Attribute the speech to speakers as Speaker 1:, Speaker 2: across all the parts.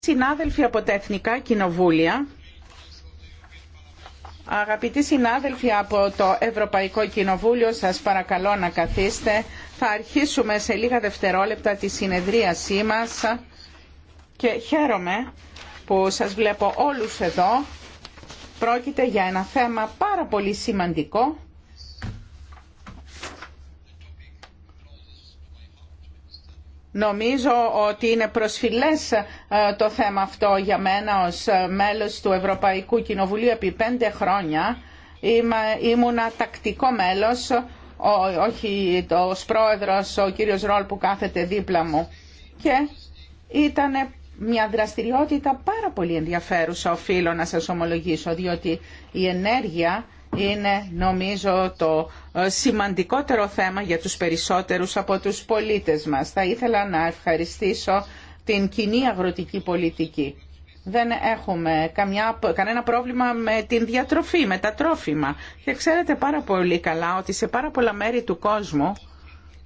Speaker 1: Συνάδελφοι από τα Εθνικά Κοινοβούλια, αγαπητοί συνάδελφοι από το Ευρωπαϊκό Κοινοβούλιο, σας παρακαλώ να καθίστε. Θα αρχίσουμε σε λίγα δευτερόλεπτα τη συνεδρίασή μας και χαίρομαι που σας βλέπω όλους εδώ. Πρόκειται για ένα θέμα πάρα πολύ σημαντικό Νομίζω ότι είναι προσφυλές ε, το θέμα αυτό για μένα ως ε, μέλος του Ευρωπαϊκού Κοινοβουλίου επί πέντε χρόνια. Ήμουνα τακτικό μέλος, όχι το πρόεδρος, ο κύριος Ρόλ που κάθεται δίπλα μου. Και ήταν μια δραστηριότητα πάρα πολύ ενδιαφέρουσα, οφείλω να σας ομολογήσω, διότι η ενέργεια είναι νομίζω το ε, σημαντικότερο θέμα για τους περισσότερους από τους πολίτες μας. Θα ήθελα να ευχαριστήσω την κοινή αγροτική πολιτική. Δεν έχουμε καμιά, κανένα πρόβλημα με την διατροφή, με τα τρόφιμα. Και ξέρετε πάρα πολύ καλά ότι σε πάρα πολλά μέρη του κόσμου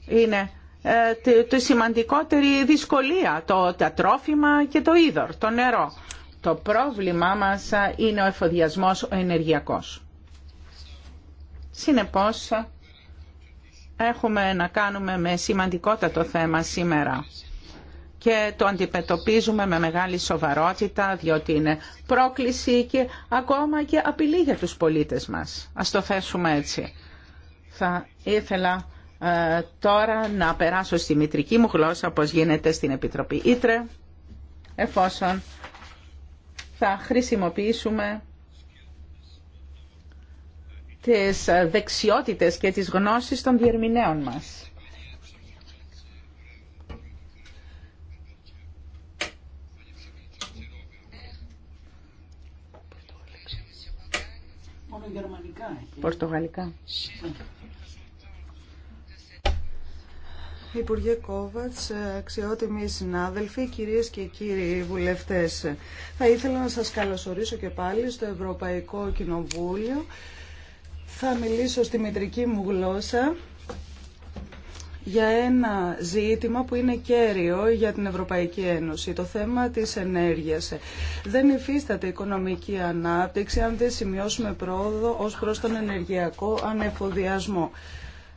Speaker 1: είναι ε, το σημαντικότερη δυσκολία το, τα τρόφιμα και το είδωρ, το νερό. Το πρόβλημά μας ε, είναι ο εφοδιασμός ο ενεργειακός. Συνεπώς, έχουμε να κάνουμε με σημαντικότατο θέμα σήμερα και το αντιμετωπίζουμε με μεγάλη σοβαρότητα διότι είναι πρόκληση και ακόμα και απειλή για τους πολίτες μας. Ας το θέσουμε έτσι. Θα ήθελα ε, τώρα να περάσω στη μητρική μου γλώσσα όπως γίνεται στην Επιτροπή Ήτρε εφόσον θα χρησιμοποιήσουμε τις δεξιότητες και τις γνώσεις των διερμηνέων μας.
Speaker 2: Πορτογαλικά. Υπουργέ Κόβατς, αξιότιμοι συνάδελφοι, κυρίες και κύριοι βουλευτές. Θα ήθελα να σας καλωσορίσω και πάλι στο Ευρωπαϊκό Κοινοβούλιο. Θα μιλήσω στη μητρική μου γλώσσα για ένα ζήτημα που είναι κέριο για την Ευρωπαϊκή Ένωση, το θέμα της ενέργειας. Δεν υφίσταται οικονομική ανάπτυξη αν δεν σημειώσουμε πρόοδο ως προς τον ενεργειακό ανεφοδιασμό.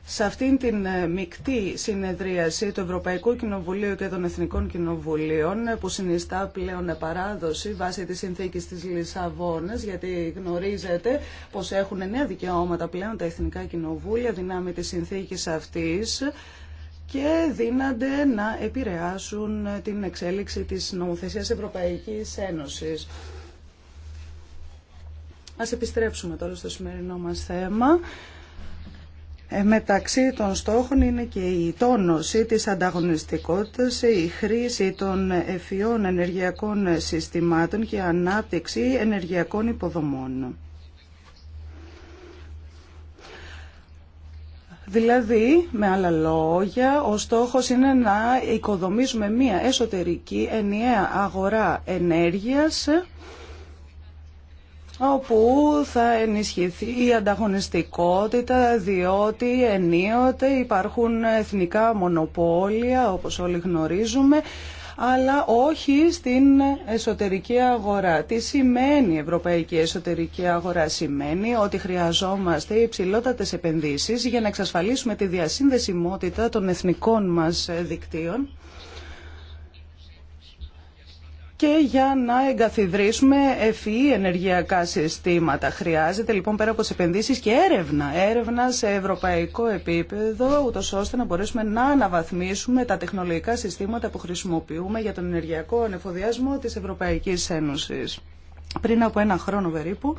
Speaker 2: Σε αυτήν την ε, μεικτή συνεδρίαση του Ευρωπαϊκού Κοινοβουλίου και των Εθνικών Κοινοβουλίων που συνιστά πλέον παράδοση βάσει της συνθήκης της Λισαβόνας γιατί γνωρίζετε πως έχουν νέα δικαιώματα πλέον τα Εθνικά Κοινοβούλια δυνάμει της συνθήκης αυτής και δύνανται να επηρεάσουν την εξέλιξη της νομοθεσίας Ευρωπαϊκής Ένωσης. Ας επιστρέψουμε τώρα στο σημερινό μας θέμα. Ε, μεταξύ των στόχων είναι και η τόνωση της ανταγωνιστικότητας, η χρήση των εφιών ενεργειακών συστημάτων και η ανάπτυξη ενεργειακών υποδομών. Δηλαδή, με άλλα λόγια, ο στόχος είναι να οικοδομήσουμε μία εσωτερική ενιαία αγορά ενέργειας όπου θα ενισχυθεί η ανταγωνιστικότητα διότι ενίοτε υπάρχουν εθνικά μονοπόλια όπως όλοι γνωρίζουμε αλλά όχι στην εσωτερική αγορά. Τι σημαίνει η ευρωπαϊκή εσωτερική αγορά. Σημαίνει ότι χρειαζόμαστε υψηλότατες επενδύσεις για να εξασφαλίσουμε τη διασύνδεσιμότητα των εθνικών μας δικτύων και για να εγκαθιδρύσουμε ευφυή ενεργειακά συστήματα. Χρειάζεται λοιπόν πέρα από τι επενδύσει και έρευνα. Έρευνα σε ευρωπαϊκό επίπεδο, ούτω ώστε να μπορέσουμε να αναβαθμίσουμε τα τεχνολογικά συστήματα που χρησιμοποιούμε για τον ενεργειακό ανεφοδιασμό τη Ευρωπαϊκή Ένωση. Πριν από ένα χρόνο περίπου,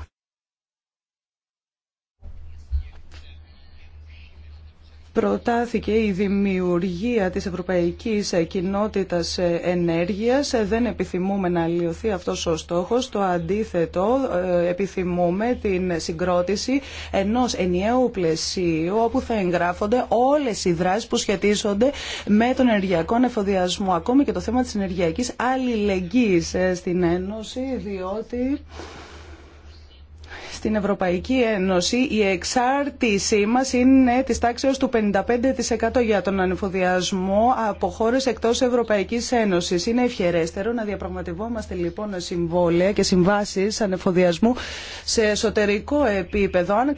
Speaker 2: προτάθηκε η δημιουργία της Ευρωπαϊκής Κοινότητας Ενέργειας. Δεν επιθυμούμε να αλλοιωθεί αυτός ο στόχος. Το αντίθετο, ε, επιθυμούμε την συγκρότηση ενός ενιαίου πλαισίου όπου θα εγγράφονται όλες οι δράσεις που σχετίζονται με τον ενεργειακό εφοδιασμό. Ακόμη και το θέμα της ενεργειακής αλληλεγγύης ε, στην Ένωση, διότι στην Ευρωπαϊκή Ένωση η εξάρτησή μας είναι της τάξης του 55% για τον ανεφοδιασμό από χώρες εκτός Ευρωπαϊκής Ένωσης. Είναι ευχερέστερο να διαπραγματευόμαστε λοιπόν συμβόλαια και συμβάσεις ανεφοδιασμού σε εσωτερικό επίπεδο. Αν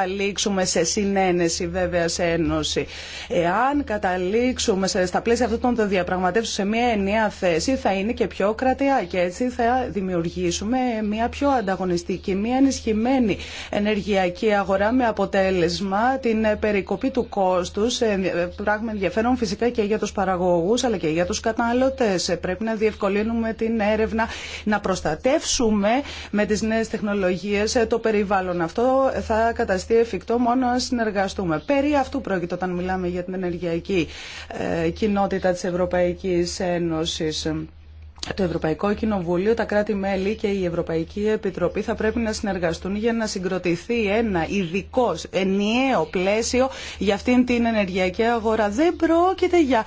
Speaker 2: καταλήξουμε σε συνένεση βέβαια σε ένωση. Εάν καταλήξουμε στα πλαίσια αυτών των διαπραγματεύσεων σε μια ενιαία θέση θα είναι και πιο κρατεά και έτσι θα δημιουργήσουμε μια πιο ανταγωνιστική, μια ενισχυμένη ενεργειακή αγορά με αποτέλεσμα την περικοπή του κόστους, ε, πράγμα ενδιαφέρον φυσικά και για τους παραγωγούς αλλά και για τους καταναλωτές. Πρέπει να διευκολύνουμε την έρευνα, να προστατεύσουμε με τις νέες τεχνολογίες ε, το περιβάλλον. Αυτό θα καταστήσει εφικτό μόνο αν συνεργαστούμε. Περί αυτού πρόκειται όταν μιλάμε για την ενεργειακή ε, κοινότητα της Ευρωπαϊκής Ένωσης το Ευρωπαϊκό Κοινοβούλιο, τα κράτη-μέλη και η Ευρωπαϊκή Επιτροπή θα πρέπει να συνεργαστούν για να συγκροτηθεί ένα ειδικό, ενιαίο πλαίσιο για αυτήν την ενεργειακή αγορά. Δεν πρόκειται για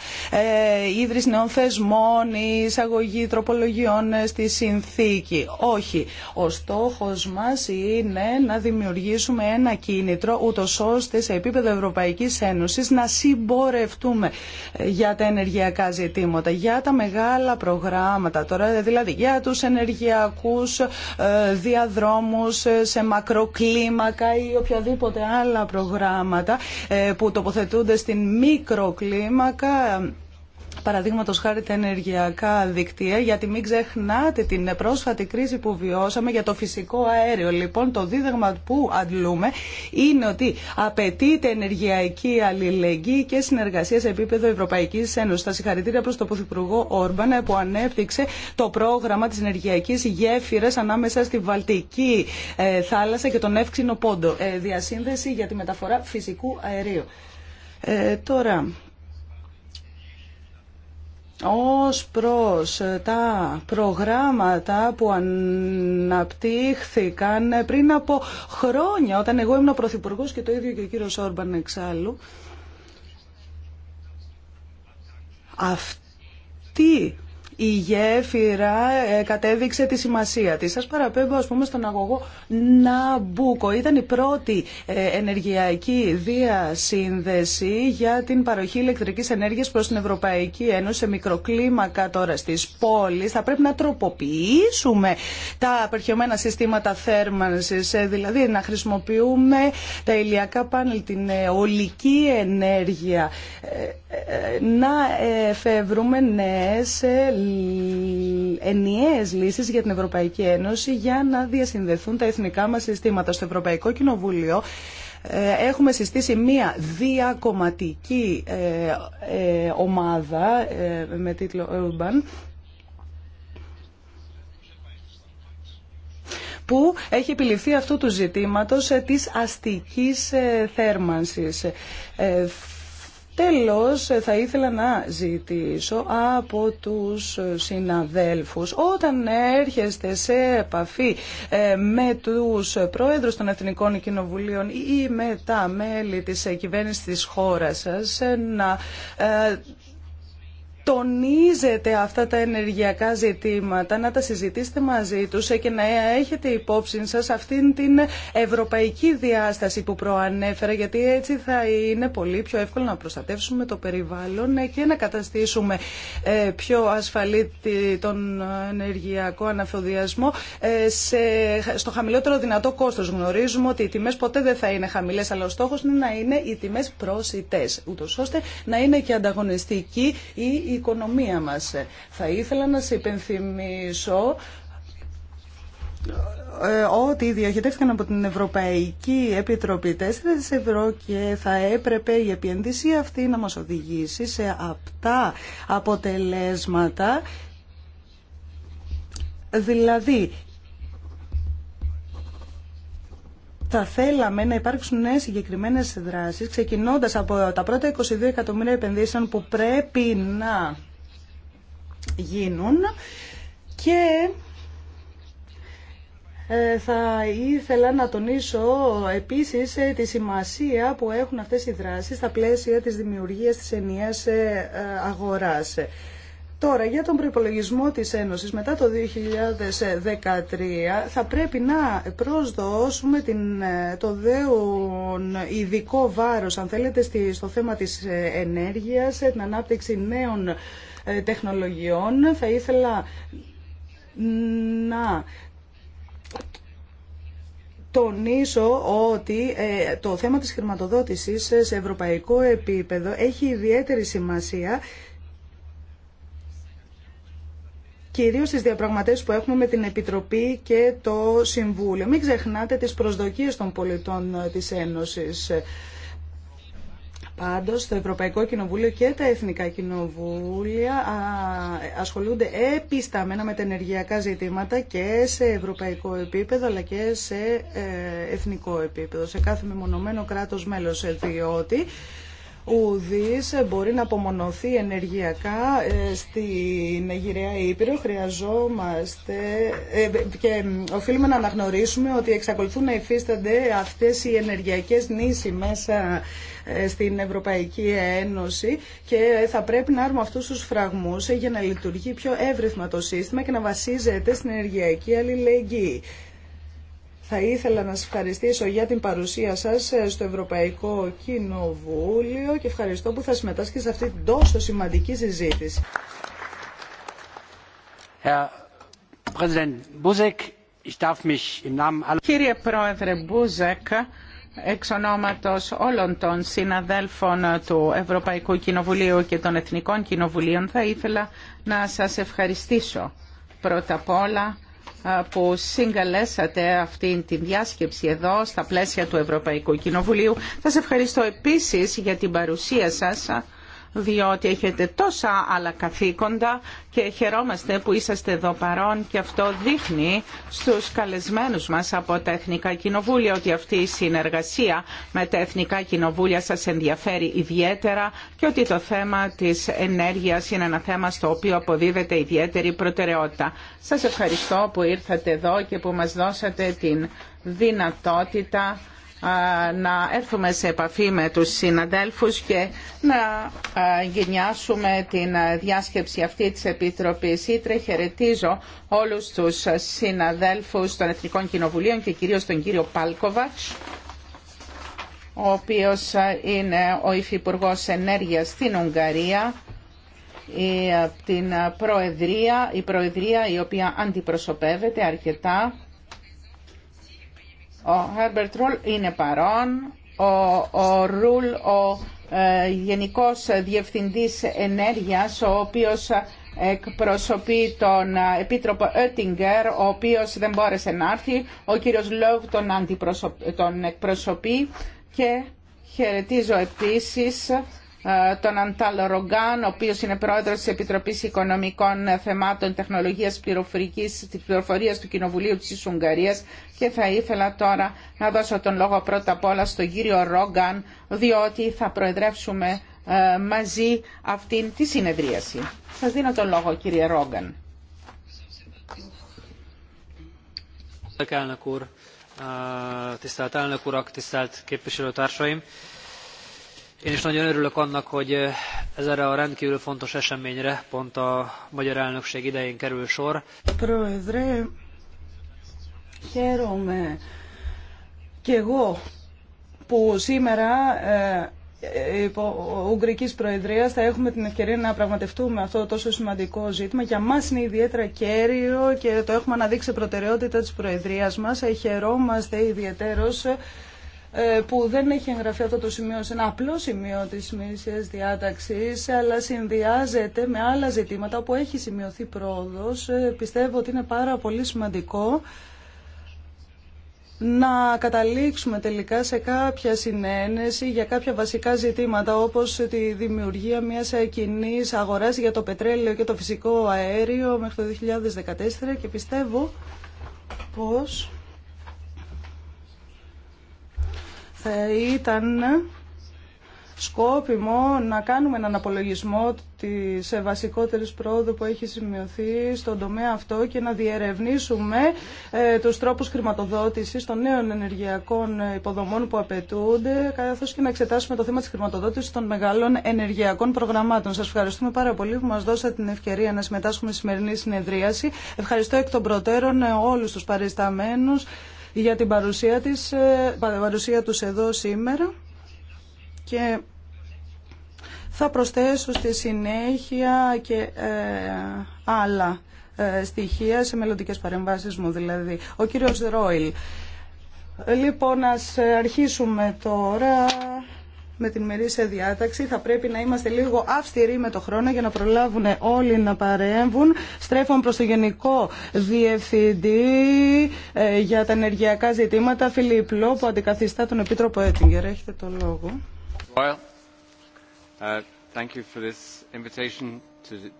Speaker 2: ε, ίδρυση νέων θεσμών ή εισαγωγή τροπολογιών ε, στη συνθήκη. Όχι. Ο στόχος μας είναι να δημιουργήσουμε ένα κίνητρο, ούτω ώστε σε επίπεδο Ευρωπαϊκής Ένωσης να συμπορευτούμε ε, για τα ενεργειακά ζητήματα, για τα μεγάλα προγράμματα πράγματα τώρα, δηλαδή για τους ενεργειακούς ε, διαδρόμους ε, σε μακροκλίμακα ή οποιαδήποτε άλλα προγράμματα ε, που τοποθετούνται στην μικροκλίμακα Παραδείγματο χάρη τα ενεργειακά δικτύα, γιατί μην ξεχνάτε την πρόσφατη κρίση που βιώσαμε για το φυσικό αέριο. Λοιπόν, το δίδαγμα που αντλούμε είναι ότι απαιτείται ενεργειακή αλληλεγγύη και συνεργασία σε επίπεδο Ευρωπαϊκή Ένωση. Τα συγχαρητήρια προ τον Πρωθυπουργό Όρμπαν που ανέπτυξε το πρόγραμμα τη ενεργειακή γέφυρα ανάμεσα στη Βαλτική ε, θάλασσα και τον Εύξηνο Πόντο. Ε, διασύνδεση για τη μεταφορά φυσικού αερίου. Ε, τώρα, ως προς ε, τα προγράμματα που αναπτύχθηκαν ε, πριν από χρόνια όταν εγώ ήμουν Πρωθυπουργό και το ίδιο και ο κύριος Όρμπαν εξάλλου αυτή η γέφυρα ε, κατέδειξε τη σημασία της. Σας παραπέμπω ας πούμε στον αγωγό Ναμπούκο. Ήταν η πρώτη ε, ενεργειακή διασύνδεση για την παροχή ηλεκτρικής ενέργειας προς την Ευρωπαϊκή Ένωση σε μικροκλίμακα τώρα στις πόλεις. Θα πρέπει να τροποποιήσουμε τα απερχαιωμένα συστήματα θέρμανσης, ε, δηλαδή να χρησιμοποιούμε τα ηλιακά πάνελ, την ολική ενέργεια, να εφεύρουμε νέες ενιαίες λύσεις για την Ευρωπαϊκή Ένωση για να διασυνδεθούν τα εθνικά μας συστήματα. Στο Ευρωπαϊκό Κοινοβούλιο ε, έχουμε συστήσει μία διακομματική ε, ε, ομάδα με τίτλο Urban που έχει επιληφθεί αυτού του ζητήματος της αστικής θέρμανσης. Τέλος, θα ήθελα να ζητήσω από τους συναδέλφους, όταν έρχεστε σε επαφή ε, με τους πρόεδρους των Εθνικών Κοινοβουλίων ή με τα μέλη της κυβέρνησης της χώρας σας, ε, να ε, τονίζετε αυτά τα ενεργειακά ζητήματα, να τα συζητήσετε μαζί τους και να έχετε υπόψη σας αυτήν την ευρωπαϊκή διάσταση που προανέφερα, γιατί έτσι θα είναι πολύ πιο εύκολο να προστατεύσουμε το περιβάλλον και να καταστήσουμε ε, πιο ασφαλή τον ενεργειακό αναφοδιασμό ε, στο χαμηλότερο δυνατό κόστος. Γνωρίζουμε ότι οι τιμές ποτέ δεν θα είναι χαμηλές, αλλά ο στόχος είναι να είναι οι τιμές προσιτές, ούτως ώστε να είναι και ανταγωνιστικοί. η οικονομία μας. Θα ήθελα να σε υπενθυμίσω ε, ότι διοχετεύτηκαν από την Ευρωπαϊκή Επιτροπή 4 ευρώ και θα έπρεπε η επένδυση αυτή να μας οδηγήσει σε αυτά αποτελέσματα Δηλαδή, Θα θέλαμε να υπάρξουν νέες συγκεκριμένες δράσεις, ξεκινώντας από τα πρώτα 22 εκατομμύρια επενδύσεων που πρέπει να γίνουν και ε, θα ήθελα να τονίσω επίσης ε, τη σημασία που έχουν αυτές οι δράσεις στα πλαίσια της δημιουργίας της ενιαίας ε, αγοράς. Τώρα, για τον προπολογισμό της Ένωσης μετά το 2013 θα πρέπει να προσδώσουμε την, ε, το δέον ειδικό βάρος, αν θέλετε, στο θέμα της ε, ενέργειας, ε, την ανάπτυξη νέων τεχνολογιών. Θα ήθελα να τονίσω ότι το θέμα της χρηματοδότησης σε ευρωπαϊκό επίπεδο έχει ιδιαίτερη σημασία κυρίως στις διαπραγματεύσεις που έχουμε με την Επιτροπή και το Συμβούλιο. Μην ξεχνάτε τις προσδοκίες των πολιτών ε, της Ένωσης. Πάντως, το Ευρωπαϊκό Κοινοβούλιο και τα Εθνικά Κοινοβούλια ασχολούνται επισταμένα με τα ενεργειακά ζητήματα και σε ευρωπαϊκό επίπεδο αλλά και σε ε, εθνικό επίπεδο, σε κάθε μεμονωμένο κράτος μέλο ε, διότι ουδής μπορεί να απομονωθεί ενεργειακά ε, στην γυραιά Ήπειρο. Χρειαζόμαστε ε, και οφείλουμε να αναγνωρίσουμε ότι εξακολουθούν να υφίστανται αυτές οι ενεργειακές νήσοι μέσα ε, στην Ευρωπαϊκή Ένωση και θα πρέπει να έρουμε αυτούς τους φραγμούς για να λειτουργεί πιο εύρυθμα το σύστημα και να βασίζεται στην ενεργειακή αλληλεγγύη. Θα ήθελα να σας ευχαριστήσω για την παρουσία σας ε, στο Ευρωπαϊκό Κοινοβούλιο και ευχαριστώ που θα συμμετάσχετε σε αυτή την τόσο σημαντική συζήτηση.
Speaker 1: Κύριε Πρόεδρε Μπούζεκ, εξ ονόματος όλων των συναδέλφων του Ευρωπαϊκού Κοινοβουλίου και των Εθνικών Κοινοβουλίων θα ήθελα να σας ευχαριστήσω πρώτα απ' όλα που συγκαλέσατε αυτή τη διάσκεψη εδώ στα πλαίσια του Ευρωπαϊκού Κοινοβουλίου. Θα Σας ευχαριστώ επίσης για την παρουσία σας διότι έχετε τόσα άλλα καθήκοντα και χαιρόμαστε που είσαστε εδώ παρόν και αυτό δείχνει στους καλεσμένους μας από τα Εθνικά Κοινοβούλια ότι αυτή η συνεργασία με τα Εθνικά Κοινοβούλια σας ενδιαφέρει ιδιαίτερα και ότι το θέμα της ενέργειας είναι ένα θέμα στο οποίο αποδίδεται ιδιαίτερη προτεραιότητα. Σας ευχαριστώ που ήρθατε εδώ και που μας δώσατε την δυνατότητα να έρθουμε σε επαφή με τους συναδέλφους και να γενιάσουμε την διάσκεψη αυτή της Επιτροπής Ήτρε. Χαιρετίζω όλους τους συναδέλφους των Εθνικών Κοινοβουλίων και κυρίως τον κύριο Πάλκοβατς ο οποίος είναι ο Υφυπουργός Ενέργειας στην Ουγγαρία η, την Προεδρία, η Προεδρία η οποία αντιπροσωπεύεται αρκετά ο Herbert Ρουλ είναι παρόν. Ο Ρουλ, ο, ο ε, Γενικός Διευθυντής Ενέργειας, ο οποίος εκπροσωπεί τον ε, Επίτροπο Oettinger, ο οποίος δεν μπόρεσε να έρθει. Ο κύριος Λόβ τον, τον εκπροσωπεί και χαιρετίζω επίσης ε, τον Αντάλ Ρογκάν, ο οποίο είναι πρόεδρο τη Επιτροπή Οικονομικών Θεμάτων Τεχνολογία Πληροφορικής της Πληροφορίας του Κοινοβουλίου τη Ουγγαρία, και θα ήθελα τώρα να δώσω τον λόγο πρώτα απ' όλα στον κύριο Ρογκάν, διότι θα προεδρεύσουμε ε, μαζί αυτήν τη συνεδρίαση. Σα δίνω τον λόγο κύριε Ρογκάν.
Speaker 3: Én is nagyon
Speaker 2: χαίρομαι και εγώ που σήμερα υπό ουγγρική Προεδρία θα έχουμε την ευκαιρία να πραγματευτούμε αυτό το τόσο σημαντικό ζήτημα. Για μας είναι ιδιαίτερα κέριο και το έχουμε αναδείξει προτεραιότητα τη Προεδρία μα. Χαιρόμαστε ιδιαίτερω ε, που δεν έχει εγγραφεί αυτό το σημείο σε ένα απλό σημείο της μίσιας διάταξης, αλλά συνδυάζεται με άλλα ζητήματα που έχει σημειωθεί πρόοδος. Ε, πιστεύω ότι είναι πάρα πολύ σημαντικό να καταλήξουμε τελικά σε κάποια συνένεση για κάποια βασικά ζητήματα όπως τη δημιουργία μιας κοινή αγοράς για το πετρέλαιο και το φυσικό αέριο μέχρι το 2014 και πιστεύω πως θα ήταν σκόπιμο να κάνουμε έναν απολογισμό της βασικότερης πρόοδου που έχει σημειωθεί στον τομέα αυτό και να διερευνήσουμε ε, τους τρόπους χρηματοδότησης των νέων ενεργειακών υποδομών που απαιτούνται, καθώς και να εξετάσουμε το θέμα της χρηματοδότησης των μεγάλων ενεργειακών προγραμμάτων. Σας ευχαριστούμε πάρα πολύ που μας δώσατε την ευκαιρία να συμμετάσχουμε στη σημερινή συνεδρίαση. Ευχαριστώ εκ των προτέρων όλους τους παρισταμένους για την παρουσία, της, ε, παρουσία τους εδώ σήμερα και θα προσθέσω στη συνέχεια και ε, άλλα ε, στοιχεία σε μελλοντικές παρεμβάσεις μου δηλαδή. Ο κύριος Ρόιλ. Λοιπόν, ας αρχίσουμε τώρα με την μερίσια διάταξη. Θα πρέπει να είμαστε λίγο αυστηροί με το χρόνο για να προλάβουν όλοι να παρέμβουν. Στρέφω προς το Γενικό Διευθυντή ε, για τα ενεργειακά ζητήματα, Φιλίπ που αντικαθιστά τον Επίτροπο
Speaker 4: Έτιγκερ. Έχετε το λόγο. Uh,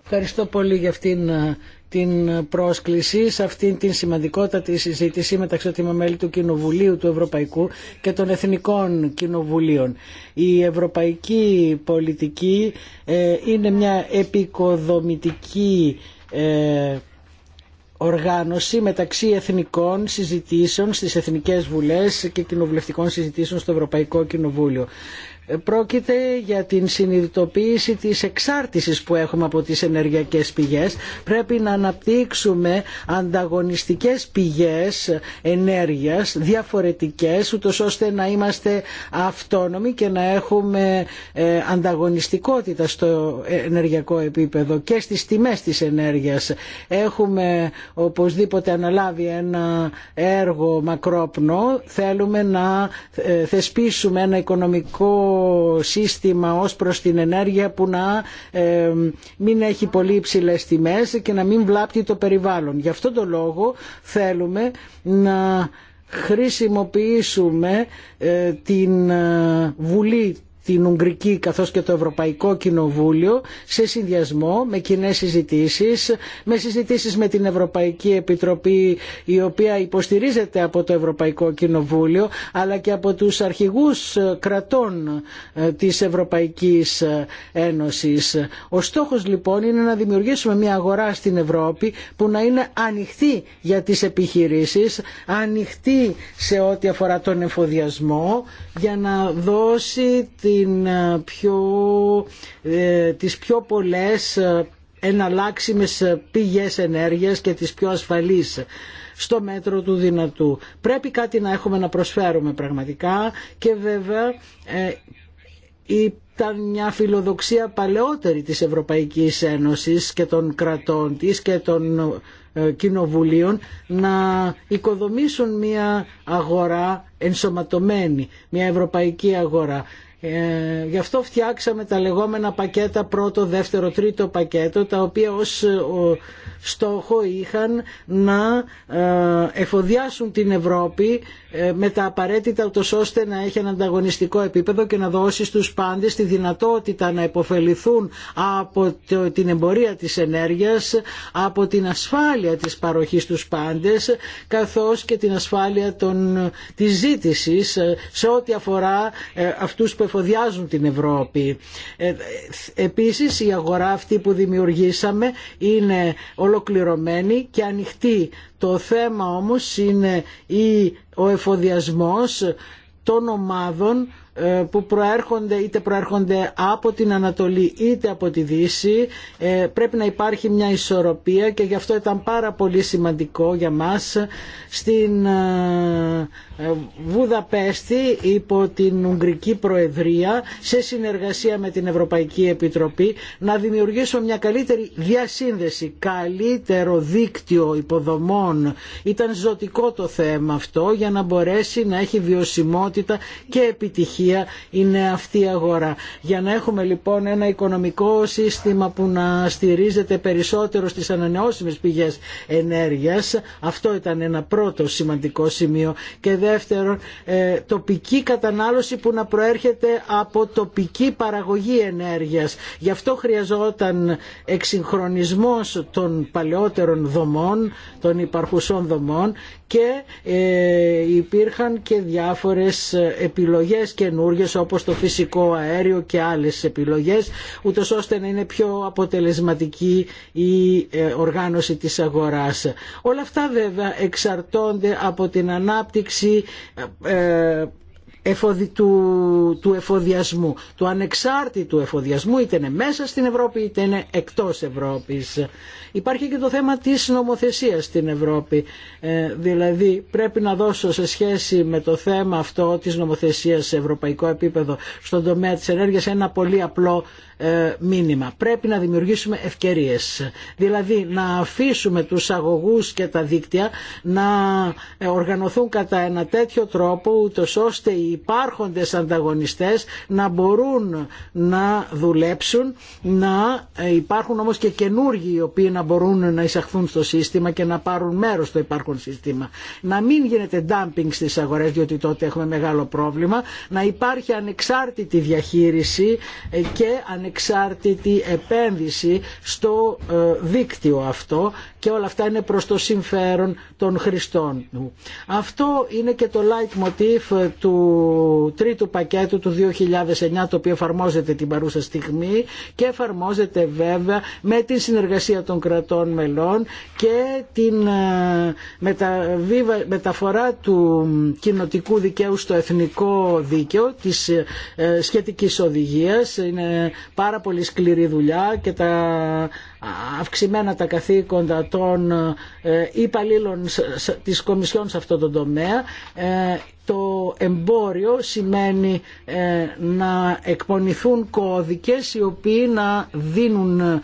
Speaker 4: Ευχαριστώ πολύ για αυτήν ε, την πρόσκληση σε αυτήν την σημαντικότατη συζήτηση μεταξύ των μέλη του Κοινοβουλίου του Ευρωπαϊκού και των Εθνικών Κοινοβουλίων. Η ευρωπαϊκή πολιτική ε, είναι μια επικοδομητική ε, οργάνωση μεταξύ εθνικών συζητήσεων στις Εθνικές Βουλές και κοινοβουλευτικών συζητήσεων στο Ευρωπαϊκό Κοινοβούλιο. Ε, πρόκειται για την συνειδητοποίηση της εξάρτησης που έχουμε από τις ενεργειακές πηγές. Πρέπει να αναπτύξουμε ανταγωνιστικές πηγές ενέργειας, διαφορετικές, ούτως ώστε να είμαστε αυτόνομοι και να έχουμε ε, ανταγωνιστικότητα στο ενεργειακό επίπεδο και στις τιμές της ενέργειας. Έχουμε οπωσδήποτε αναλάβει ένα έργο μακρόπνο. Θέλουμε να ε, θεσπίσουμε ένα οικονομικό σύστημα ως προς την ενέργεια που να ε, μην έχει πολύ υψηλέ τιμές και να μην βλάπτει το περιβάλλον. Γι' αυτό το λόγο θέλουμε να χρησιμοποιήσουμε ε, την ε, Βουλή την Ουγγρική καθώς και το Ευρωπαϊκό Κοινοβούλιο σε συνδυασμό με κοινέ συζητήσει με συζητήσει με την Ευρωπαϊκή Επιτροπή η οποία υποστηρίζεται από το Ευρωπαϊκό Κοινοβούλιο αλλά και από τους αρχηγούς ε, κρατών ε, της Ευρωπαϊκής ε, Ένωσης. Ο στόχος λοιπόν είναι να δημιουργήσουμε μια αγορά στην Ευρώπη που να είναι ανοιχτή για τις επιχειρήσεις, ανοιχτή σε ό,τι αφορά τον εφοδιασμό για να δώσει τη την ε, πιο, ε, τις πιο πολλές ε, εναλλάξιμες πηγές ενέργειας και τις πιο ασφαλείς στο μέτρο του δυνατού. Πρέπει κάτι να έχουμε να προσφέρουμε πραγματικά και βέβαια ήταν μια φιλοδοξία παλαιότερη της Ευρωπαϊκής Ένωσης και των κρατών της και των κοινοβουλίων να οικοδομήσουν μια αγορά ενσωματωμένη, μια ευρωπαϊκή αγορά. Ε, γι' αυτό φτιάξαμε τα λεγόμενα πακέτα πρώτο, δεύτερο, τρίτο πακέτο τα οποία ως ε, στόχο είχαν να ε, εφοδιάσουν την Ευρώπη με τα απαραίτητα ούτως ώστε να έχει ένα ανταγωνιστικό επίπεδο και να δώσει στους πάντες τη δυνατότητα να υποφεληθούν από την εμπορία της ενέργειας, από την ασφάλεια της παροχής στους πάντες καθώς και την ασφάλεια των, της ζήτησης σε ό,τι αφορά αυτούς που εφοδιάζουν την Ευρώπη. Ε, επίσης η αγορά αυτή που δημιουργήσαμε είναι ολοκληρωμένη και ανοιχτή. Το θέμα όμως είναι ο εφοδιασμός των ομάδων που προέρχονται είτε προέρχονται από την Ανατολή είτε από τη Δύση ε, πρέπει να υπάρχει μια ισορροπία και γι' αυτό ήταν πάρα πολύ σημαντικό για μας στην ε, ε, Βουδαπέστη υπό την Ουγγρική Προεδρία σε συνεργασία με την Ευρωπαϊκή Επιτροπή να δημιουργήσουμε μια καλύτερη διασύνδεση, καλύτερο δίκτυο υποδομών. Ήταν ζωτικό το θέμα αυτό για να μπορέσει να έχει βιωσιμότητα και επιτυχία είναι αυτή η αγορά. Για να έχουμε λοιπόν ένα οικονομικό σύστημα που να στηρίζεται περισσότερο στις ανανεώσιμες πηγές ενέργειας, αυτό ήταν ένα πρώτο σημαντικό σημείο. Και δεύτερον, ε, τοπική κατανάλωση που να προέρχεται από τοπική παραγωγή ενέργειας. Γι' αυτό χρειαζόταν εξυγχρονισμός των παλαιότερων δομών, των υπαρχουσών δομών και ε, υπήρχαν και διάφορες επιλογές καινούργιες όπως το φυσικό αέριο και άλλες επιλογές ούτως ώστε να είναι πιο αποτελεσματική η ε, οργάνωση της αγοράς. Όλα αυτά βέβαια εξαρτώνται από την ανάπτυξη ε, του, του εφοδιασμού, του ανεξάρτητου εφοδιασμού, είτε είναι μέσα στην Ευρώπη είτε είναι εκτός Ευρώπης. Υπάρχει και το θέμα της νομοθεσίας στην Ευρώπη. Ε, δηλαδή πρέπει να δώσω σε σχέση με το θέμα αυτό της νομοθεσίας σε ευρωπαϊκό επίπεδο στον τομέα της ενέργειας ένα πολύ απλό ε, μήνυμα. Πρέπει να δημιουργήσουμε ευκαιρίες. Δηλαδή να αφήσουμε τους αγωγούς και τα δίκτυα να ε, οργανωθούν κατά ένα τέτοιο τρόπο ούτως ώστε οι υπάρχοντες ανταγωνιστές να μπορούν να δουλέψουν, να ε, υπάρχουν όμως και καινούργοι οι οποίοι να μπορούν να εισαχθούν στο σύστημα και να πάρουν μέρος στο υπάρχον σύστημα. Να μην γίνεται dumping στις αγορές διότι τότε έχουμε μεγάλο πρόβλημα. Να υπάρχει ανεξάρτητη διαχείριση και εξάρτητη επένδυση στο ε, δίκτυο αυτό και όλα αυτά είναι προς το συμφέρον των χρηστών. Αυτό είναι και το light motif του τρίτου πακέτου του 2009 το οποίο εφαρμόζεται την παρούσα στιγμή και εφαρμόζεται βέβαια με την συνεργασία των κρατών μελών και την ε, μεταφορά του κοινοτικού δικαίου στο εθνικό δίκαιο της ε, σχετικής οδηγίας. Είναι πάρα πολύ σκληρή δουλειά και τα αυξημένα τα καθήκοντα των ε, υπαλλήλων της Κομισιόν σε αυτό το τομέα. Ε, το εμπόριο σημαίνει ε, να εκπονηθούν κώδικες οι οποίοι να δίνουν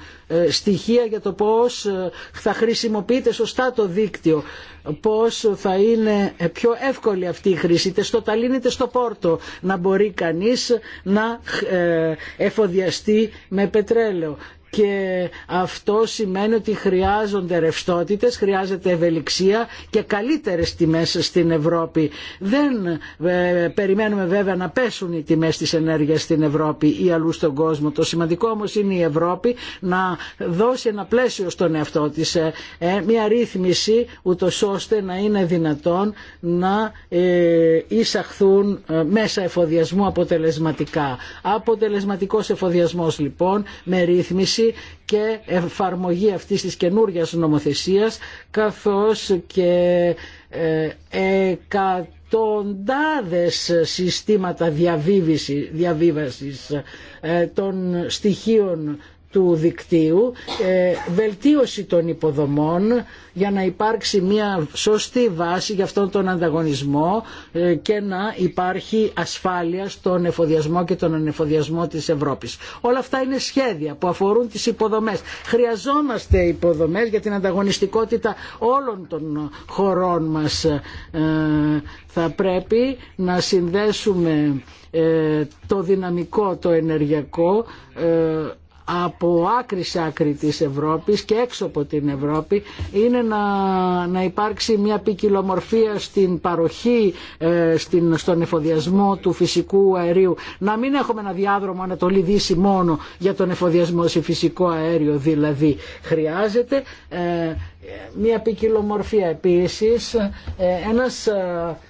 Speaker 4: στοιχεία για το πώς θα χρησιμοποιείται σωστά το δίκτυο, πώς θα είναι πιο εύκολη αυτή η χρήση, είτε στο Ταλίν είτε στο Πόρτο, να μπορεί κανείς να εφοδιαστεί με πετρέλαιο και αυτό σημαίνει ότι χρειάζονται ρευστότητε, χρειάζεται ευελιξία και καλύτερες τιμές στην Ευρώπη. Δεν ε, περιμένουμε βέβαια να πέσουν οι τιμές της ενέργειας στην Ευρώπη ή αλλού στον κόσμο. Το σημαντικό όμως είναι η Ευρώπη να δώσει ένα πλαίσιο στον εαυτό της, ε, ε, μια ρύθμιση ούτω ώστε να είναι δυνατόν να εισαχθούν μέσα εφοδιασμού αποτελεσματικά. Αποτελεσματικός εφοδιασμός λοιπόν με ρύθμιση και εφαρμογή αυτής της καινούργιας νομοθεσίας καθώς και ε, εκατοντάδες συστήματα διαβίβασης ε, των στοιχείων του δικτύου, ε, βελτίωση των υποδομών για να υπάρξει μια σωστή βάση για αυτόν τον ανταγωνισμό ε, και να υπάρχει ασφάλεια στον εφοδιασμό και τον ανεφοδιασμό της Ευρώπης. Όλα αυτά είναι σχέδια που αφορούν τις υποδομές. Χρειαζόμαστε υποδομές για την ανταγωνιστικότητα όλων των χωρών μας. Ε, θα πρέπει να συνδέσουμε το δυναμικό, το ενεργειακό από άκρη σε άκρη της Ευρώπης και έξω από την Ευρώπη είναι να, υπάρξει μια ποικιλομορφία στην παροχή ε, στην, στον εφοδιασμό του φυσικού αερίου να μην έχουμε ένα διάδρομο Ανατολή Δύση μόνο για τον εφοδιασμό σε φυσικό αέριο δηλαδή χρειάζεται ε, μια ποικιλομορφία. Επίσης, ε, ένας ε,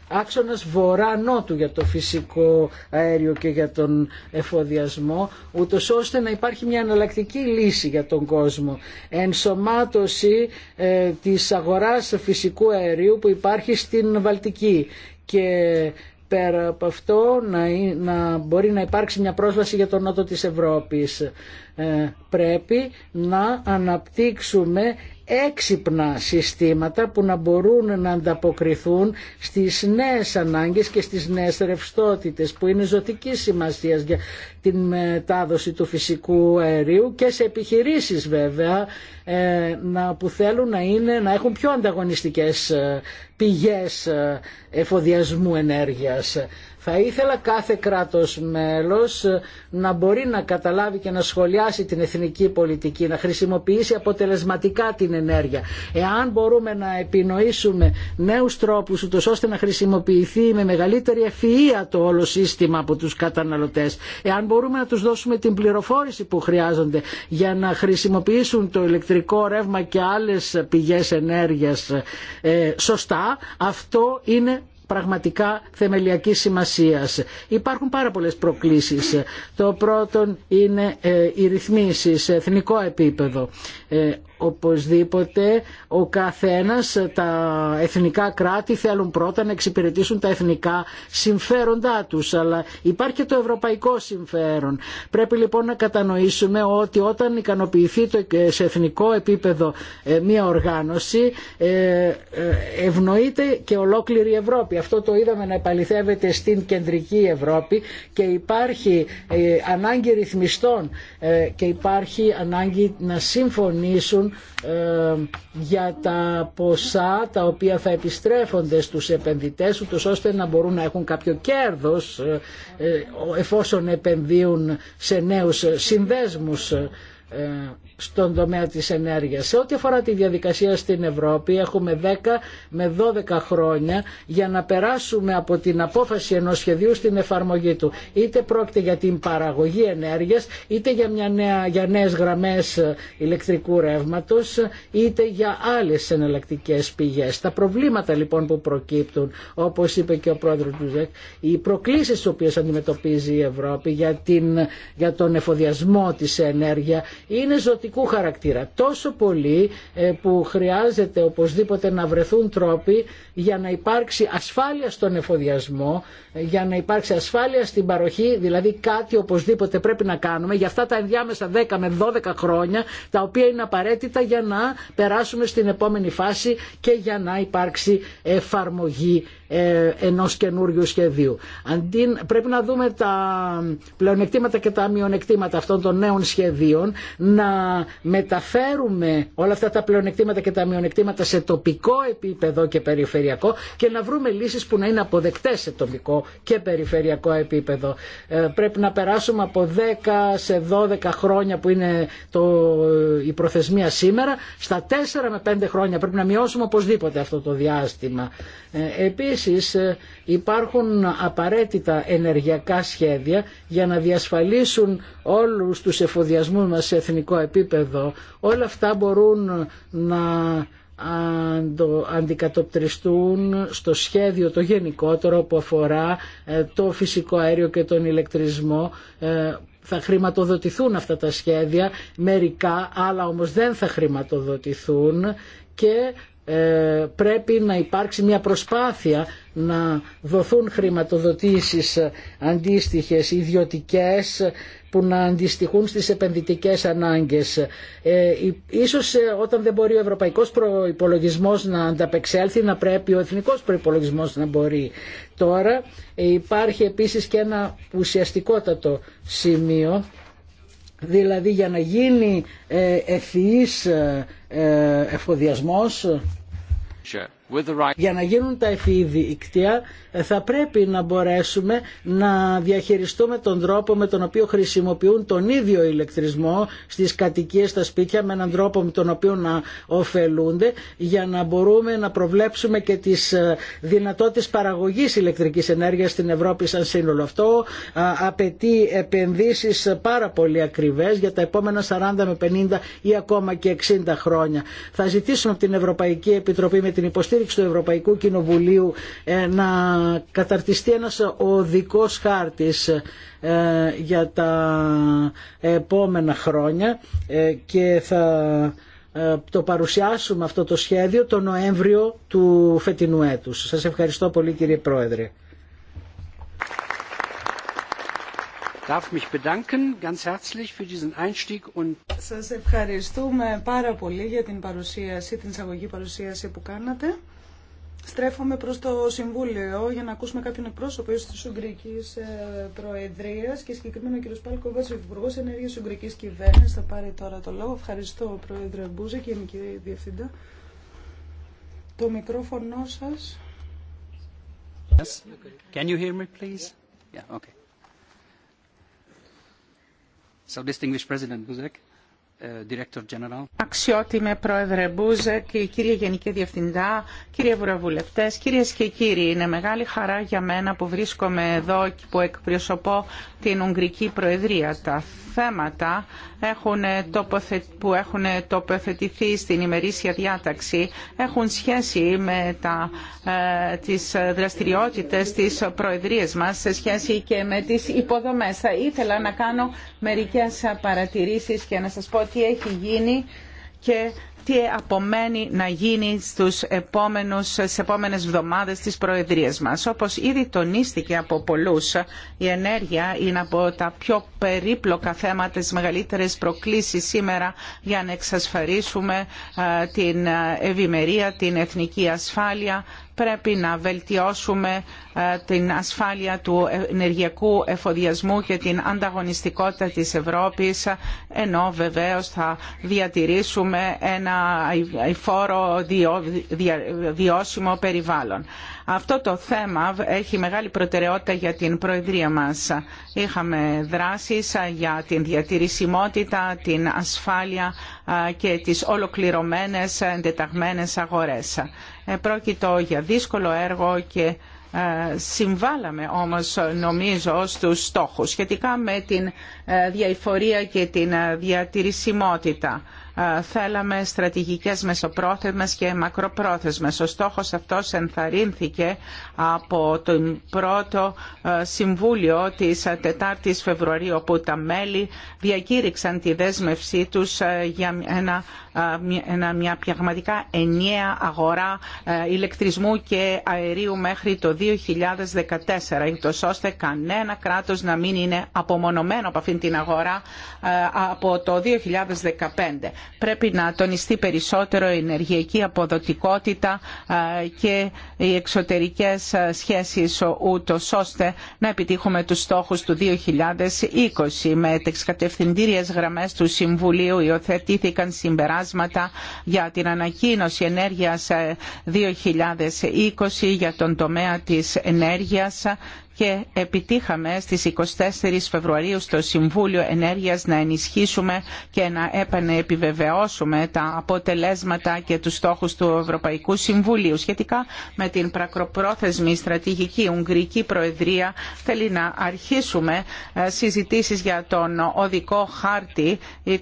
Speaker 4: άξονας βορρά-νότου για το φυσικό αέριο και για τον εφοδιασμό, ούτω ώστε να υπάρχει μια αναλλακτική λύση για τον κόσμο. Ενσωμάτωση ε, της αγοράς φυσικού αερίου που υπάρχει στην Βαλτική και πέρα από αυτό να, μπορεί να υπάρξει μια πρόσβαση για τον νότο της Ευρώπης. πρέπει να αναπτύξουμε έξυπνα συστήματα που να μπορούν να ανταποκριθούν στις νέες ανάγκες και στις νέες ρευστότητες που είναι ζωτική σημασία για την μετάδοση του φυσικού αερίου και σε επιχειρήσεις βέβαια ε, που θέλουν να, είναι, να έχουν πιο ανταγωνιστικές ε, πηγές ε, εφοδιασμού ενέργειας. Θα ήθελα κάθε κράτος μέλος να μπορεί να καταλάβει και να σχολιάσει την εθνική πολιτική, να χρησιμοποιήσει αποτελεσματικά την ενέργεια. Εάν μπορούμε να επινοήσουμε νέους τρόπους ώστε να χρησιμοποιηθεί με μεγαλύτερη ευφυΐα το όλο σύστημα από τους καταναλωτές, εάν μπορούμε να τους δώσουμε την πληροφόρηση που χρειάζονται για να χρησιμοποιήσουν το ηλεκτρικό ρεύμα και άλλες πηγές ενέργειας ε, σωστά, αυτό είναι πραγματικά θεμελιακή σημασία. Υπάρχουν πάρα πολλέ προκλήσει. Το πρώτο είναι ε, οι ρυθμίσει, σε εθνικό επίπεδο. Ε, οπωσδήποτε ο καθένας, τα εθνικά κράτη θέλουν πρώτα να εξυπηρετήσουν τα εθνικά συμφέροντά τους, αλλά υπάρχει και το ευρωπαϊκό συμφέρον. Πρέπει λοιπόν να κατανοήσουμε ότι όταν ικανοποιηθεί το, σε εθνικό επίπεδο ε, μια οργάνωση ε, ε, ευνοείται και ολόκληρη η Ευρώπη. Αυτό το είδαμε να επαληθεύεται στην κεντρική Ευρώπη και υπάρχει ανάγκη ρυθμιστών και υπάρχει ανάγκη να συμφωνήσουν ε, για τα ποσά τα οποία θα επιστρέφονται στους επενδυτές τους ώστε να μπορούν να έχουν κάποιο κέρδος ε, ε, εφόσον επενδύουν σε νέους συνδέσμους στον τομέα της ενέργειας. Σε ό,τι αφορά τη διαδικασία στην Ευρώπη έχουμε 10 με 12 χρόνια για να περάσουμε από την απόφαση ενός σχεδίου στην εφαρμογή του. Είτε πρόκειται για την παραγωγή ενέργειας, είτε για, μια νέα, για νέες γραμμές ηλεκτρικού ρεύματος, είτε για άλλες εναλλακτικέ πηγές. Τα προβλήματα λοιπόν που προκύπτουν, όπως είπε και ο πρόεδρος του ΖΕΚ, οι προκλήσεις τις οποίες αντιμετωπίζει η Ευρώπη για, την, για τον εφοδιασμό της ενέργεια είναι ζωτικό χαρακτήρα. Τόσο πολύ ε, που χρειάζεται οπωσδήποτε να βρεθούν τρόποι για να υπάρξει ασφάλεια στον εφοδιασμό, ε, για να υπάρξει ασφάλεια στην παροχή, δηλαδή κάτι οπωσδήποτε πρέπει να κάνουμε για αυτά τα ενδιάμεσα 10 με 12 χρόνια, τα οποία είναι απαραίτητα για να περάσουμε στην επόμενη φάση και για να υπάρξει εφαρμογή ε, ενός καινούριου σχεδίου. Αντί, πρέπει να δούμε τα πλεονεκτήματα και τα μειονεκτήματα αυτών των νέων σχεδίων, να μεταφέρουμε όλα αυτά τα πλεονεκτήματα και τα μειονεκτήματα σε τοπικό επίπεδο και περιφερειακό και να βρούμε λύσεις που να είναι αποδεκτές σε τοπικό και περιφερειακό επίπεδο. Ε, πρέπει να περάσουμε από 10 σε 12 χρόνια που είναι το, η προθεσμία σήμερα, στα 4 με 5 χρόνια πρέπει να μειώσουμε οπωσδήποτε αυτό το διάστημα. Ε, επίσης ε, υπάρχουν απαραίτητα ενεργειακά σχέδια για να διασφαλίσουν όλους τους εφοδιασμούς μας σε εθνικό επίπεδο, όλα αυτά μπορούν να αντικατοπτριστούν στο σχέδιο το γενικότερο που αφορά ε, το φυσικό αέριο και τον ηλεκτρισμό ε, θα χρηματοδοτηθούν αυτά τα σχέδια μερικά άλλα όμως δεν θα χρηματοδοτηθούν και ε, πρέπει να υπάρξει μια προσπάθεια να δοθούν χρηματοδοτήσεις αντίστοιχες ιδιωτικές που να αντιστοιχούν στις επενδυτικές ανάγκες. Ε, ίσως ε, όταν δεν μπορεί ο ευρωπαϊκός προϋπολογισμός να ανταπεξέλθει να πρέπει ο εθνικός προϋπολογισμός να μπορεί. Τώρα ε, υπάρχει επίσης και ένα ουσιαστικότατο σημείο δηλαδή για να γίνει ε, ε εφοδιασμός για να γίνουν τα ευφυή δίκτυα ε, θα πρέπει να μπορέσουμε να διαχειριστούμε τον τρόπο με τον οποίο χρησιμοποιούν τον ίδιο ηλεκτρισμό στις κατοικίες, στα σπίτια με έναν τρόπο με τον οποίο να ωφελούνται για να μπορούμε να προβλέψουμε και τις ε, δυνατότητες παραγωγής ηλεκτρικής ενέργειας στην Ευρώπη σαν σύνολο. Αυτό απαιτεί επενδύσεις πάρα πολύ ακριβές για τα επόμενα 40 με 50 ή ακόμα και 60 χρόνια. Θα ζητήσουμε από την Ευρωπαϊκή Επιτροπή με την υποστήριξη υποστήριξη του Ευρωπαϊκού Κοινοβουλίου ε, να καταρτιστεί ένας οδικός χάρτης ε, για τα επόμενα χρόνια ε, και θα το παρουσιάσουμε αυτό το σχέδιο το Νοέμβριο του φετινού έτους. Σας ευχαριστώ πολύ κύριε Πρόεδρε.
Speaker 2: darf mich bedanken ganz herzlich für diesen Einstieg und Σας ευχαριστούμε πάρα πολύ για την παρουσίαση, την εισαγωγή παρουσίαση που κάνατε. Στρέφομαι προς το Συμβούλιο για να ακούσουμε κάποιον εκπρόσωπο τη της Ουγγρικής ε, Προεδρίας και συγκεκριμένα ο κ. Πάλκοβας, ο Υπουργός Ενέργειας κυβέρνηση. θα πάρει τώρα το λόγο. Ευχαριστώ, Πρόεδρε Μπούζε και Γενική Διευθύντα. Το μικρόφωνο σας. Yes. Can you hear me, please? Yeah, okay.
Speaker 3: So, distinguished President Buzek, ε,
Speaker 1: Αξιότιμε Πρόεδρε Μπούζεκ, κύριε Γενική Διευθυντά, κύριε Ευρωβουλευτές, κυρίε και κύριοι, είναι μεγάλη χαρά για μένα που βρίσκομαι εδώ και που εκπροσωπώ την Ουγγρική Προεδρία. Τα θέματα έχουν που έχουν τοποθετηθεί στην ημερήσια διάταξη έχουν σχέση με τα... ε, τις δραστηριότητες της Προεδρίας μας σε σχέση και με τις υποδομές. Θα ήθελα να κάνω μερικές παρατηρήσεις και να σας πω τι έχει γίνει και τι απομένει να γίνει στους επόμενους, στις επόμενες εβδομάδες της Προεδρίας μας. Όπως ήδη τονίστηκε από πολλούς, η ενέργεια είναι από τα πιο περίπλοκα θέματα, τις μεγαλύτερες προκλήσεις σήμερα για να εξασφαλίσουμε ε, την ε, ευημερία, την εθνική ασφάλεια πρέπει να βελτιώσουμε ε, την ασφάλεια του ενεργειακού εφοδιασμού και την ανταγωνιστικότητα της Ευρώπης ενώ βεβαίως θα διατηρήσουμε ένα φόρο βιώσιμο περιβάλλον. Αυτό το θέμα έχει μεγάλη προτεραιότητα για την Προεδρία μας. Είχαμε δράσεις για την διατηρησιμότητα, την ασφάλεια ε, και τις ολοκληρωμένες εντεταγμένες αγορές Πρόκειτο για δύσκολο έργο και ε, συμβάλαμε όμως νομίζω στους στόχους σχετικά με την ε, διαφορία και την ε, διατηρησιμότητα. Θέλαμε στρατηγικές μεσοπρόθεσμες και μακροπρόθεσμες. Ο στόχος αυτός ενθαρρύνθηκε από το πρώτο Συμβούλιο της 4ης Φεβρουαρίου όπου τα μέλη διακήρυξαν τη δέσμευσή τους για ένα μια πραγματικά ενιαία αγορά ε, ηλεκτρισμού και αερίου μέχρι το 2014, εκτός ώστε κανένα κράτος να μην είναι απομονωμένο από αυτήν την αγορά ε, από το 2015. Πρέπει να τονιστεί περισσότερο η ενεργειακή αποδοτικότητα ε, και οι εξωτερικές σχέσεις ούτως ώστε να επιτύχουμε τους στόχους του 2020. Με τις κατευθυντήριες γραμμές του Συμβουλίου υιοθετήθηκαν συμπεράσματα για την ανακοίνωση ενέργειας 2020 ε, για τον τομέα της ενέργειας και επιτύχαμε στις 24 Φεβρουαρίου στο Συμβούλιο Ενέργειας να ενισχύσουμε και να επανεπιβεβαιώσουμε τα αποτελέσματα και τους στόχους του Ευρωπαϊκού Συμβουλίου. Σχετικά με την πρακροπρόθεσμη στρατηγική Ουγγρική Προεδρία θέλει να αρχίσουμε ε, συζητήσεις για τον οδικό χάρτη 2020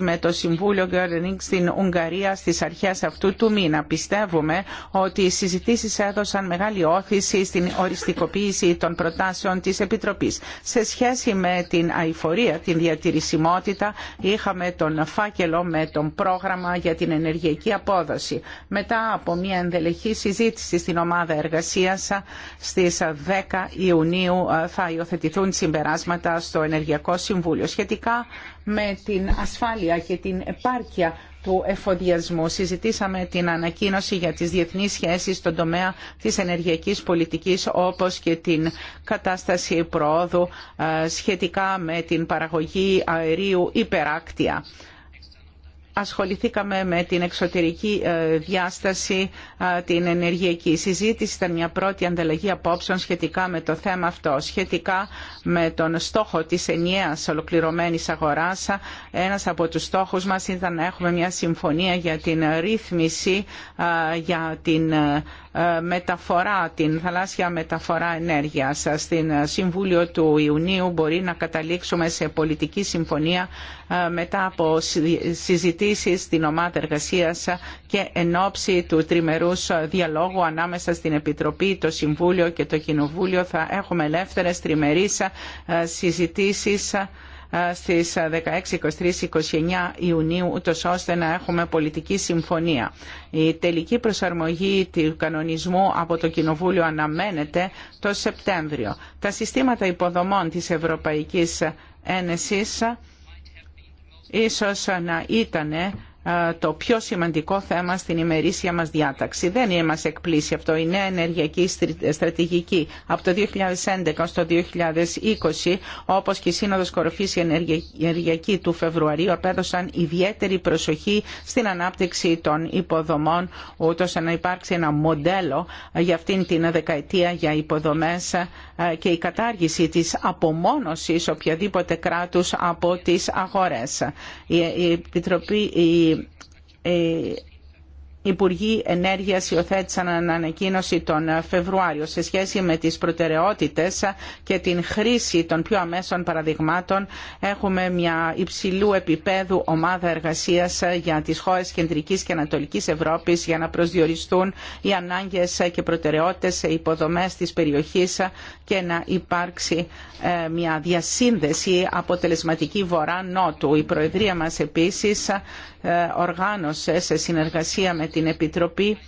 Speaker 1: με το Συμβούλιο Γκέρνινγκ στην Ουγγαρία στις αρχές αυτού του μήνα. Πιστεύουμε ότι οι συζητήσεις έδωσαν μεγάλη όθηση στην οριστικοποίηση των προτάσεων της Επιτροπής. Σε σχέση με την αηφορία, την διατηρησιμότητα, είχαμε τον φάκελο με τον πρόγραμμα για την ενεργειακή απόδοση. Μετά από μια ενδελεχή συζήτηση στην ομάδα εργασίας στις 10 Ιουνίου ε, θα υιοθετηθούν συμπεράσματα στο Ενεργειακό Συμβούλιο σχετικά με την ασφάλεια και την επάρκεια του εφοδιασμού. Συζητήσαμε την ανακοίνωση για τις διεθνείς σχέσεις στον τομέα της ενεργειακής πολιτικής όπως και την κατάσταση προόδου ε, σχετικά με την παραγωγή αερίου υπεράκτια ασχοληθήκαμε με την εξωτερική ε, διάσταση, ε, την ενεργειακή συζήτηση. Ήταν μια πρώτη ανταλλαγή απόψεων σχετικά με το θέμα αυτό, σχετικά με τον στόχο της ενιαίας ολοκληρωμένης αγοράς. Ε, ένας από τους στόχους μας ήταν να έχουμε μια συμφωνία για την ρύθμιση, για την ε, μεταφορά, την θαλάσσια μεταφορά ενέργειας. Στην ε, Συμβούλιο του Ιουνίου μπορεί να καταλήξουμε σε πολιτική συμφωνία ε, μετά από συζητήσεις στην ομάδα εργασίας και εν ώψη του τριμερούς διαλόγου ανάμεσα στην Επιτροπή, το Συμβούλιο και το Κοινοβούλιο θα έχουμε ελεύθερες τριμερείς συζητήσεις στις 16, 23, 29 Ιουνίου ούτως ώστε να έχουμε πολιτική συμφωνία. Η τελική προσαρμογή του κανονισμού από το Κοινοβούλιο αναμένεται το Σεπτέμβριο. Τα συστήματα υποδομών της Ευρωπαϊκής Ένωση ίσως να ήταν ε, το πιο σημαντικό θέμα στην ημερήσια μας διάταξη. Δεν μας εκπλήσει αυτό. Η νέα ενεργειακή στρατηγική από το 2011 στο το 2020, όπως και η Σύνοδος Κορυφής Ενεργειακή του Φεβρουαρίου, απέδωσαν ιδιαίτερη προσοχή στην ανάπτυξη των υποδομών, ούτως να υπάρξει ένα μοντέλο για αυτήν την δεκαετία για υποδομές ε, και η κατάργηση της απομόνωσης οποιαδήποτε κράτους από τις αγορές. Η Επιτροπή, η οι ε, Υπουργοί Ενέργειας υιοθέτησαν ανακοίνωση τον Φεβρουάριο σε σχέση με τις προτεραιότητες και την χρήση των πιο αμέσων παραδειγμάτων. Έχουμε μια υψηλού επίπεδου ομάδα εργασία για τις χώρες Κεντρικής και Ανατολικής Ευρώπης για να προσδιοριστούν οι ανάγκες και προτεραιότητες σε υποδομέ της περιοχή και να υπάρξει ε, μια διασύνδεση αποτελεσματική βορρά-νότου. Η Προεδρία μας επίση. Ε, οργάνωσε σε συνεργασία με την Επιτροπή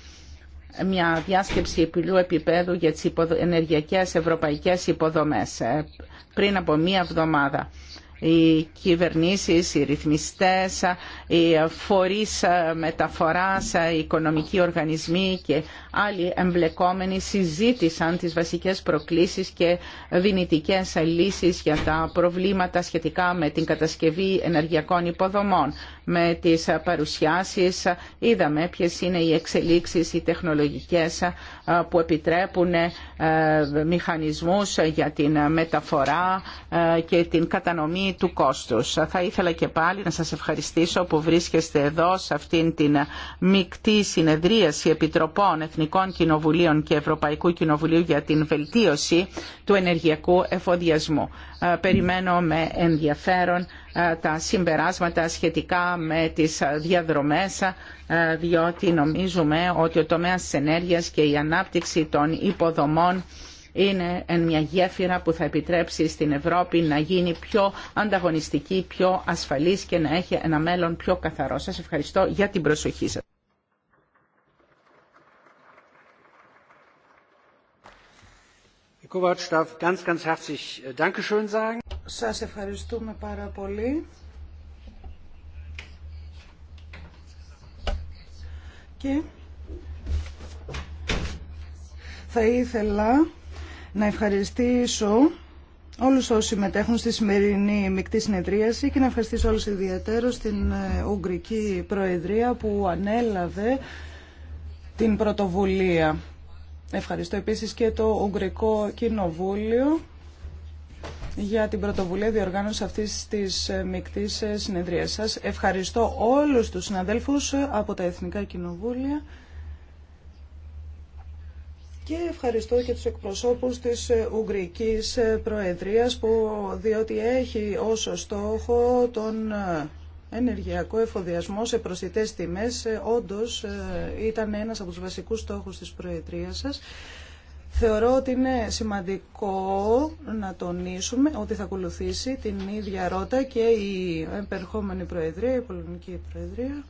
Speaker 1: μια διάσκεψη επιλού επίπεδου για τις ενεργειακές ευρωπαϊκές υποδομές ε, πριν από μία εβδομάδα οι κυβερνήσεις, οι ρυθμιστές, οι φορείς μεταφοράς, οι οικονομικοί οργανισμοί και άλλοι εμπλεκόμενοι συζήτησαν τις βασικές προκλήσεις και δυνητικές λύσεις για τα προβλήματα σχετικά με την κατασκευή ενεργειακών υποδομών. Με τις παρουσιάσεις είδαμε ποιες είναι οι εξελίξεις, οι τεχνολογικές που επιτρέπουν ε, μηχανισμούς για την μεταφορά ε, και την κατανομή του κόστους. Θα ήθελα και πάλι να σας ευχαριστήσω που βρίσκεστε εδώ σε αυτήν την μεικτή συνεδρίαση Επιτροπών Εθνικών Κοινοβουλίων και Ευρωπαϊκού Κοινοβουλίου για την βελτίωση του ενεργειακού εφοδιασμού. Ε, περιμένω με ενδιαφέρον ε, τα συμπεράσματα σχετικά με τις διαδρομές ε, διότι νομίζουμε ότι ο τομέας της ενέργειας και η ανάπτυξη των υποδομών είναι μια γέφυρα που θα επιτρέψει στην Ευρώπη να γίνει πιο ανταγωνιστική, πιο ασφαλής και να έχει ένα μέλλον πιο καθαρό. Σας ευχαριστώ για την προσοχή σας.
Speaker 2: Äh, σας ευχαριστούμε πάρα πολύ. Και θα ήθελα να ευχαριστήσω όλους όσοι συμμετέχουν στη σημερινή μεικτή συνεδρίαση και να ευχαριστήσω όλους ιδιαίτερο την ε, Ουγγρική Προεδρία που ανέλαβε την πρωτοβουλία. Ευχαριστώ επίσης και το Ουγγρικό Κοινοβούλιο για την πρωτοβουλία διοργάνωση αυτής της ε, μικτής ε, συνεδρίας σας. Ευχαριστώ όλους τους συναδέλφους από τα Εθνικά Κοινοβούλια και ευχαριστώ και τους εκπροσώπους της ε, Ουγγρικής ε, Προεδρίας που διότι έχει ως στόχο τον ε, ενεργειακό εφοδιασμό σε προσιτές τιμές όντως ήταν ένας από τους βασικούς στόχους της Προεδρίας σας. Θεωρώ ότι είναι σημαντικό να τονίσουμε ότι θα ακολουθήσει την ίδια ρότα και η επερχόμενη Προεδρία, η Πολωνική Προεδρία.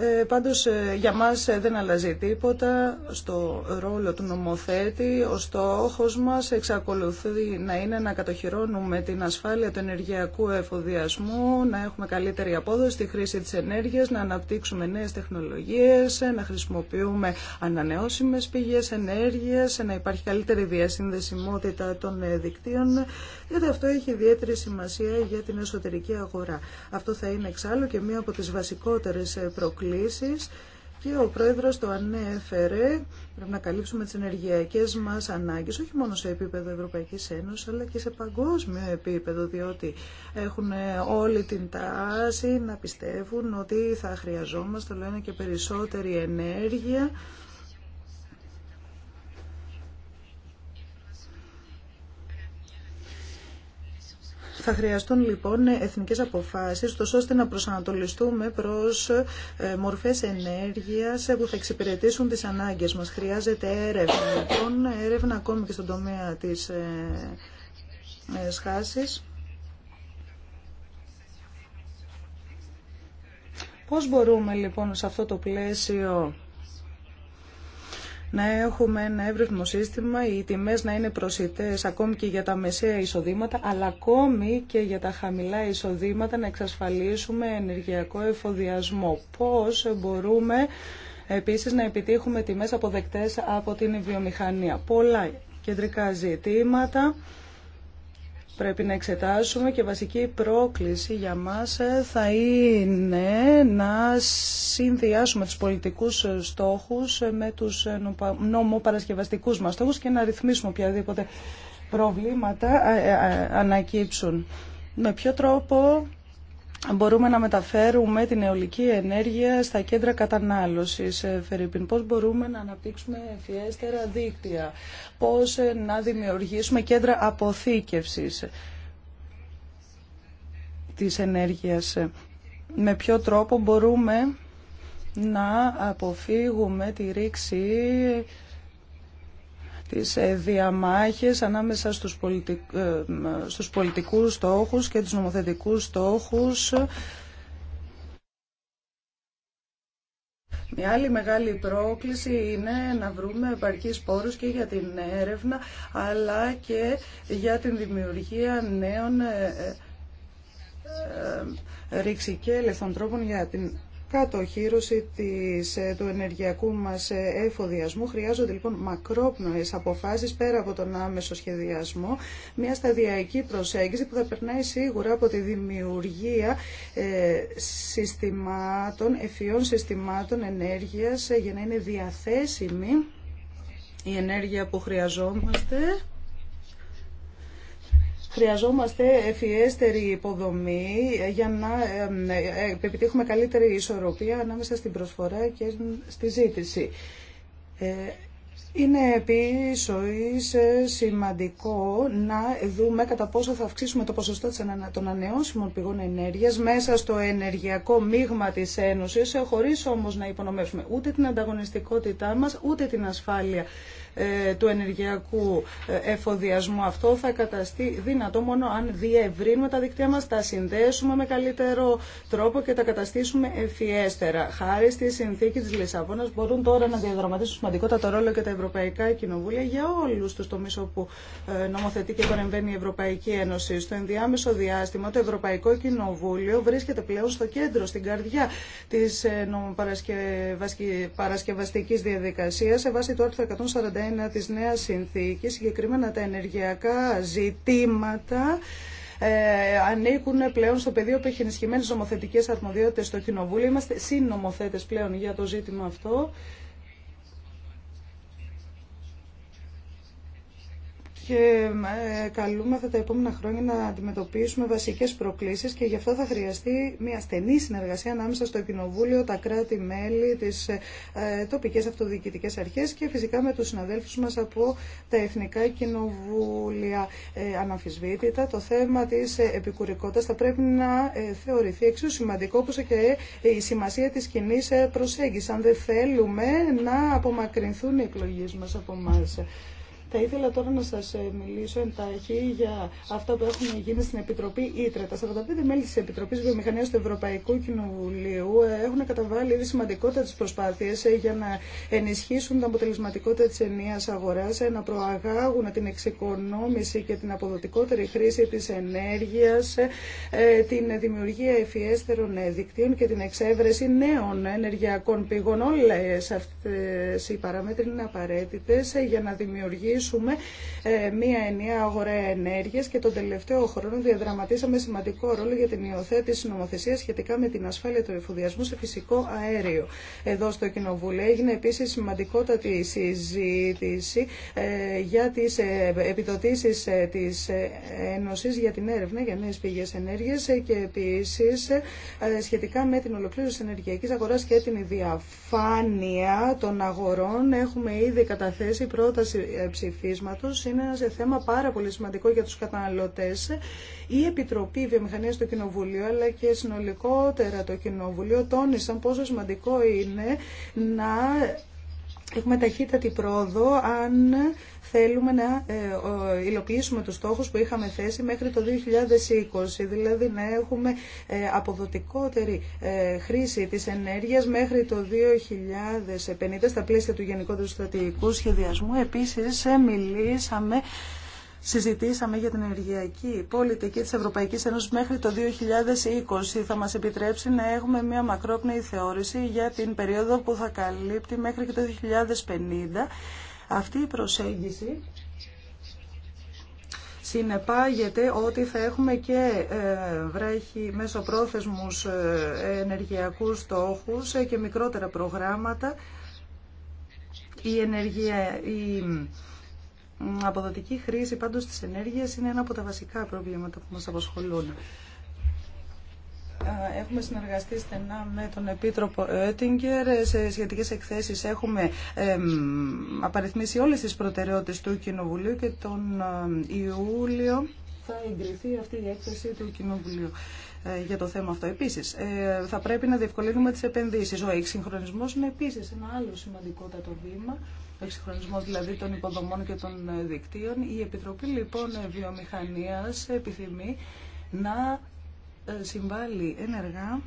Speaker 2: Ε, πάντως ε, για μας ε, δεν αλλάζει τίποτα στο ρόλο του νομοθέτη. Ο στόχος μας εξακολουθεί να είναι να κατοχυρώνουμε την ασφάλεια του ενεργειακού εφοδιασμού, να έχουμε καλύτερη απόδοση στη χρήση της ενέργειας, να αναπτύξουμε νέες τεχνολογίες, ε, να χρησιμοποιούμε ανανεώσιμες πηγές ενέργειας, να υπάρχει καλύτερη διασυνδεσιμότητα των δικτύων, γιατί αυτό έχει ιδιαίτερη σημασία για την εσωτερική αγορά. Αυτό θα είναι εξάλλου και μία από τις βασικότερες προκλήσεις και ο Πρόεδρος το ανέφερε, πρέπει να καλύψουμε τι ενεργειακέ μας ανάγκε, όχι μόνο σε επίπεδο Ευρωπαϊκής Ένωσης, αλλά και σε παγκόσμιο επίπεδο, διότι έχουν όλη την τάση να πιστεύουν ότι θα χρειαζόμαστε, λένε, και περισσότερη ενέργεια, Θα χρειαστούν λοιπόν εθνικές αποφάσεις, ώστε να προσανατολιστούμε προς ε, μορφές ενέργειας που θα εξυπηρετήσουν τις ανάγκες μας. Χρειάζεται έρευνα, λοιπόν, έρευνα ακόμη και στον τομέα της ε, ε, σχάσης. Πώς μπορούμε λοιπόν σε αυτό το πλαίσιο να έχουμε ένα εύρυθμο σύστημα, οι τιμέ να είναι προσιτές ακόμη και για τα μεσαία εισοδήματα, αλλά ακόμη και για τα χαμηλά εισοδήματα να εξασφαλίσουμε ενεργειακό εφοδιασμό. Πώς μπορούμε επίσης να επιτύχουμε τιμέ αποδεκτές από την βιομηχανία. Πολλά κεντρικά ζητήματα πρέπει να εξετάσουμε και βασική πρόκληση για μας ε, θα είναι να συνδυάσουμε τους πολιτικούς στόχους ε, με τους ε, νομοπαρασκευαστικούς μας στόχους και να ρυθμίσουμε οποιαδήποτε προβλήματα ανακύψουν. Με ποιο τρόπο μπορούμε να μεταφέρουμε την αιωλική ενέργεια στα κέντρα κατανάλωσης. Ε, Φερρυπίν, πώς μπορούμε να αναπτύξουμε φιέστερα δίκτυα, πώς ε, να δημιουργήσουμε κέντρα αποθήκευσης της ενέργειας. Ε, με ποιο τρόπο μπορούμε να αποφύγουμε τη ρήξη τις ε, διαμάχες ανάμεσα στους, πολιτικ... Ε, στους πολιτικούς στόχους και τους νομοθετικούς στόχους. Μια άλλη μεγάλη πρόκληση είναι να βρούμε επαρκείς πόρους και για την έρευνα αλλά και για την δημιουργία νέων ε, ρηξικέλευθων τρόπων για την κατοχήρωση της, ε, του ενεργειακού μας ε, εφοδιασμού. Χρειάζονται λοιπόν μακρόπνοες αποφάσεις πέρα από τον άμεσο σχεδιασμό, μια σταδιακή προσέγγιση που θα περνάει σίγουρα από τη δημιουργία ε, συστημάτων, εφιών συστημάτων ενέργειας για να είναι διαθέσιμη η ενέργεια που χρειαζόμαστε Χρειαζόμαστε ευφιέστερη υποδομή για να ε, ε, επιτύχουμε καλύτερη ισορροπία ανάμεσα στην προσφορά και στη ζήτηση. Ε, είναι επίσης σημαντικό να δούμε κατά πόσο θα αυξήσουμε το ποσοστό των ανανεώσιμων πηγών ενέργειας μέσα στο ενεργειακό μείγμα της Ένωσης, χωρίς όμως να υπονομεύσουμε ούτε την ανταγωνιστικότητά μας, ούτε την ασφάλεια ε, του ενεργειακού ε, εφοδιασμού. Αυτό θα καταστεί δυνατό μόνο αν διευρύνουμε τα δικτύα μας, τα συνδέσουμε με καλύτερο τρόπο και τα καταστήσουμε ευφιέστερα. Χάρη στη συνθήκη της Λισαβόνας μπορούν τώρα να διαδραματίσουν σημαντικότατο ρόλο και τα Ευρωπαϊκά Κοινοβούλια για όλους τους τομείς όπου ε, νομοθετεί και παρεμβαίνει η Ευρωπαϊκή Ένωση. Στο ενδιάμεσο διάστημα το Ευρωπαϊκό Κοινοβούλιο βρίσκεται πλέον στο κέντρο, στην καρδιά της νομοπαρασκευαστικής διαδικασίας σε βάση του άρθρου Τη της νέας συνθήκης, συγκεκριμένα τα ενεργειακά ζητήματα, ε, ανήκουν πλέον στο πεδίο που έχει ενισχυμένε νομοθετικέ αρμοδιότητε στο Κοινοβούλιο. Είμαστε σύνομοθετες πλέον για το ζήτημα αυτό. και ε, αυτά τα επόμενα χρόνια να αντιμετωπίσουμε βασικές προκλήσεις και γι' αυτό θα χρειαστεί μια στενή συνεργασία ανάμεσα στο Κοινοβούλιο, τα κράτη-μέλη, τις ε, τοπικές αυτοδιοικητικές αρχές και φυσικά με τους συναδέλφους μας από τα Εθνικά Κοινοβούλια. Ε, αναμφισβήτητα, το θέμα της επικουρικότητας θα πρέπει να θεωρηθεί εξίσου σημαντικό όπως και η σημασία της κοινή προσέγγισης αν δεν θέλουμε να απομακρυνθούν οι εκλογές μας από εμά. Θα ήθελα τώρα να σας ε, μιλήσω εντάχει για αυτά που έχουν γίνει στην Επιτροπή Ήτρα. Τα 45 μέλη της Επιτροπής Βιομηχανίας του Ευρωπαϊκού Κοινοβουλίου ε, έχουν καταβάλει ήδη σημαντικότητα τις προσπάθειες ε, για να ενισχύσουν την αποτελεσματικότητα της ενίας αγοράς, να προαγάγουν την εξοικονόμηση και την αποδοτικότερη χρήση της ενέργειας, την δημιουργία ευφιέστερων δικτύων και την εξέβρεση νέων ενεργειακών πηγών. Όλες αυτές οι παράμετροι είναι απαραίτητες για να δημιουργήσουν ε, μία ενιαία αγορά ενέργεια και τον τελευταίο χρόνο διαδραματίσαμε σημαντικό ρόλο για την υιοθέτηση νομοθεσία σχετικά με την ασφάλεια του εφοδιασμού σε φυσικό αέριο. Εδώ στο Κοινοβούλιο έγινε επίση σημαντικότατη συζήτηση ε, για τι ε, επιδοτήσει ε, τη Ένωση για την έρευνα για νέε πηγέ ενέργεια και επίση σχετικά με την ολοκλήρωση τη ενεργειακή αγορά και την διαφάνεια των αγορών. Έχουμε ήδη καταθέσει πρόταση είναι ένα θέμα πάρα πολύ σημαντικό για τους καταναλωτές. Η Επιτροπή βιομηχανία του Κοινοβουλίου αλλά και συνολικότερα το Κοινοβουλίο τόνισαν πόσο σημαντικό είναι να έχουμε ταχύτατη πρόοδο αν θέλουμε να ε, υλοποιήσουμε τους στόχους που είχαμε θέσει μέχρι το 2020, δηλαδή να έχουμε ε, αποδοτικότερη ε, χρήση της ενέργειας μέχρι το 2050 στα πλαίσια του Γενικότερου Στρατηγικού Σχεδιασμού. Επίσης, μιλήσαμε Συζητήσαμε για την ενεργειακή πολιτική της Ευρωπαϊκής Ένωσης μέχρι το 2020. Θα μας επιτρέψει να έχουμε μια μακρόπνοη θεώρηση για την περίοδο που θα καλύπτει μέχρι και το 2050 αυτή η προσέγγιση συνεπάγεται ότι θα έχουμε και ε, βρέχει μέσω πρόθεσμους ε, ενεργειακούς στόχους ε, και μικρότερα προγράμματα. Η, ενεργεια, η αποδοτική χρήση πάντως της ενέργειας είναι ένα από τα βασικά προβλήματα που μας απασχολούν. Έχουμε συνεργαστεί στενά με τον Επίτροπο Έτιγκερ. Σε σχετικές εκθέσει έχουμε απαριθμίσει όλε τι προτεραιότητε του Κοινοβουλίου και τον Ιούλιο θα εγκριθεί αυτή η έκθεση του Κοινοβουλίου ε, για το θέμα αυτό. Επίσης, ε, θα πρέπει να διευκολύνουμε τις επενδύσεις. Ο εξυγχρονισμό είναι επίσης ένα άλλο σημαντικότατο βήμα εξυγχρονισμό δηλαδή των υποδομών και των ε, δικτύων. Η Επιτροπή λοιπόν βιομηχανία επιθυμεί να ε, συμβάλλει ενεργά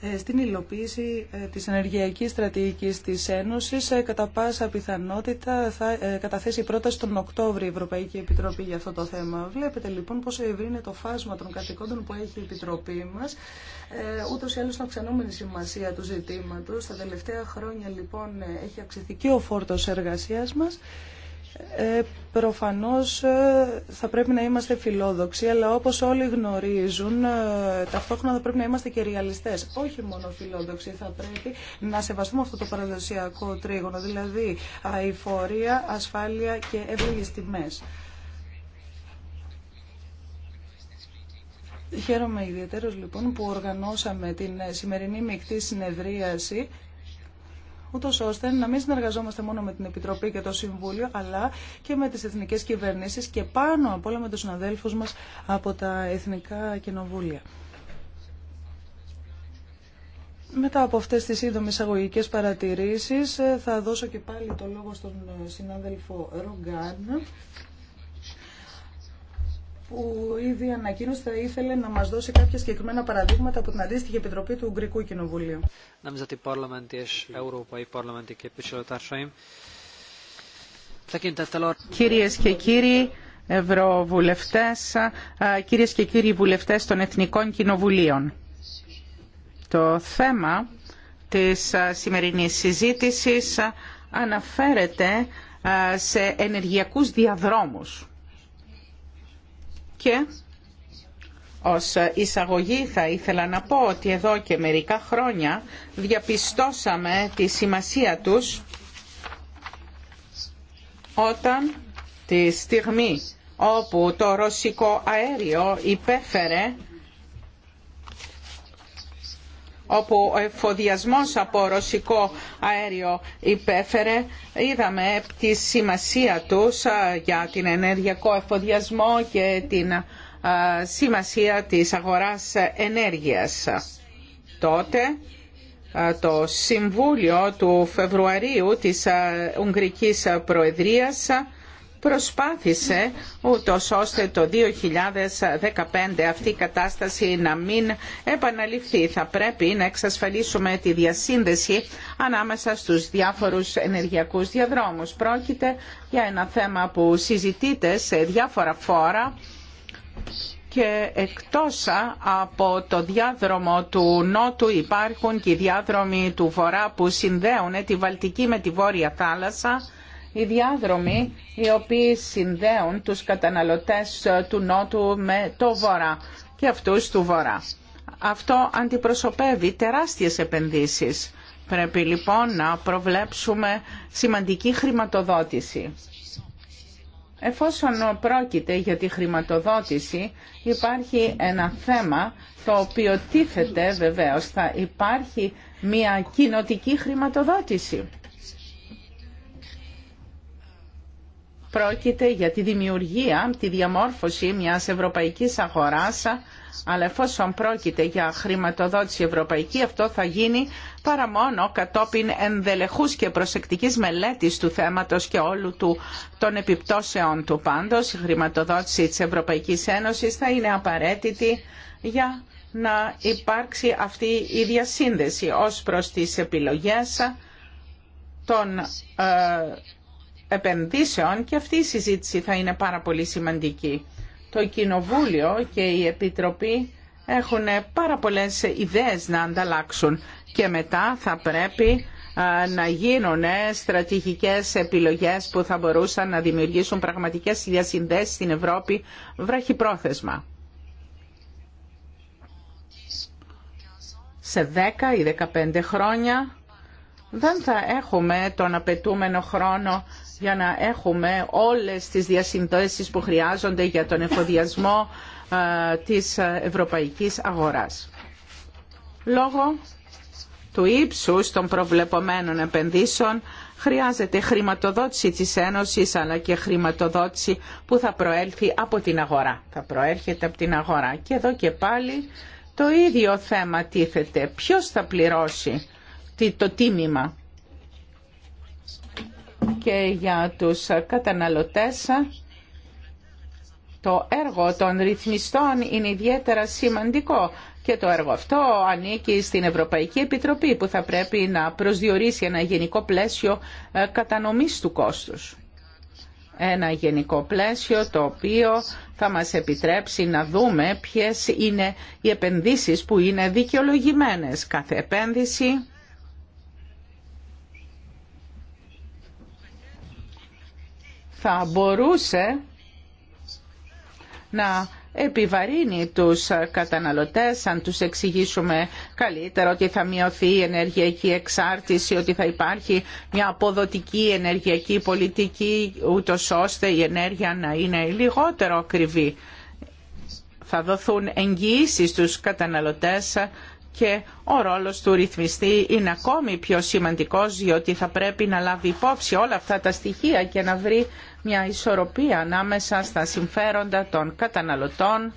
Speaker 2: ε, στην υλοποίηση ε, της ενεργειακής στρατηγικής της Ένωσης. Κατά πάσα πιθανότητα θα καταθέσει πρώτα τον Οκτώβριο η Ευρωπαϊκή Επιτροπή για αυτό το θέμα. Βλέπετε λοιπόν πόσο ευρύ είναι το φάσμα των κατοικών που έχει η Επιτροπή μας. Ούτως ή άλλως αυξανόμενη σημασία του ζητήματος. Τα τελευταία χρόνια λοιπόν έχει αυξηθεί και ο φόρτος εργασίας μας. Ε, προφανώς ε, θα πρέπει να είμαστε φιλόδοξοι, αλλά όπως όλοι γνωρίζουν, ε, ταυτόχρονα θα πρέπει να είμαστε και ρεαλιστές. Όχι μόνο φιλόδοξοι, θα πρέπει να σεβαστούμε αυτό το παραδοσιακό τρίγωνο, δηλαδή αηφορία, ασφάλεια και εύλογες τιμές. Χαίρομαι ιδιαίτερος λοιπόν που οργανώσαμε την σημερινή μεικτή συνεδρίαση ούτω ώστε να μην συνεργαζόμαστε μόνο με την Επιτροπή και το Συμβούλιο, αλλά και με τι εθνικέ κυβερνήσει και πάνω απ' όλα με του συναδέλφου μα από τα εθνικά κοινοβούλια. Μετά από αυτές τις σύντομες εισαγωγικέ παρατηρήσεις ε, θα δώσω και πάλι το λόγο στον ε, συνάδελφο Ρογκάν που ήδη ανακοίνωσε θα ήθελε να μας δώσει κάποια συγκεκριμένα παραδείγματα από την αντίστοιχη Επιτροπή του Ουγγρικού Κοινοβουλίου.
Speaker 1: Κυρίες και κύριοι Ευρωβουλευτές, κυρίες και κύριοι βουλευτές των Εθνικών Κοινοβουλίων, το θέμα της σημερινής συζήτησης αναφέρεται σε ενεργειακούς διαδρόμους και ως εισαγωγή θα ήθελα να πω ότι εδώ και μερικά χρόνια διαπιστώσαμε τη σημασία τους όταν τη στιγμή όπου το ρωσικό αέριο υπέφερε όπου ο εφοδιασμός από ρωσικό αέριο υπέφερε. Είδαμε τη σημασία τους για την ενεργειακό εφοδιασμό και την σημασία της αγοράς ενέργειας. Τότε το Συμβούλιο του Φεβρουαρίου της Ουγγρικής Προεδρίας προσπάθησε ούτως ώστε το 2015 αυτή η κατάσταση να μην επαναληφθεί. Θα πρέπει να εξασφαλίσουμε τη διασύνδεση ανάμεσα στους διάφορους ενεργειακούς διαδρόμους. Πρόκειται για ένα θέμα που συζητείται σε διάφορα φόρα και εκτός από το διάδρομο του Νότου υπάρχουν και οι διάδρομοι του Βορρά που συνδέουν τη Βαλτική με τη Βόρεια Θάλασσα οι διάδρομοι οι οποίοι συνδέουν τους καταναλωτές ε, του Νότου με το Βορρά και αυτούς του Βορρά. Αυτό αντιπροσωπεύει τεράστιες επενδύσεις. Πρέπει λοιπόν να προβλέψουμε σημαντική χρηματοδότηση. Εφόσον πρόκειται για τη χρηματοδότηση, υπάρχει ένα θέμα το οποίο τίθεται βεβαίως. Θα υπάρχει μια κοινοτική χρηματοδότηση. Πρόκειται για τη δημιουργία, τη διαμόρφωση μιας ευρωπαϊκής αγοράς, αλλά εφόσον πρόκειται για χρηματοδότηση ευρωπαϊκή, αυτό θα γίνει παρά μόνο κατόπιν ενδελεχούς και προσεκτικής μελέτης του θέματος και όλου του, των επιπτώσεων του πάντως. Η χρηματοδότηση της Ευρωπαϊκής Ένωσης θα είναι απαραίτητη για να υπάρξει αυτή η διασύνδεση ως προς τις επιλογές των ε, επενδύσεων και αυτή η συζήτηση θα είναι πάρα πολύ σημαντική. Το Κοινοβούλιο και η Επιτροπή έχουν πάρα πολλές ιδέες να ανταλλάξουν και μετά θα πρέπει να γίνουν στρατηγικές επιλογές που θα μπορούσαν να δημιουργήσουν πραγματικές διασυνδέσεις στην Ευρώπη βραχυπρόθεσμα. Σε 10 ή 15 χρόνια δεν θα έχουμε τον απαιτούμενο χρόνο για να έχουμε όλες τις διασυνδέσεις που χρειάζονται για τον εφοδιασμό ε, της ευρωπαϊκής αγοράς. Λόγω του ύψους των προβλεπωμένων επενδύσεων χρειάζεται χρηματοδότηση της Ένωσης αλλά και χρηματοδότηση που θα προέλθει από την αγορά. Θα προέρχεται από την αγορά. Και εδώ και πάλι το ίδιο θέμα τίθεται. Ποιος θα πληρώσει το τίμημα και για τους καταναλωτές. Το έργο των ρυθμιστών είναι ιδιαίτερα σημαντικό και το έργο αυτό ανήκει στην Ευρωπαϊκή Επιτροπή που θα πρέπει να προσδιορίσει ένα γενικό πλαίσιο ε, κατανομής του κόστους. Ένα γενικό πλαίσιο το οποίο θα μας επιτρέψει να δούμε ποιες είναι οι επενδύσεις που είναι δικαιολογημένες. Κάθε επένδυση θα μπορούσε να επιβαρύνει τους καταναλωτές αν τους εξηγήσουμε καλύτερα ότι θα μειωθεί η ενεργειακή εξάρτηση, ότι θα υπάρχει μια αποδοτική ενεργειακή πολιτική ούτω ώστε η ενέργεια να είναι λιγότερο ακριβή. Θα δοθούν εγγυήσεις στους καταναλωτές και ο ρόλος του ρυθμιστή είναι ακόμη πιο σημαντικός διότι θα πρέπει να λάβει υπόψη όλα αυτά τα στοιχεία και να βρει μια ισορροπία ανάμεσα στα συμφέροντα των καταναλωτών,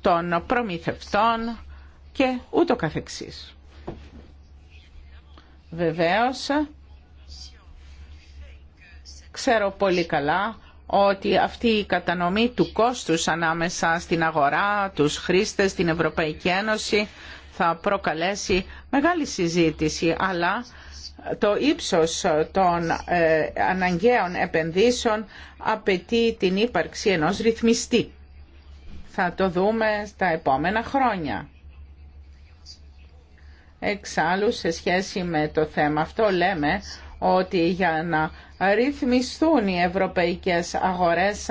Speaker 1: των προμηθευτών και ούτω καθεξής. Βεβαίως, ξέρω πολύ καλά ότι αυτή η κατανομή του κόστους ανάμεσα στην αγορά, τους χρήστες, την Ευρωπαϊκή Ένωση θα προκαλέσει μεγάλη συζήτηση, αλλά το ύψος των ε, αναγκαίων επενδύσεων απαιτεί την ύπαρξη ενός ρυθμιστή. Θα το δούμε στα επόμενα χρόνια. Εξάλλου, σε σχέση με το θέμα αυτό, λέμε ότι για να ρυθμιστούν οι ευρωπαϊκές αγορές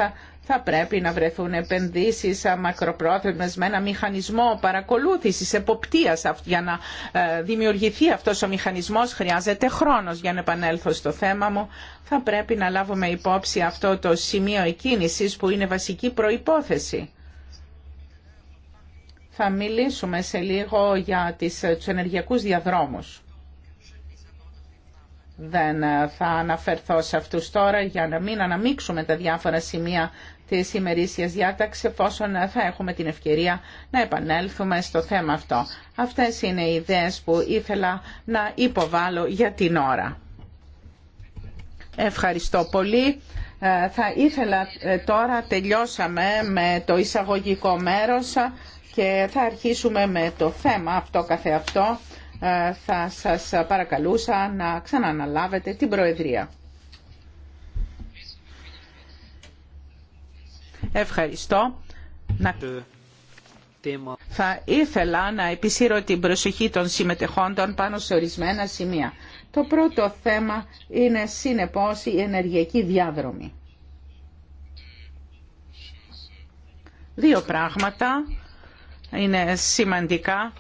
Speaker 1: θα πρέπει να βρεθούν επενδύσεις μακροπρόθεσμες με ένα μηχανισμό παρακολούθησης, εποπτείας για να ε, δημιουργηθεί αυτός ο μηχανισμός χρειάζεται χρόνος για να επανέλθω στο θέμα μου θα πρέπει να λάβουμε υπόψη αυτό το σημείο εκκίνησης που είναι βασική προϋπόθεση. Θα μιλήσουμε σε λίγο για τις, ε, τους ενεργειακούς διαδρόμους. Δεν ε, θα αναφερθώ σε αυτούς τώρα για να μην αναμίξουμε τα διάφορα σημεία της ημερήσιας διάταξης εφόσον ε, θα έχουμε την ευκαιρία να επανέλθουμε στο θέμα αυτό. Αυτές είναι οι ιδέες που ήθελα να υποβάλω για την ώρα. Ευχαριστώ πολύ. Ε, θα ήθελα τώρα τελειώσαμε με το εισαγωγικό μέρος και θα αρχίσουμε με το θέμα αυτό καθεαυτό ε, θα σας παρακαλούσα να ξανααναλάβετε την Προεδρία. Ευχαριστώ. Θα ήθελα να επισύρω την προσοχή των συμμετεχόντων πάνω σε ορισμένα σημεία. Το πρώτο θέμα είναι συνεπώς η ενεργειακή διάδρομη. Δύο πράγματα είναι σημαντικά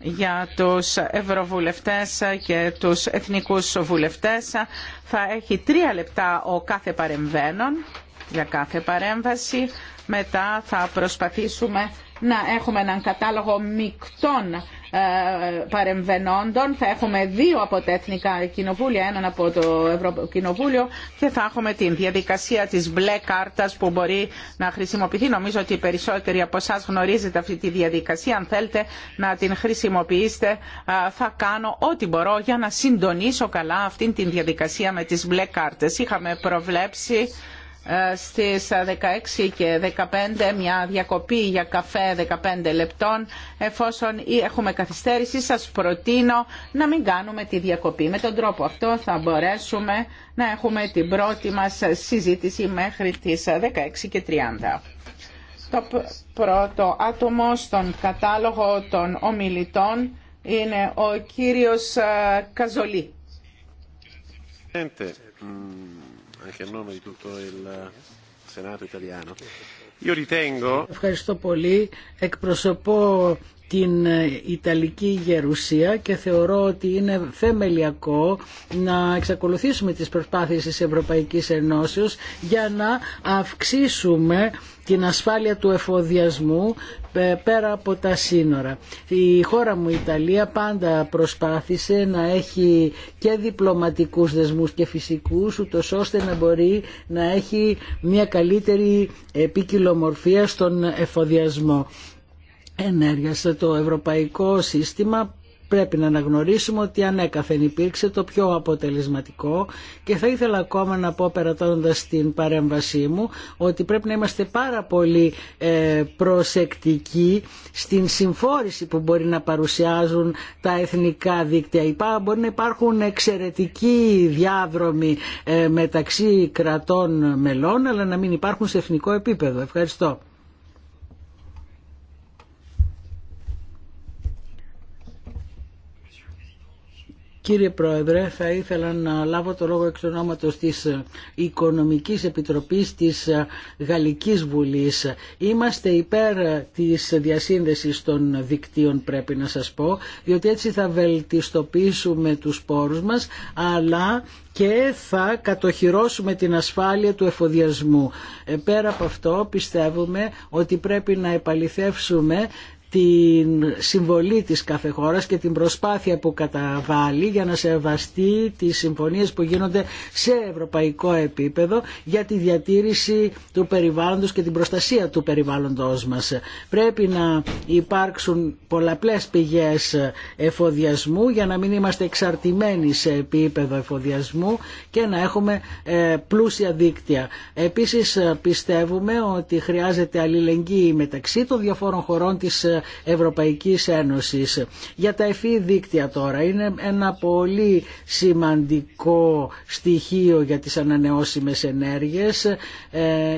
Speaker 1: για τους ευρωβουλευτές και τους εθνικούς βουλευτές. Θα έχει τρία λεπτά ο κάθε παρεμβαίνων για κάθε παρέμβαση. Μετά θα προσπαθήσουμε να έχουμε έναν κατάλογο μεικτών ε, παρεμβενόντων. Θα έχουμε δύο από τα εθνικά κοινοβούλια, έναν από το Ευρωκοινοβούλιο και θα έχουμε την διαδικασία της μπλε κάρτας που μπορεί να χρησιμοποιηθεί. Νομίζω ότι οι περισσότεροι από εσά γνωρίζετε αυτή τη διαδικασία. Αν θέλετε να την χρησιμοποιήσετε θα κάνω ό,τι μπορώ για να συντονίσω καλά αυτή τη διαδικασία με τις μπλε κάρτες. Είχαμε προβλέψει στις 16 και 15 μια διακοπή για καφέ 15 λεπτών. Εφόσον έχουμε καθυστέρηση σας προτείνω να μην κάνουμε τη διακοπή. Με τον τρόπο αυτό θα μπορέσουμε να έχουμε την πρώτη μας συζήτηση μέχρι τις 16 και 30. Το πρώτο άτομο στον κατάλογο των ομιλητών είναι ο κύριος ε, Καζολή
Speaker 5: anche a nome di tutto il Senato italiano. Io ritengo...
Speaker 4: Ευχαριστώ πολύ. Εκπροσωπώ την ε, Ιταλική Γερουσία και θεωρώ ότι είναι θεμελιακό να εξακολουθήσουμε τις προσπάθειες της Ευρωπαϊκής Ενώσεως για να αυξήσουμε την ασφάλεια του εφοδιασμού ε, πέρα από τα σύνορα. Η χώρα μου η Ιταλία πάντα προσπάθησε να έχει και διπλωματικούς δεσμούς και φυσικούς ούτως ώστε να μπορεί να έχει μια καλύτερη επικοινομορφία στον εφοδιασμό. Ενέργεια Το ευρωπαϊκό σύστημα πρέπει να αναγνωρίσουμε ότι ανέκαθεν υπήρξε το πιο αποτελεσματικό και θα ήθελα ακόμα να πω περατώντας την παρέμβασή μου ότι πρέπει να είμαστε πάρα πολύ ε, προσεκτικοί στην συμφόρηση που μπορεί να παρουσιάζουν τα εθνικά δίκτυα. Μπορεί να υπάρχουν εξαιρετικοί διάδρομοι ε, μεταξύ κρατών μελών αλλά να μην υπάρχουν σε εθνικό επίπεδο. Ευχαριστώ. Κύριε Πρόεδρε, θα ήθελα να λάβω το λόγο εξ ονόματος της Οικονομικής Επιτροπής της Γαλλικής Βουλής. Είμαστε υπέρ της διασύνδεσης των δικτύων πρέπει να σας πω, διότι έτσι θα βελτιστοποιήσουμε τους πόρους μας, αλλά και θα κατοχυρώσουμε την ασφάλεια του εφοδιασμού. Ε, πέρα από αυτό πιστεύουμε ότι πρέπει να επαληθεύσουμε την συμβολή της κάθε χώρας και την προσπάθεια που καταβάλει για να σεβαστεί τις συμφωνίες που γίνονται σε ευρωπαϊκό επίπεδο για τη διατήρηση του περιβάλλοντος και την προστασία του περιβάλλοντος μας. Πρέπει να υπάρξουν πολλαπλές πηγές εφοδιασμού για να μην είμαστε εξαρτημένοι σε επίπεδο εφοδιασμού και να έχουμε ε, πλούσια δίκτυα. Επίσης ε, πιστεύουμε ότι χρειάζεται αλληλεγγύη μεταξύ των διαφόρων χωρών της ε, Ευρωπαϊκής Ένωσης. Για τα εφή δίκτυα τώρα είναι ένα πολύ σημαντικό στοιχείο για τις ανανεώσιμες ενέργειες ε,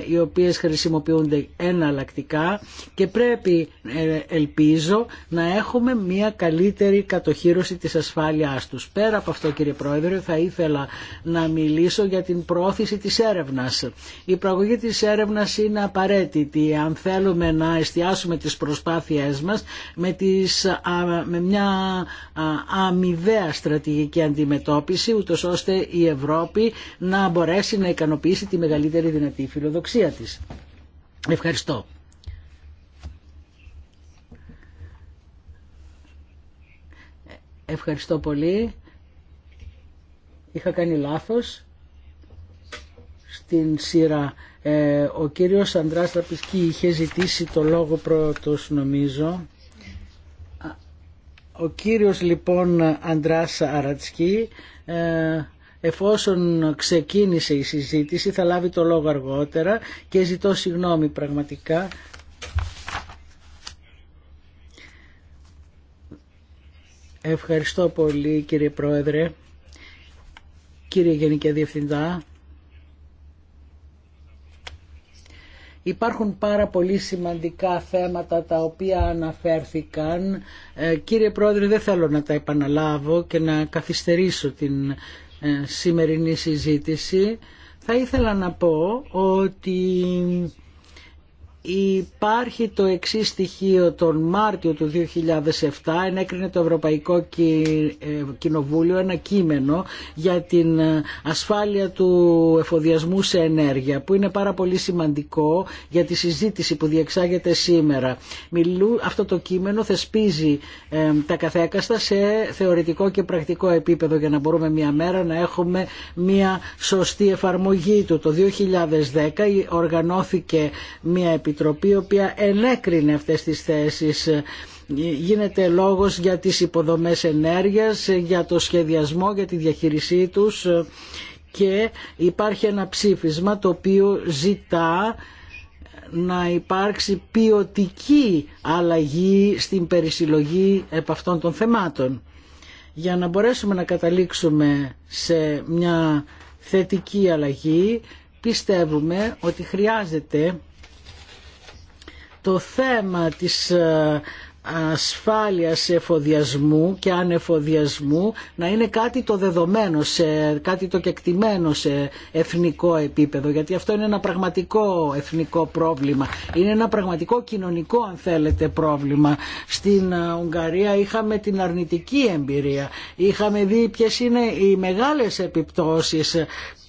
Speaker 4: οι οποίες χρησιμοποιούνται εναλλακτικά και πρέπει ε, ελπίζω να έχουμε μια καλύτερη κατοχήρωση της ασφάλειάς τους. Πέρα από αυτό κύριε Πρόεδρε θα ήθελα να μιλήσω για την πρόθεση της έρευνας. Η προαγωγή της έρευνας είναι απαραίτητη αν θέλουμε να εστιάσουμε τις προσπάθειές με, τις, με μια αμοιβαία στρατηγική αντιμετώπιση ούτως ώστε η Ευρώπη να μπορέσει να ικανοποιήσει τη μεγαλύτερη δυνατή φιλοδοξία της. Ευχαριστώ. Ευχαριστώ πολύ. Είχα κάνει λάθος στην σειρά ε, ο κύριος Ανδράς Λαπισκή είχε ζητήσει το λόγο πρώτος νομίζω. Ο κύριος λοιπόν Ανδράς Αρατσκή ε, εφόσον ξεκίνησε η συζήτηση θα λάβει το λόγο αργότερα και ζητώ συγγνώμη πραγματικά Ευχαριστώ πολύ κύριε Πρόεδρε, κύριε Γενική Διευθυντά. Υπάρχουν πάρα πολύ σημαντικά θέματα τα οποία αναφέρθηκαν. Ε, κύριε Πρόεδρε, δεν θέλω να τα επαναλάβω και να καθυστερήσω την ε, σημερινή συζήτηση. Θα ήθελα να πω ότι Υπάρχει το εξής στοιχείο τον Μάρτιο του 2007 ενέκρινε το Ευρωπαϊκό ε, Κοινοβούλιο ένα κείμενο για την ε, ασφάλεια του εφοδιασμού σε ενέργεια που είναι πάρα πολύ σημαντικό για τη συζήτηση που διεξάγεται σήμερα. Μιλού, αυτό το κείμενο θεσπίζει ε, τα καθέκαστα σε θεωρητικό και πρακτικό επίπεδο για να μπορούμε μια μέρα να έχουμε μια σωστή εφαρμογή του. Το 2010 οργανώθηκε μια Επιτροπή η οποία ενέκρινε αυτές τις θέσεις. Γίνεται λόγος για τις υποδομές ενέργειας, για το σχεδιασμό, για τη διαχείρισή τους και υπάρχει ένα ψήφισμα το οποίο ζητά να υπάρξει ποιοτική αλλαγή στην περισυλλογή επ' αυτών των θεμάτων. Για να μπορέσουμε να καταλήξουμε σε μια θετική αλλαγή πιστεύουμε ότι χρειάζεται το θέμα της ε, ασφάλειας εφοδιασμού και ανεφοδιασμού να είναι κάτι το δεδομένο, σε, κάτι το κεκτημένο σε εθνικό επίπεδο γιατί αυτό είναι ένα πραγματικό εθνικό πρόβλημα είναι ένα πραγματικό κοινωνικό αν θέλετε πρόβλημα στην ε, Ουγγαρία είχαμε την αρνητική εμπειρία είχαμε δει ποιες είναι οι μεγάλες επιπτώσεις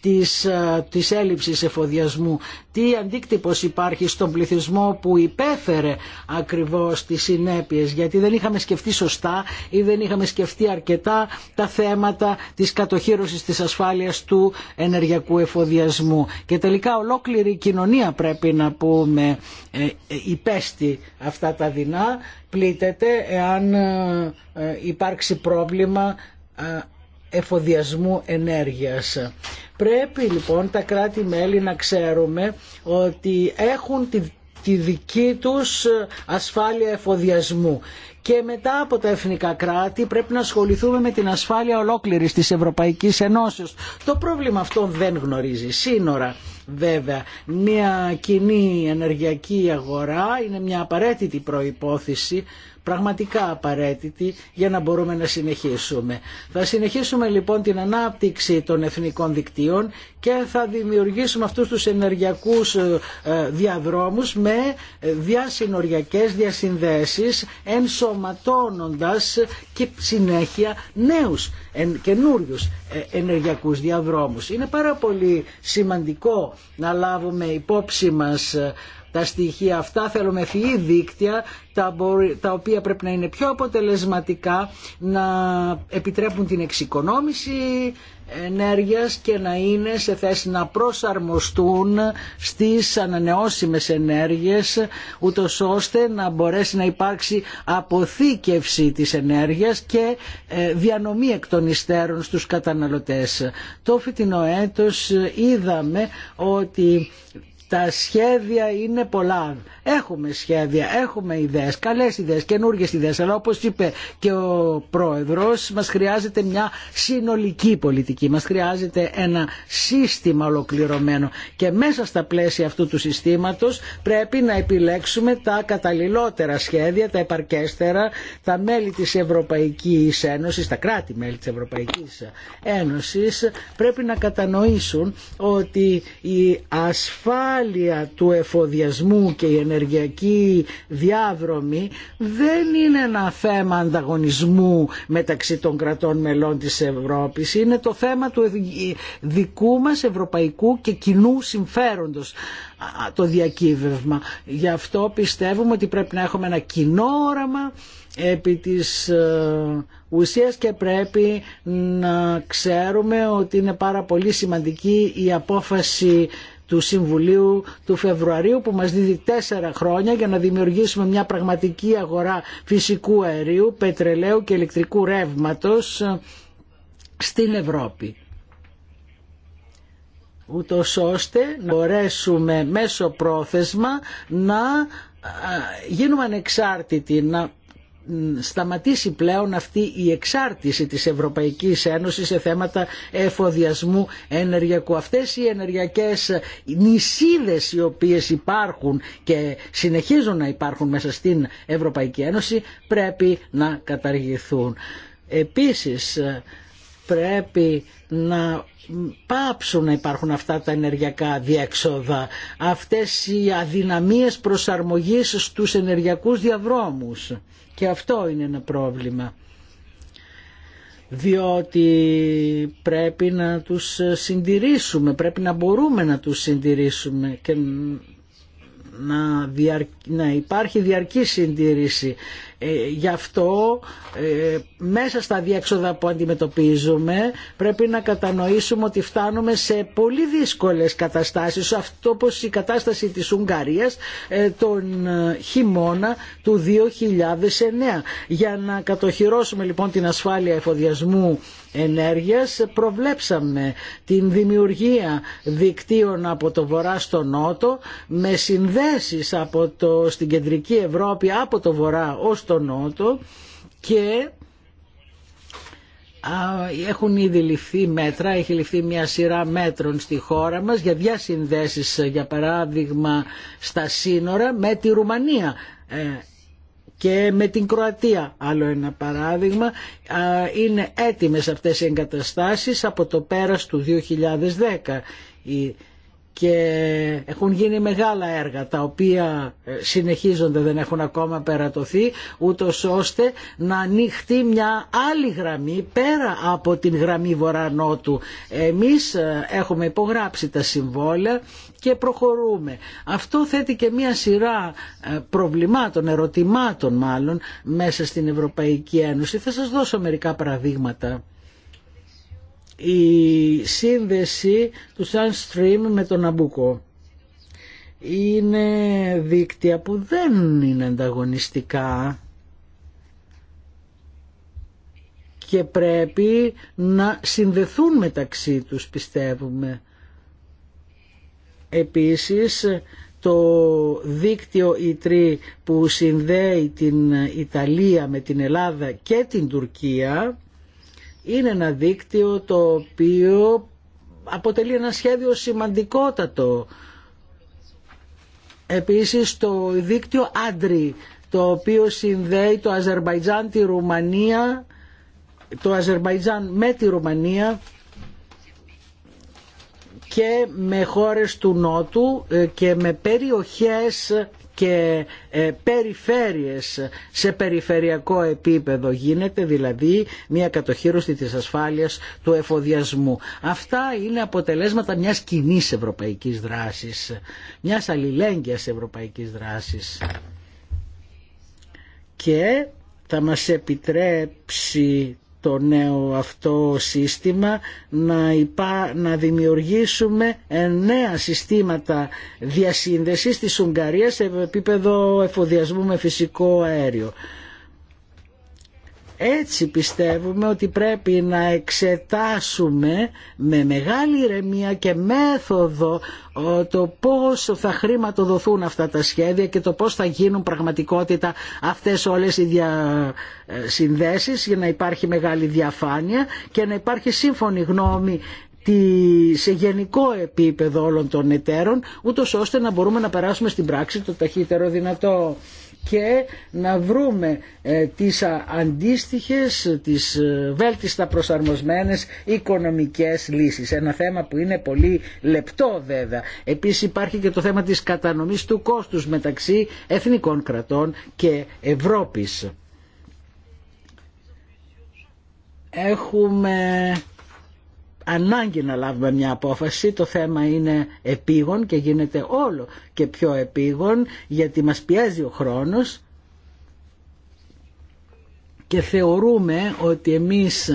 Speaker 4: της, ε, της έλλειψης εφοδιασμού. Τι αντίκτυπος υπάρχει στον πληθυσμό που υπέφερε ακριβώς τις συνέπειες γιατί δεν είχαμε σκεφτεί σωστά ή δεν είχαμε σκεφτεί αρκετά τα θέματα της κατοχήρωσης της ασφάλειας του ενεργειακού εφοδιασμού. Και τελικά ολόκληρη η κοινωνία πρέπει να πούμε ε, ε, υπέστη αυτά τα δεινά, πλήττεται εάν υπάρξει πρόβλημα εφοδιασμού ενέργειας. Πρέπει λοιπόν τα κράτη-μέλη να ξέρουμε ότι έχουν τη, δική τους ασφάλεια εφοδιασμού και μετά από τα εθνικά κράτη πρέπει να ασχοληθούμε με την ασφάλεια ολόκληρης της Ευρωπαϊκής Ενώσεως. Το πρόβλημα αυτό δεν γνωρίζει σύνορα. Βέβαια, μια κοινή ενεργειακή αγορά είναι μια απαραίτητη προϋπόθεση πραγματικά απαραίτητη για να μπορούμε να συνεχίσουμε. Θα συνεχίσουμε λοιπόν την ανάπτυξη των εθνικών δικτύων και θα δημιουργήσουμε αυτούς τους ενεργειακούς ε, ε, διαδρόμους με ε, διασυνοριακές διασυνδέσεις ενσωματώνοντας και συνέχεια νέους καινούριου ενεργειακούς διαδρόμους. Είναι πάρα πολύ σημαντικό να λάβουμε υπόψη μας τα στοιχεία αυτά. Θέλουμε ευφυή δίκτυα τα οποία πρέπει να είναι πιο αποτελεσματικά, να επιτρέπουν την εξοικονόμηση ενέργειας και να είναι σε θέση να προσαρμοστούν στις ανανεώσιμες ενέργειες ούτω ώστε να μπορέσει να υπάρξει αποθήκευση της ενέργειας και ε, διανομή εκ των υστέρων στους καταναλωτές. Το φετινό είδαμε ότι τα σχέδια είναι πολλά Έχουμε σχέδια, έχουμε ιδέες, καλές ιδέες, καινούργιε ιδέες, αλλά όπως είπε και ο Πρόεδρος, μας χρειάζεται μια συνολική πολιτική, μας χρειάζεται ένα σύστημα ολοκληρωμένο και μέσα στα πλαίσια αυτού του συστήματος πρέπει να επιλέξουμε τα καταλληλότερα σχέδια, τα επαρκέστερα, τα μέλη της Ευρωπαϊκής Ένωσης, τα κράτη-μέλη της Ευρωπαϊκής Ένωσης πρέπει να κατανοήσουν ότι η ασφάλεια του εφοδιασμού και η ενεργειακή διάδρομη δεν είναι ένα θέμα ανταγωνισμού μεταξύ των κρατών μελών της Ευρώπης. Είναι το θέμα του δικού μας ευρωπαϊκού και κοινού συμφέροντος το διακύβευμα. Γι' αυτό πιστεύουμε ότι πρέπει να έχουμε ένα κοινό όραμα επί της ε, ουσίας και πρέπει να ξέρουμε ότι είναι πάρα πολύ σημαντική η απόφαση του Συμβουλίου του Φεβρουαρίου που μας δίδει τέσσερα χρόνια για να δημιουργήσουμε μια πραγματική αγορά φυσικού αερίου, πετρελαίου και ηλεκτρικού ρεύματος ε, στην Ευρώπη ούτω ώστε να μπορέσουμε μέσω πρόθεσμα να ε, γίνουμε ανεξάρτητοι, να σταματήσει πλέον αυτή η εξάρτηση της Ευρωπαϊκής Ένωσης σε θέματα εφοδιασμού ενεργειακού. Αυτές οι ενεργειακές νησίδες οι οποίες υπάρχουν και συνεχίζουν να υπάρχουν μέσα στην Ευρωπαϊκή Ένωση πρέπει να καταργηθούν. Επίσης πρέπει να πάψουν να υπάρχουν αυτά τα ενεργειακά διέξοδα, αυτές οι αδυναμίες προσαρμογής στους ενεργειακούς διαδρόμους. Και αυτό είναι ένα πρόβλημα διότι πρέπει να τους συντηρήσουμε, πρέπει να μπορούμε να τους συντηρήσουμε και να, να υπάρχει διαρκή συντήρηση ε, γι' αυτό ε, μέσα στα διέξοδα που αντιμετωπίζουμε πρέπει να κατανοήσουμε ότι φτάνουμε σε πολύ δύσκολες καταστάσεις αυτό όπως η κατάσταση της Ουγγαρίας ε, τον χειμώνα του 2009. Για να κατοχυρώσουμε λοιπόν την ασφάλεια εφοδιασμού ενέργειας προβλέψαμε την δημιουργία δικτύων από το βορρά στο νότο με συνδέσεις από το, στην κεντρική Ευρώπη από το βορρά ως στο Νότο και έχουν ήδη ληφθεί μέτρα, έχει ληφθεί μια σειρά μέτρων στη χώρα μας για διασυνδέσεις για παράδειγμα στα σύνορα με τη Ρουμανία ε, και με την Κροατία άλλο ένα παράδειγμα είναι έτοιμες αυτές οι εγκαταστάσεις από το πέρας του 2010 και έχουν γίνει μεγάλα έργα τα οποία ε, συνεχίζονται δεν έχουν ακόμα περατωθεί ούτω ώστε να ανοίχτεί μια άλλη γραμμή πέρα από την γραμμή βορρανότου. Εμείς ε, έχουμε υπογράψει τα συμβόλαια και προχωρούμε. Αυτό θέτει και μια σειρά ε, προβλημάτων, ερωτημάτων μάλλον μέσα στην Ευρωπαϊκή Ένωση. Θα σας δώσω μερικά παραδείγματα η σύνδεση του Sunstream με τον Αμπούκο. Είναι δίκτυα που δεν είναι ανταγωνιστικά και πρέπει να συνδεθούν μεταξύ τους πιστεύουμε. Επίσης το δίκτυο ΙΤΡΙ που συνδέει την Ιταλία με την Ελλάδα και την Τουρκία είναι ένα δίκτυο το οποίο αποτελεί ένα σχέδιο σημαντικότατο. Επίσης το δίκτυο Άντρι, το οποίο συνδέει το Αζερβαϊτζάν τη Ρουμανία, το Αζερβαϊτζάν με τη Ρουμανία και με χώρες του Νότου ε, και με περιοχές και ε, περιφέρειες σε περιφερειακό επίπεδο γίνεται δηλαδή μια κατοχήρωση της ασφάλειας του εφοδιασμού. Αυτά είναι αποτελέσματα μιας κοινή ευρωπαϊκής δράσης, μιας αλληλέγγυας ευρωπαϊκής δράσης και θα μας επιτρέψει το νέο αυτό σύστημα, να, υπά, να δημιουργήσουμε ε, νέα συστήματα διασύνδεσης της Ουγγαρίας σε επίπεδο εφοδιασμού με φυσικό αέριο. Έτσι πιστεύουμε ότι πρέπει να εξετάσουμε με μεγάλη ηρεμία και μέθοδο το πώς θα χρηματοδοθούν αυτά τα σχέδια και το πώς θα γίνουν πραγματικότητα αυτές όλες οι ε, συνδέσεις για να υπάρχει μεγάλη διαφάνεια και να υπάρχει σύμφωνη γνώμη σε γενικό επίπεδο όλων των εταίρων ούτως ώστε να μπορούμε να περάσουμε στην πράξη το ταχύτερο δυνατό και να βρούμε ε, τις αντίστοιχες, τις ε, βέλτιστα προσαρμοσμένες οικονομικές λύσεις. Ένα θέμα που είναι πολύ λεπτό βέβαια. Επίσης υπάρχει και το θέμα της κατανομής του κόστους μεταξύ εθνικών κρατών και Ευρώπης. Έχουμε ανάγκη να λάβουμε μια απόφαση. Το θέμα είναι επίγον και γίνεται όλο και πιο επίγον γιατί μας πιέζει ο χρόνος και θεωρούμε ότι εμείς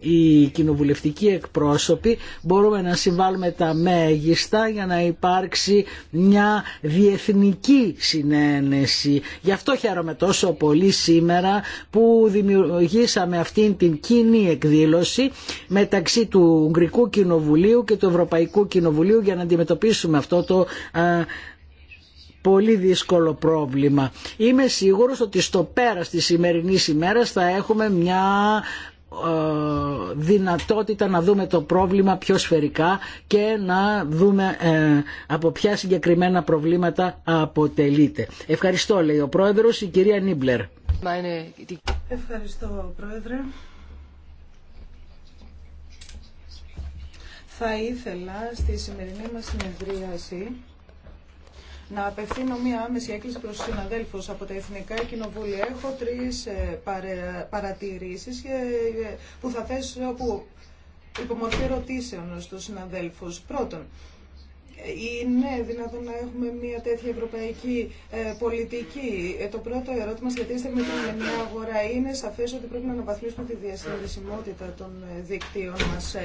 Speaker 4: οι κοινοβουλευτικοί εκπρόσωποι μπορούμε να συμβάλλουμε τα μέγιστα για να υπάρξει μια διεθνική συνένεση. Γι' αυτό χαίρομαι τόσο πολύ σήμερα που δημιουργήσαμε αυτήν την κοινή εκδήλωση μεταξύ του Ουγγρικού Κοινοβουλίου και του Ευρωπαϊκού Κοινοβουλίου για να αντιμετωπίσουμε αυτό το πολύ δύσκολο πρόβλημα. Είμαι σίγουρος ότι στο πέρας της σημερινής ημέρας θα έχουμε μια ε, δυνατότητα να δούμε το πρόβλημα πιο σφαιρικά και να δούμε ε, από ποια συγκεκριμένα προβλήματα αποτελείται. Ευχαριστώ λέει ο Πρόεδρος, η κυρία Νίμπλερ.
Speaker 2: Ευχαριστώ Πρόεδρε. Θα ήθελα στη σημερινή μας συνεδρίαση να απευθύνω μία άμεση έκκληση προς τους συναδέλφους από τα Εθνικά Κοινοβούλια. Έχω τρεις ε, παρατηρήσεις ε, που θα θέσω όπου υπομορφή ερωτήσεων στους συναδέλφους. Πρώτον, ε, είναι δυνατόν να έχουμε μια τέτοια ευρωπαϊκή πολιτική. το πρώτο ερώτημα σχετίζεται με την ενιαία αγορά. Είναι σαφέ ότι πρέπει να αναβαθμίσουμε τη διασυνδεσιμότητα των δικτύων μα.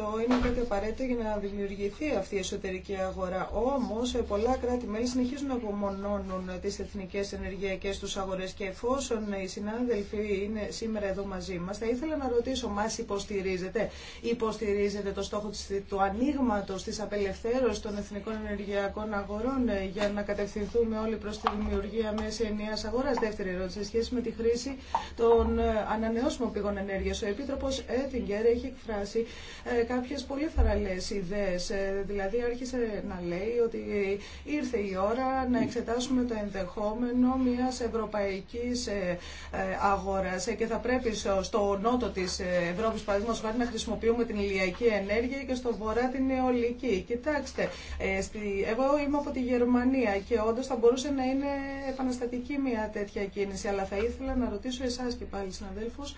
Speaker 2: Αυτό είναι κάτι απαραίτητο για να δημιουργηθεί αυτή η εσωτερική Όμω Όμως ε, πολλά κράτη-μέλη συνεχίζουν να απομονώνουν τι εθνικέ ενεργειακέ του αγορέ και εφόσον οι συνάδελφοι είναι σήμερα εδώ μαζί μα, θα ήθελα να ρωτήσω, μα υποστηρίζετε, υποστηρίζετε το στόχο του ανοίγματο τη απελευθέρωση των εθνικών ενεργειακών αγορών ε, για να κατευθυνθούμε όλοι προ τη δημιουργία μέσα ενιαία αγορά Δεύτερη ερώτηση, σε σχέση με τη χρήση των ε, ανανεώσιμων πηγών ενέργεια. Ο Επίτροπο Έτιγκερ έχει εκφράσει κάποιες πολύ θαραλές ιδέες. Ε, δηλαδή άρχισε να λέει ότι ήρθε η ώρα να εξετάσουμε το ενδεχόμενο μιας ευρωπαϊκής ε, ε, αγοράς και θα πρέπει στο νότο της Ευρώπης παραδείγματος να χρησιμοποιούμε την ηλιακή ενέργεια και στο βορρά την αιωλική. Κοιτάξτε, εγώ είμαι από τη Γερμανία και όντω θα μπορούσε να είναι επαναστατική μια τέτοια κίνηση, αλλά θα ήθελα να ρωτήσω εσάς και πάλι συναδέλφους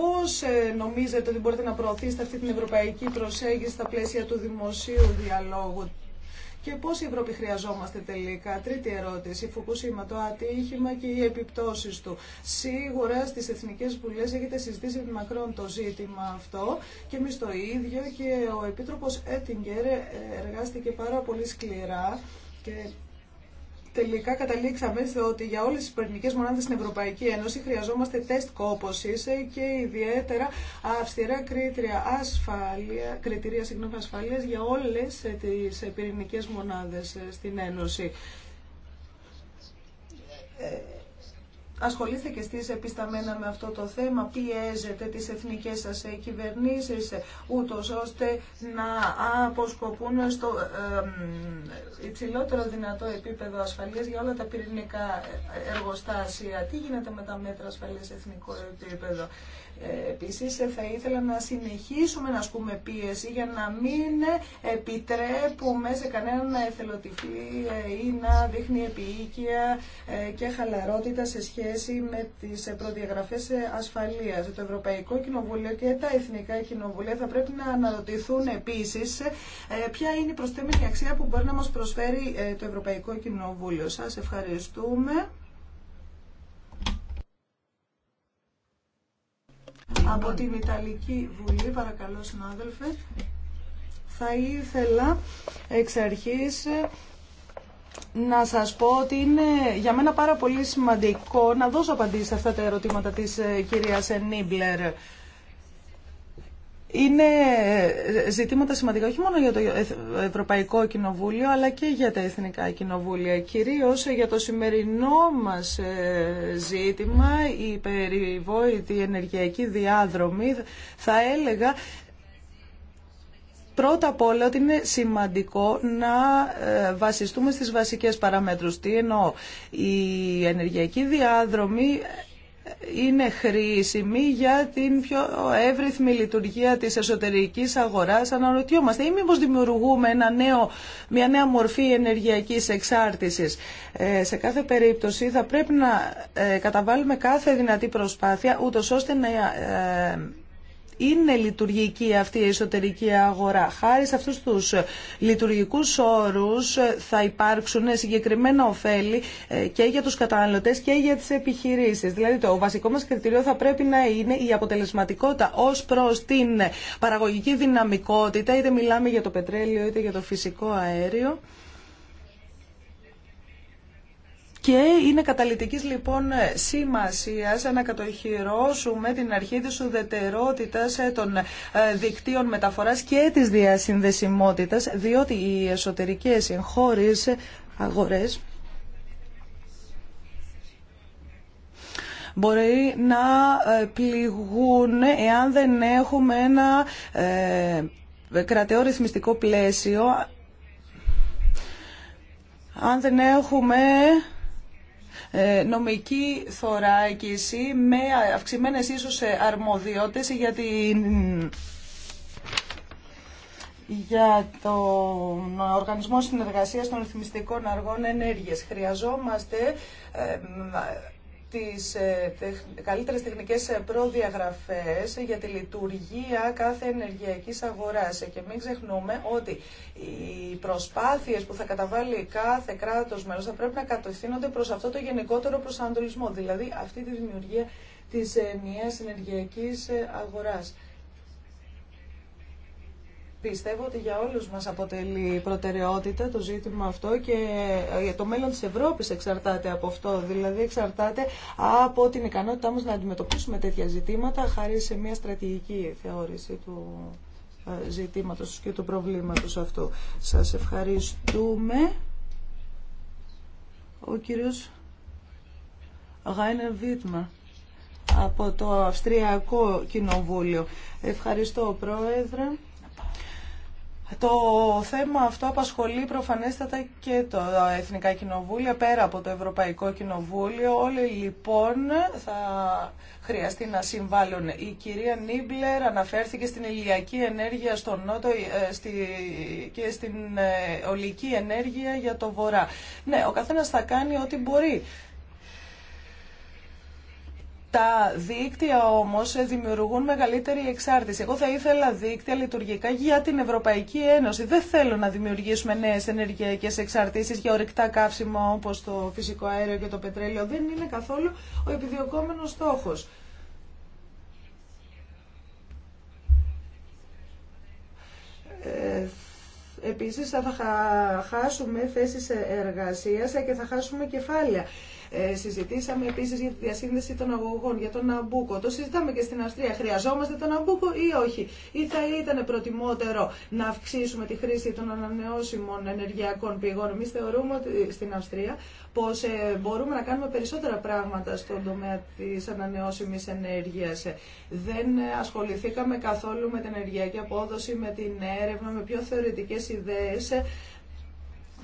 Speaker 2: Πώς ε, νομίζετε ότι μπορείτε να προωθήσετε αυτή την ευρωπαϊκή προσέγγιση στα πλαίσια του δημοσίου διαλόγου και η Ευρώπη χρειαζόμαστε τελικά. Τρίτη ερώτηση, η Φουκουσίμα, το ατύχημα και οι επιπτώσει του. Σίγουρα στι Εθνικέ Βουλές έχετε συζητήσει με μακρόν το ζήτημα αυτό και εμεί το ίδιο και ο Επίτροπο Έτιγκερ ε, εργάστηκε πάρα πολύ σκληρά και τελικά καταλήξαμε ότι για όλες τις πυρηνικές μονάδες στην Ευρωπαϊκή Ένωση χρειαζόμαστε τεστ κόπωσης ε, και ιδιαίτερα αυστηρά κριτήρια ασφάλεια, κριτήρια συγγνώμη, ασφάλειας για όλες ε, τις πυρηνικές μονάδες ε, στην Ένωση ασχολείστε και επισταμένα με αυτό το θέμα, πιέζετε τις εθνικές σας κυβερνήσεις, ούτως ώστε να αποσκοπούν στο ε, υψηλότερο δυνατό επίπεδο ασφαλείας για όλα τα πυρηνικά εργοστάσια. Τι γίνεται με τα μέτρα ασφαλείας σε εθνικό επίπεδο. Ε, επίσης ε, θα ήθελα να συνεχίσουμε να ασκούμε πίεση για να μην επιτρέπουμε σε κανέναν να εθελοτυφλεί ε, ή να δείχνει επίοικια και χαλαρότητα σε σχέση με τις προδιαγραφές ασφαλείας. Το Ευρωπαϊκό Κοινοβούλιο και τα Εθνικά Κοινοβούλια θα πρέπει να αναρωτηθούν επίσης ποια είναι η προσθέμενη αξία που μπορεί να μας προσφέρει το Ευρωπαϊκό Κοινοβούλιο. Σας ευχαριστούμε. Από την Ιταλική Βουλή, παρακαλώ συνάδελφε, θα ήθελα εξ αρχής να σας πω ότι είναι για μένα πάρα πολύ σημαντικό να δώσω απαντήσεις σε αυτά τα ερωτήματα της ε, κυρίας Νίμπλερ είναι ζητήματα σημαντικά όχι μόνο για το Ευρωπαϊκό Κοινοβούλιο αλλά και για τα Εθνικά Κοινοβούλια. Κυρίως για το σημερινό μας ε, ζήτημα, η περιβόητη ενεργειακή διάδρομη, θα έλεγα πρώτα απ' όλα ότι είναι σημαντικό να ε, βασιστούμε στις βασικές παραμέτρους. Τι εννοώ, η ενεργειακή διάδρομη είναι χρήσιμη για την πιο εύρυθμη λειτουργία της εσωτερικής αγοράς. Αναρωτιόμαστε ή μήπως δημιουργούμε ένα νέο, μια νέα μορφή ενεργειακής εξάρτησης. Ε, σε κάθε περίπτωση θα πρέπει να ε, καταβάλουμε κάθε δυνατή προσπάθεια ούτως ώστε να... Ε, είναι λειτουργική αυτή η εσωτερική αγορά. Χάρη σε αυτούς τους λειτουργικούς όρους ε, θα υπάρξουν συγκεκριμένα ωφέλη ε, και για τους καταναλωτές και για τις επιχειρήσεις. Δηλαδή το βασικό μας κριτήριο θα πρέπει να είναι η αποτελεσματικότητα ως προς την παραγωγική δυναμικότητα, είτε μιλάμε για το πετρέλαιο είτε για το φυσικό αέριο. Και είναι καταλητικής λοιπόν σημασίας να κατοχυρώσουμε την αρχή της ουδετερότητας ε, των ε, δικτύων μεταφοράς και της διασυνδεσιμότητας, διότι οι εσωτερικές εγχώριες αγορές μπορεί να ε, πληγούν εάν δεν έχουμε ένα κρατεό ρυθμιστικό πλαίσιο, αν δεν έχουμε ε, νομική θωράκιση με αυξημένες ίσως ε, αρμοδιότητες για την για τον Οργανισμό Συνεργασίας των Ρυθμιστικών Αργών Ενέργειας. Χρειαζόμαστε ε, τις ε, καλύτερες τεχνικές ε, προδιαγραφές για τη λειτουργία κάθε ενεργειακής αγοράς. Ε, και μην ξεχνούμε ότι οι προσπάθειες που θα καταβάλει κάθε κράτος μέλος θα πρέπει να κατευθύνονται προς αυτό το γενικότερο προσανατολισμό, δηλαδή αυτή τη δημιουργία της ενιαίας ενεργειακής αγοράς. Πιστεύω ότι για όλους μας αποτελεί προτεραιότητα το ζήτημα αυτό και ε, το μέλλον της Ευρώπης εξαρτάται από αυτό. Δηλαδή εξαρτάται από την ικανότητά μας να αντιμετωπίσουμε τέτοια ζητήματα χάρη σε μια στρατηγική θεώρηση του ε, ζητήματος και του προβλήματος αυτού. Σας ευχαριστούμε. Ο κύριος Γάινερ Βίτμα από το Αυστριακό Κοινοβούλιο. Ευχαριστώ Πρόεδρε. Το θέμα αυτό απασχολεί προφανέστατα και το Εθνικά Κοινοβούλια, πέρα από το Ευρωπαϊκό Κοινοβούλιο. Όλοι λοιπόν θα χρειαστεί να συμβάλλουν. Η κυρία Νίμπλερ αναφέρθηκε στην ηλιακή ενέργεια στον Νότο ε, και στην ε, ολική ενέργεια για το Βορρά. Ναι, ο καθένας θα κάνει ό,τι μπορεί τα δίκτυα όμως δημιουργούν μεγαλύτερη εξάρτηση. Εγώ θα ήθελα δίκτυα λειτουργικά για την Ευρωπαϊκή Ένωση. Δεν θέλω να δημιουργήσουμε νέες ενεργειακές εξαρτήσεις για ορυκτά καύσιμα όπως το φυσικό αέριο και το πετρέλαιο. Δεν είναι καθόλου ο επιδιωκόμενος στόχος. Ε, επίσης θα χάσουμε θέσεις εργασίας και θα χάσουμε κεφάλαια. Ε, συζητήσαμε επίσης για τη διασύνδεση των αγωγών, για τον Ναμπούκο. Το συζητάμε και στην Αυστρία. Χρειαζόμαστε τον Ναμπούκο ή όχι. Ή θα ήταν προτιμότερο να αυξήσουμε τη χρήση των ανανεώσιμων ενεργειακών πηγών. Εμεί θεωρούμε ότι, στην Αυστρία πως ε, μπορούμε να κάνουμε περισσότερα πράγματα στον τομέα τη ανανεώσιμη ενέργεια. Δεν ε, ασχοληθήκαμε καθόλου με την ενεργειακή απόδοση, με την έρευνα, με πιο θεωρητικέ ιδέε.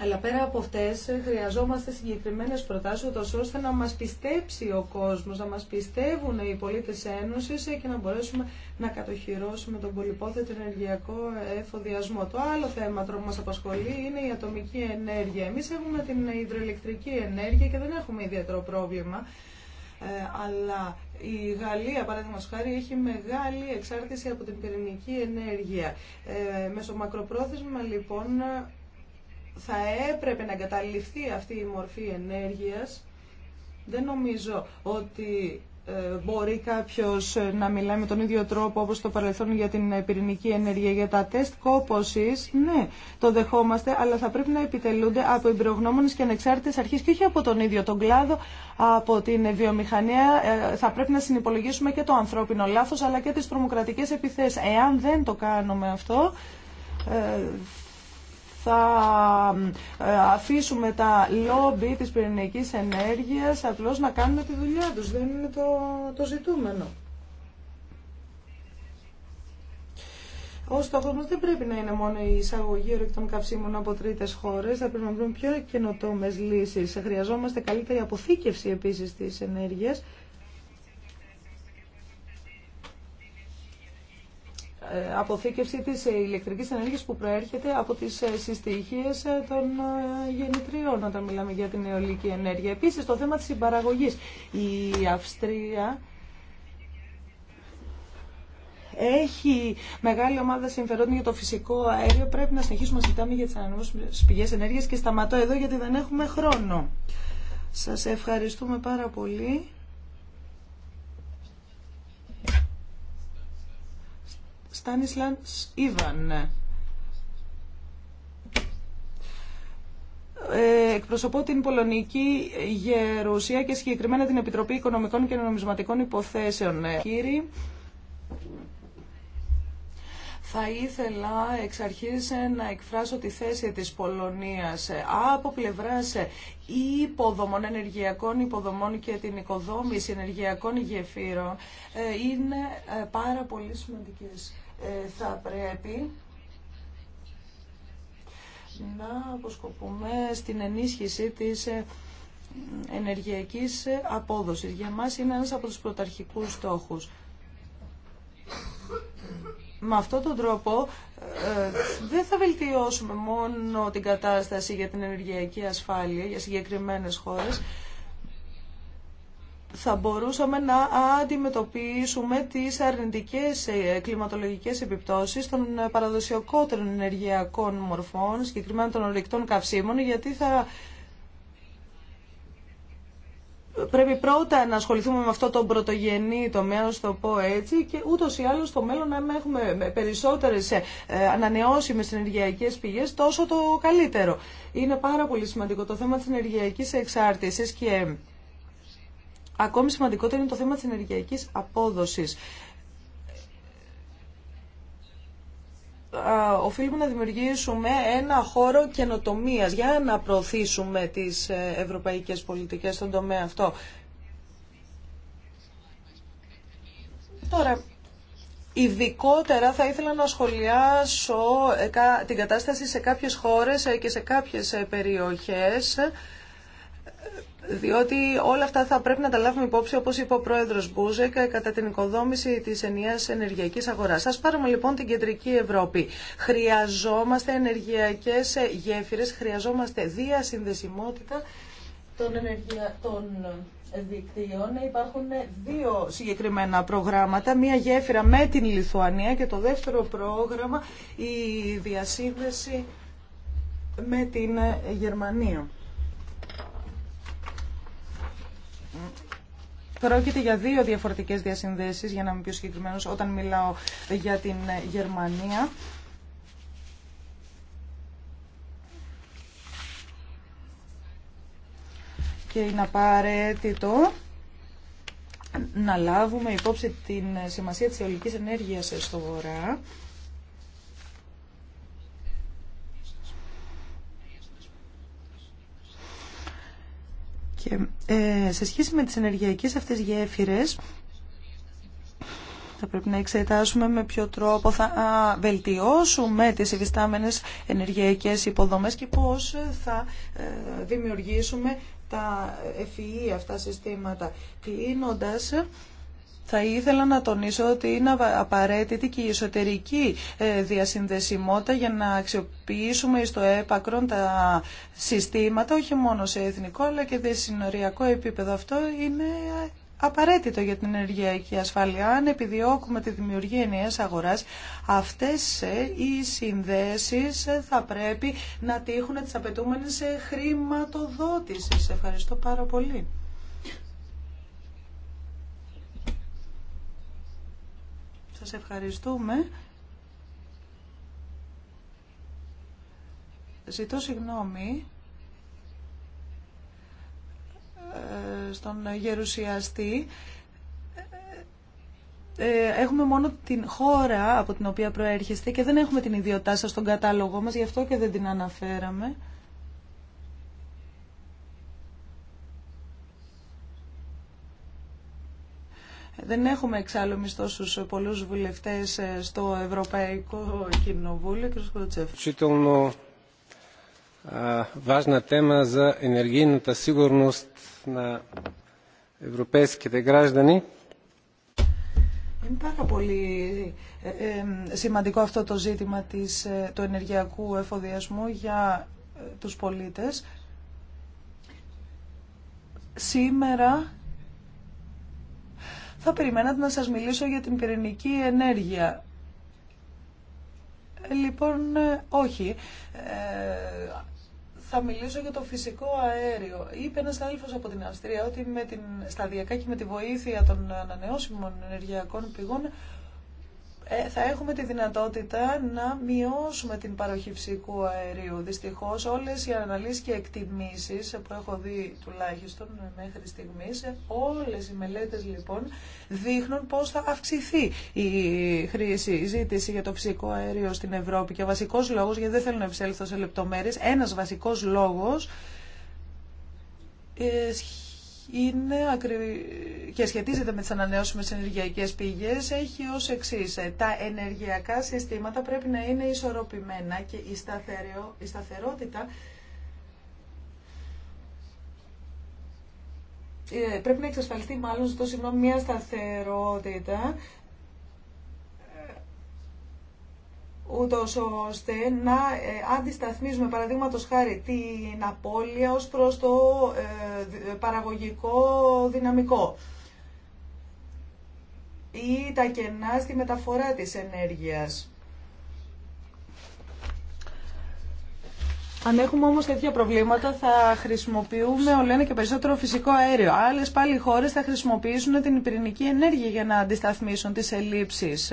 Speaker 2: Αλλά πέρα από αυτέ χρειαζόμαστε συγκεκριμένε προτάσει, ώστε να μα πιστέψει ο κόσμο, να μα πιστεύουν οι πολίτε Ένωση και να μπορέσουμε να κατοχυρώσουμε τον πολυπόθετο ενεργειακό εφοδιασμό. Το άλλο θέμα που μα απασχολεί είναι η ατομική ενέργεια. Εμεί έχουμε την υδροελεκτρική ενέργεια και δεν έχουμε ιδιαίτερο πρόβλημα. Ε, αλλά η Γαλλία, παράδειγμα, χάρη, έχει μεγάλη εξάρτηση από την πυρηνική ενέργεια. Ε, μακροπρόθεσμα, λοιπόν, θα έπρεπε να εγκαταλειφθεί αυτή η μορφή ενέργειας. Δεν νομίζω ότι ε, μπορεί κάποιος ε, να μιλάει με τον ίδιο τρόπο όπως το παρελθόν για την πυρηνική ενέργεια, για τα τεστ κόπωσης, ναι, το δεχόμαστε, αλλά θα πρέπει να επιτελούνται από εμπειρογνώμονες και ανεξάρτητες αρχές και όχι από τον ίδιο τον κλάδο, από την βιομηχανία. Ε, θα πρέπει να συνυπολογίσουμε και το ανθρώπινο λάθος, αλλά και τις τρομοκρατικές επιθέσεις. Εάν δεν το κάνουμε αυτό, θα ε, αφήσουμε τα λόμπι της πυρηνικής ενέργειας απλώς να κάνουν τη δουλειά τους. Δεν είναι το, το ζητούμενο. Ο στόχο δεν πρέπει να είναι μόνο η εισαγωγή ορεικτών καυσίμων από τρίτε χώρε. Θα πρέπει να βρούμε πιο καινοτόμε λύσει. Χρειαζόμαστε καλύτερη αποθήκευση επίση τη ενέργεια. αποθήκευση της ηλεκτρικής ενέργειας που προέρχεται από τις ε, συστοιχίες ε, των ε, γεννητριών όταν μιλάμε για την αιωλική ενέργεια. Επίσης το θέμα της συμπαραγωγής. Η Αυστρία έχει μεγάλη ομάδα συμφερόντων για το φυσικό αέριο. Πρέπει να συνεχίσουμε να συζητάμε για τι ανανεώσιμε πηγές ενέργειας και σταματώ εδώ γιατί δεν έχουμε χρόνο. Σας ευχαριστούμε πάρα πολύ. Στάνισλαν Ιβαν. Ε, εκπροσωπώ την Πολωνική Γερουσία και συγκεκριμένα την Επιτροπή Οικονομικών και Νομισματικών Υποθέσεων. Ε, κύριοι, θα ήθελα εξ αρχής ε, να εκφράσω τη θέση της Πολωνίας από πλευράς υποδομών, ενεργειακών υποδομών και την οικοδόμηση ενεργειακών γεφύρων είναι πάρα πολύ σημαντικές. Ε, θα πρέπει να αποσκοπούμε στην ενίσχυση της ε, ενεργειακής απόδοσης. Για μας είναι ένας από τους πρωταρχικούς στόχους. Με αυτόν τον τρόπο ε, δεν θα βελτιώσουμε μόνο την κατάσταση για την ενεργειακή ασφάλεια για συγκεκριμένες χώρες, θα μπορούσαμε να αντιμετωπίσουμε τις αρνητικές ε, κλιματολογικές επιπτώσεις των παραδοσιακότερων ενεργειακών μορφών, συγκεκριμένα των ορεικτών καυσίμων, γιατί θα πρέπει πρώτα να ασχοληθούμε με αυτό το πρωτογενή τομέα, να το πω έτσι, και ούτω ή άλλω στο μέλλον να έχουμε περισσότερε ε, ανανεώσιμε ενεργειακέ πηγέ, τόσο το καλύτερο. Είναι πάρα πολύ σημαντικό το θέμα τη ενεργειακή εξάρτηση και Ακόμη σημαντικότερο είναι το θέμα της ενεργειακής απόδοσης. οφείλουμε να δημιουργήσουμε ένα χώρο καινοτομία για να προωθήσουμε τις ε, ευρωπαϊκές πολιτικές στον τομέα αυτό. Τώρα, ειδικότερα θα ήθελα να σχολιάσω ε, την κατάσταση σε κάποιες χώρες ε, και σε κάποιες περιοχές διότι όλα αυτά θα πρέπει να τα λάβουμε υπόψη, όπως είπε ο πρόεδρος Μπούζεκ, κατά την οικοδόμηση της ενιαίας ενεργειακής αγοράς. Ας πάρουμε λοιπόν την κεντρική Ευρώπη. Χρειαζόμαστε ενεργειακές γέφυρες, χρειαζόμαστε διασυνδεσιμότητα των, ενεργεια... των δικτύων. Υπάρχουν δύο συγκεκριμένα προγράμματα. Μία γέφυρα με την Λιθουανία και το δεύτερο πρόγραμμα η διασύνδεση με την Γερμανία. Πρόκειται για δύο διαφορετικές διασυνδέσεις, για να είμαι πιο συγκεκριμένος, όταν μιλάω για την Γερμανία. Και είναι απαραίτητο να λάβουμε υπόψη την σημασία της αιωλικής ενέργειας στο βορρά. Και ε, σε σχέση με τις ενεργειακές αυτές γέφυρες, θα πρέπει να εξετάσουμε με ποιο τρόπο θα βελτιώσουμε τις υφιστάμενες ενεργειακές υποδομές και πώς θα ε, δημιουργήσουμε τα FEE ε, αυτά συστήματα. Κλείνοντας, θα ήθελα να τονίσω ότι είναι απαραίτητη και η εσωτερική ε, διασυνδεσιμότητα για να αξιοποιήσουμε στο έπακρον τα συστήματα, όχι μόνο σε εθνικό αλλά και σε συνοριακό επίπεδο. Αυτό είναι απαραίτητο για την ενεργειακή ασφάλεια. Αν επιδιώκουμε τη δημιουργία ενιαίας αγοράς, αυτές ε, οι συνδέσεις ε, θα πρέπει να τύχουν τις απαιτούμενες χρηματοδότησεις. Ευχαριστώ πάρα πολύ. Σας ευχαριστούμε. Ζητώ συγγνώμη ε, στον γερουσιαστή. Ε, έχουμε μόνο την χώρα από την οποία προέρχεστε και δεν έχουμε την ιδιωτά σας στον κατάλογό μας, γι' αυτό και δεν την αναφέραμε. Δεν έχουμε εξάλλου μισθό τόσου πολλού βουλευτές ε, στο Ευρωπαϊκό Κοινοβούλιο. Σκοτσέφ. Ε, Είναι πάρα πολύ ε, σημαντικό αυτό το ζήτημα της, του ενεργειακού εφοδιασμού για τους πολίτες. Σήμερα θα περιμένατε να σας μιλήσω για την πυρηνική ενέργεια. Ε, λοιπόν, ε, όχι. Ε, θα μιλήσω για το φυσικό αέριο. Είπε ένα συνάδελφο από την Αυστρία ότι με την, σταδιακά και με τη βοήθεια των ανανεώσιμων ενεργειακών πηγών ε, θα έχουμε τη δυνατότητα να μειώσουμε την παροχή φυσικού αερίου. Δυστυχώς όλες οι αναλύσεις και εκτιμήσεις που έχω δει τουλάχιστον μέχρι στιγμής, όλες οι μελέτες λοιπόν δείχνουν πώς θα αυξηθεί η χρήση, η ζήτηση για το φυσικό αέριο στην Ευρώπη και ο βασικός λόγος, γιατί δεν θέλω να ευσέλθω σε λεπτομέρειες, ένας βασικός λόγος ε, είναι και σχετίζεται με τις ανανεώσιμες ενεργειακές πηγές έχει ως εξής. Ε, τα ενεργειακά συστήματα πρέπει να είναι ισορροπημένα και η, σταθερότητα ε, πρέπει να εξασφαλιστεί μάλλον στο συγγνώμη μια σταθερότητα ούτω ώστε να ε, αντισταθμίζουμε παραδείγματο χάρη την απώλεια ως προς το ε, παραγωγικό δυναμικό ή τα κενά στη μεταφορά της ενέργειας. Αν έχουμε όμως τέτοια προβλήματα θα χρησιμοποιούμε όλο και περισσότερο φυσικό αέριο. Άλλε πάλι χώρες θα χρησιμοποιήσουν την πυρηνική ενέργεια για να αντισταθμίσουν τις ελλείψεις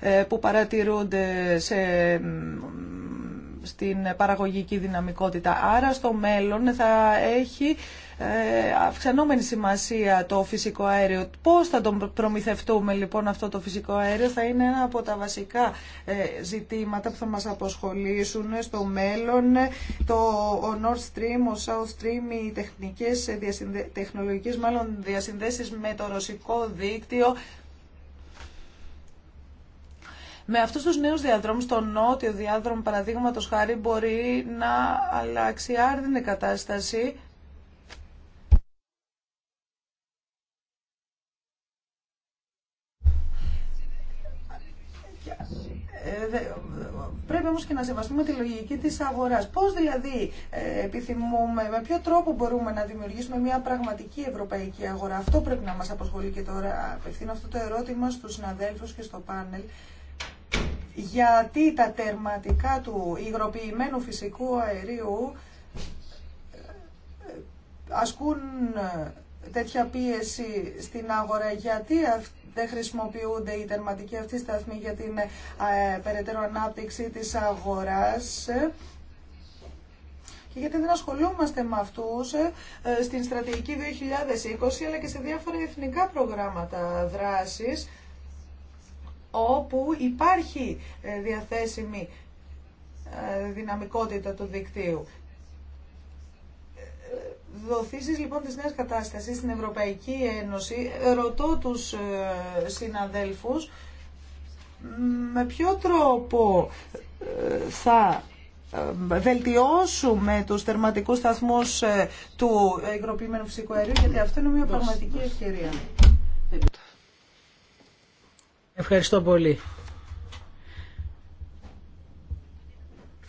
Speaker 2: ε, που παρατηρούνται σε, στην παραγωγική δυναμικότητα. Άρα στο μέλλον θα έχει ε, αυξανόμενη σημασία το φυσικό αέριο. Πώς θα τον προμηθευτούμε λοιπόν αυτό το φυσικό αέριο θα είναι ένα από τα βασικά ε, ζητήματα που θα μας αποσχολήσουν στο μέλλον. Το ο Nord Stream, ο South Stream, οι τεχνικές, ε, διασυνδε, τεχνολογικές μάλλον διασυνδέσεις με το ρωσικό δίκτυο, με αυτούς τους νέους διαδρόμους, το νότιο διάδρομο παραδείγματος χάρη μπορεί να αλλάξει άρδινη κατάσταση Ε, πρέπει όμως και να σεβαστούμε τη λογική της αγοράς. Πώς δηλαδή ε, επιθυμούμε, με ποιο τρόπο μπορούμε να δημιουργήσουμε μια πραγματική ευρωπαϊκή αγορά. Αυτό πρέπει να μας αποσχολεί και τώρα. Απευθύνω αυτό το ερώτημα στους συναδέλφους και στο πάνελ. Γιατί τα τερματικά του υγροποιημένου φυσικού αερίου ε, ασκούν τέτοια πίεση στην αγορά. Γιατί αυτή δεν χρησιμοποιούνται οι τερματικοί αυτοί σταθμοί για την ε, περαιτέρω ανάπτυξη της αγοράς και γιατί δεν ασχολούμαστε με αυτούς ε, στην στρατηγική 2020 αλλά και σε διάφορα εθνικά προγράμματα δράσης όπου υπάρχει ε, διαθέσιμη δυναμικότητα του δικτύου δοθήσεις λοιπόν τη νέα κατάσταση στην Ευρωπαϊκή Ένωση, ρωτώ τους ε, συναδέλφου, με ποιο τρόπο ε, θα ε, βελτιώσουμε τους θερματικούς σταθμούς του υγροποιημένου φυσικού αερίου, γιατί αυτό είναι μια πραγματική ευκαιρία.
Speaker 4: Ευχαριστώ πολύ.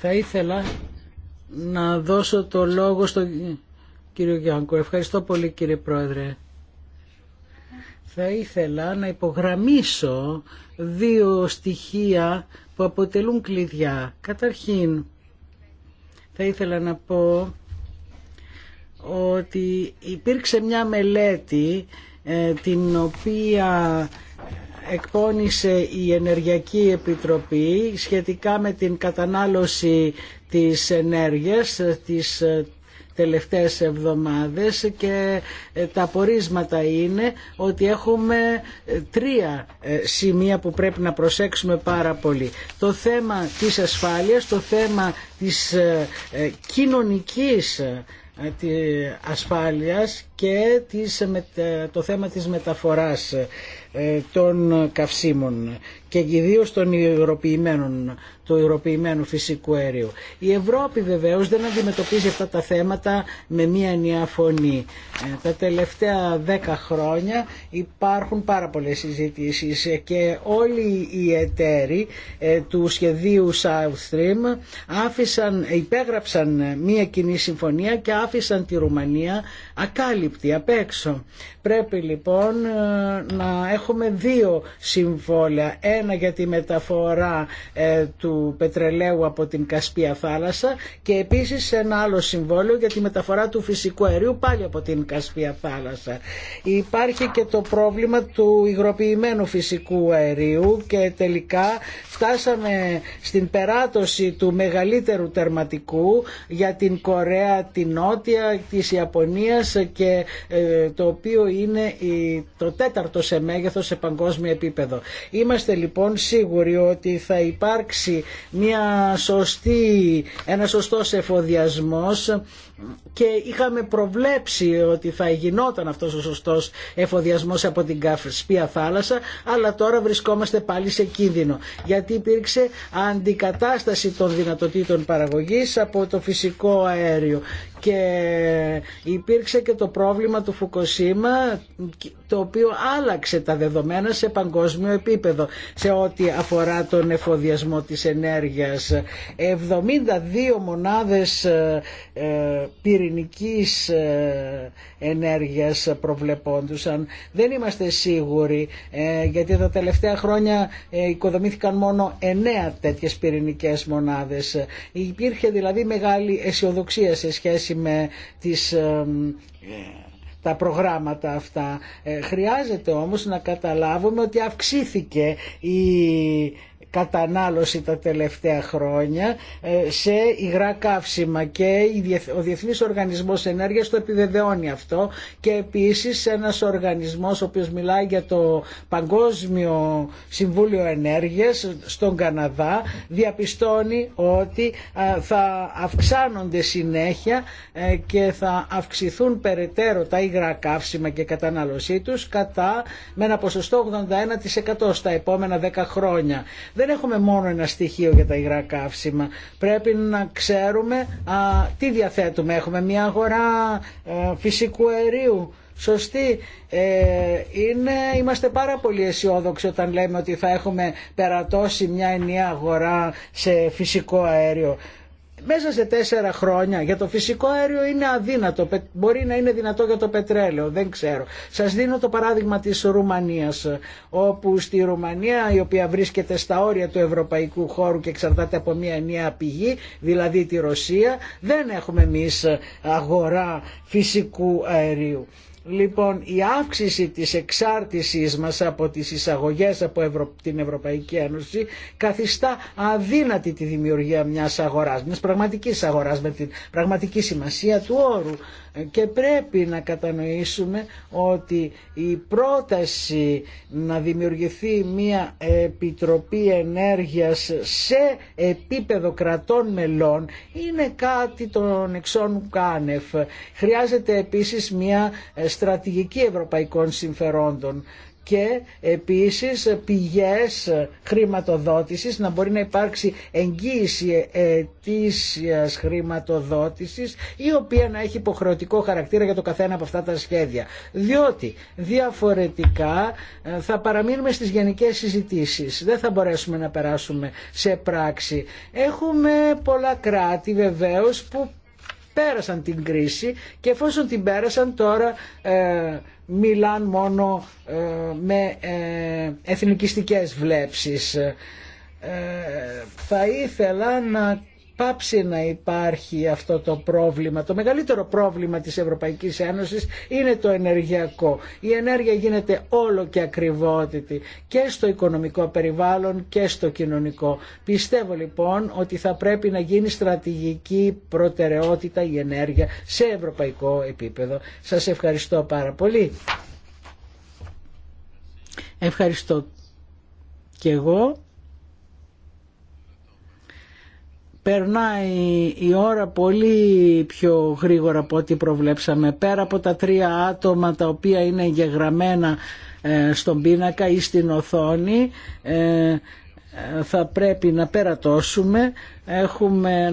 Speaker 4: Θα ήθελα να δώσω το λόγο στον Ευχαριστώ πολύ κύριε Πρόεδρε. Θα ήθελα να υπογραμμίσω δύο στοιχεία που αποτελούν κλειδιά. Καταρχήν, θα ήθελα να πω ότι υπήρξε μια μελέτη ε, την οποία εκπώνησε η Ενεργειακή Επιτροπή σχετικά με την κατανάλωση της ενέργειας, της τελευταίες εβδομάδες και ε, τα απορίσματα είναι ότι έχουμε ε, τρία ε, σημεία που πρέπει να προσέξουμε πάρα πολύ. Το θέμα της ασφάλειας, το θέμα της κοινωνικής ασφάλειας και το θέμα της μεταφοράς των καυσίμων και ιδίω των υγροποιημένων του ευρωποιημένου φυσικού αερίου. Η Ευρώπη βεβαίως δεν αντιμετωπίζει αυτά τα θέματα με μία ενιαία φωνή. Ε, τα τελευταία δέκα χρόνια υπάρχουν πάρα πολλές συζητήσεις ε, και όλοι οι εταίροι ε, του σχεδίου South Stream άφησαν, υπέγραψαν μία κοινή συμφωνία και άφησαν τη Ρουμανία ακάλυπτη απ' έξω. Πρέπει λοιπόν να έχουμε δύο συμβόλαια. Ένα για τη μεταφορά του πετρελαίου από την Κασπία θάλασσα και επίσης ένα άλλο συμβόλαιο για τη μεταφορά του φυσικού αερίου πάλι από την Κασπία θάλασσα. Υπάρχει και το πρόβλημα του υγροποιημένου φυσικού αερίου και τελικά φτάσαμε στην περάτωση του μεγαλύτερου τερματικού για την Κορέα, την Νότια, της Ιαπωνίας και ε, το οποίο είναι η, το τέταρτο σε μέγεθος σε παγκόσμιο επίπεδο. Είμαστε λοιπόν σίγουροι ότι θα υπάρξει μια σωστή, ένα σωστός εφοδιασμός και είχαμε προβλέψει ότι θα γινόταν αυτός ο σωστός εφοδιασμός από την Κασπία θάλασσα αλλά τώρα βρισκόμαστε πάλι σε κίνδυνο γιατί υπήρξε αντικατάσταση των δυνατοτήτων παραγωγής από το φυσικό αέριο και υπήρξε και το πρόβλημα του Φουκοσίμα το οποίο άλλαξε τα δεδομένα σε παγκόσμιο επίπεδο σε ό,τι αφορά τον εφοδιασμό της ενέργειας 72 μονάδες ε, ε, πυρηνικής ε, ενέργειας προβλεπόντουσαν. Δεν είμαστε σίγουροι ε, γιατί τα τελευταία χρόνια ε, οικοδομήθηκαν μόνο εννέα τέτοιες πυρηνικές μονάδες. Υπήρχε δηλαδή μεγάλη αισιοδοξία σε σχέση με τις τα προγράμματα αυτά. χρειάζεται όμως να καταλάβουμε ότι αυξήθηκε η κατανάλωση τα τελευταία χρόνια ε, σε υγρά καύσιμα και ο Διεθνής Οργανισμός Ενέργειας το επιβεβαιώνει αυτό και επίσης ένας οργανισμός ο οποίος μιλάει για το Παγκόσμιο Συμβούλιο Ενέργειας στον Καναδά διαπιστώνει ότι ε, θα αυξάνονται συνέχεια ε, και θα αυξηθούν περαιτέρω τα υγρά καύσιμα και κατανάλωσή τους κατά με ένα ποσοστό 81% στα επόμενα 10 χρόνια δεν έχουμε μόνο ένα στοιχείο για τα υγρά καύσιμα. Πρέπει να ξέρουμε α, τι διαθέτουμε. Έχουμε μια αγορά ε, φυσικού αερίου. Σωστή. Ε, είναι, είμαστε πάρα πολύ αισιόδοξοι όταν λέμε ότι θα έχουμε περατώσει μια ενιαία αγορά σε φυσικό αέριο μέσα σε τέσσερα χρόνια για το φυσικό αέριο είναι αδύνατο. Μπορεί να είναι δυνατό για το πετρέλαιο, δεν ξέρω. Σας δίνω το παράδειγμα της Ρουμανίας, όπου στη Ρουμανία η οποία βρίσκεται στα όρια του ευρωπαϊκού χώρου και εξαρτάται από μια ενιαία πηγή, δηλαδή τη Ρωσία, δεν έχουμε εμεί αγορά φυσικού αερίου. Λοιπόν, η αύξηση της εξάρτησής μας από τις εισαγωγές από την Ευρωπαϊκή Ένωση καθιστά αδύνατη τη δημιουργία μιας αγοράς, μιας πραγματικής αγοράς με την πραγματική σημασία του όρου και πρέπει να κατανοήσουμε ότι η πρόταση να δημιουργηθεί μια επιτροπή ενέργειας σε επίπεδο κρατών μελών είναι κάτι των εξών κάνευ. Χρειάζεται επίσης μια στρατηγική ευρωπαϊκών συμφερόντων και επίσης πηγές χρηματοδότησης, να μπορεί να υπάρξει εγγύηση ετήσιας χρηματοδότησης η οποία να έχει υποχρεωτικό χαρακτήρα για το καθένα από αυτά τα σχέδια. Διότι διαφορετικά ε, θα παραμείνουμε στις γενικές συζητήσεις. Δεν θα μπορέσουμε να περάσουμε σε πράξη. Έχουμε πολλά κράτη βεβαίως που πέρασαν την κρίση και εφόσον την πέρασαν τώρα ε, μιλάν μόνο ε, με ε, εθνικιστικές βλέψεις. Ε, θα ήθελα να πάψει να υπάρχει αυτό το πρόβλημα. Το μεγαλύτερο πρόβλημα της Ευρωπαϊκής Ένωσης είναι το ενεργειακό. Η ενέργεια γίνεται όλο και ακριβότητη και στο οικονομικό περιβάλλον και στο κοινωνικό. Πιστεύω λοιπόν ότι θα πρέπει να γίνει στρατηγική προτεραιότητα η ενέργεια σε ευρωπαϊκό επίπεδο. Σας ευχαριστώ πάρα πολύ. Ευχαριστώ και εγώ. περνάει η ώρα πολύ πιο γρήγορα από ό,τι προβλέψαμε. Πέρα από τα τρία άτομα τα οποία είναι γεγραμμένα ε, στον πίνακα ή στην οθόνη ε, θα πρέπει να περατώσουμε. Έχουμε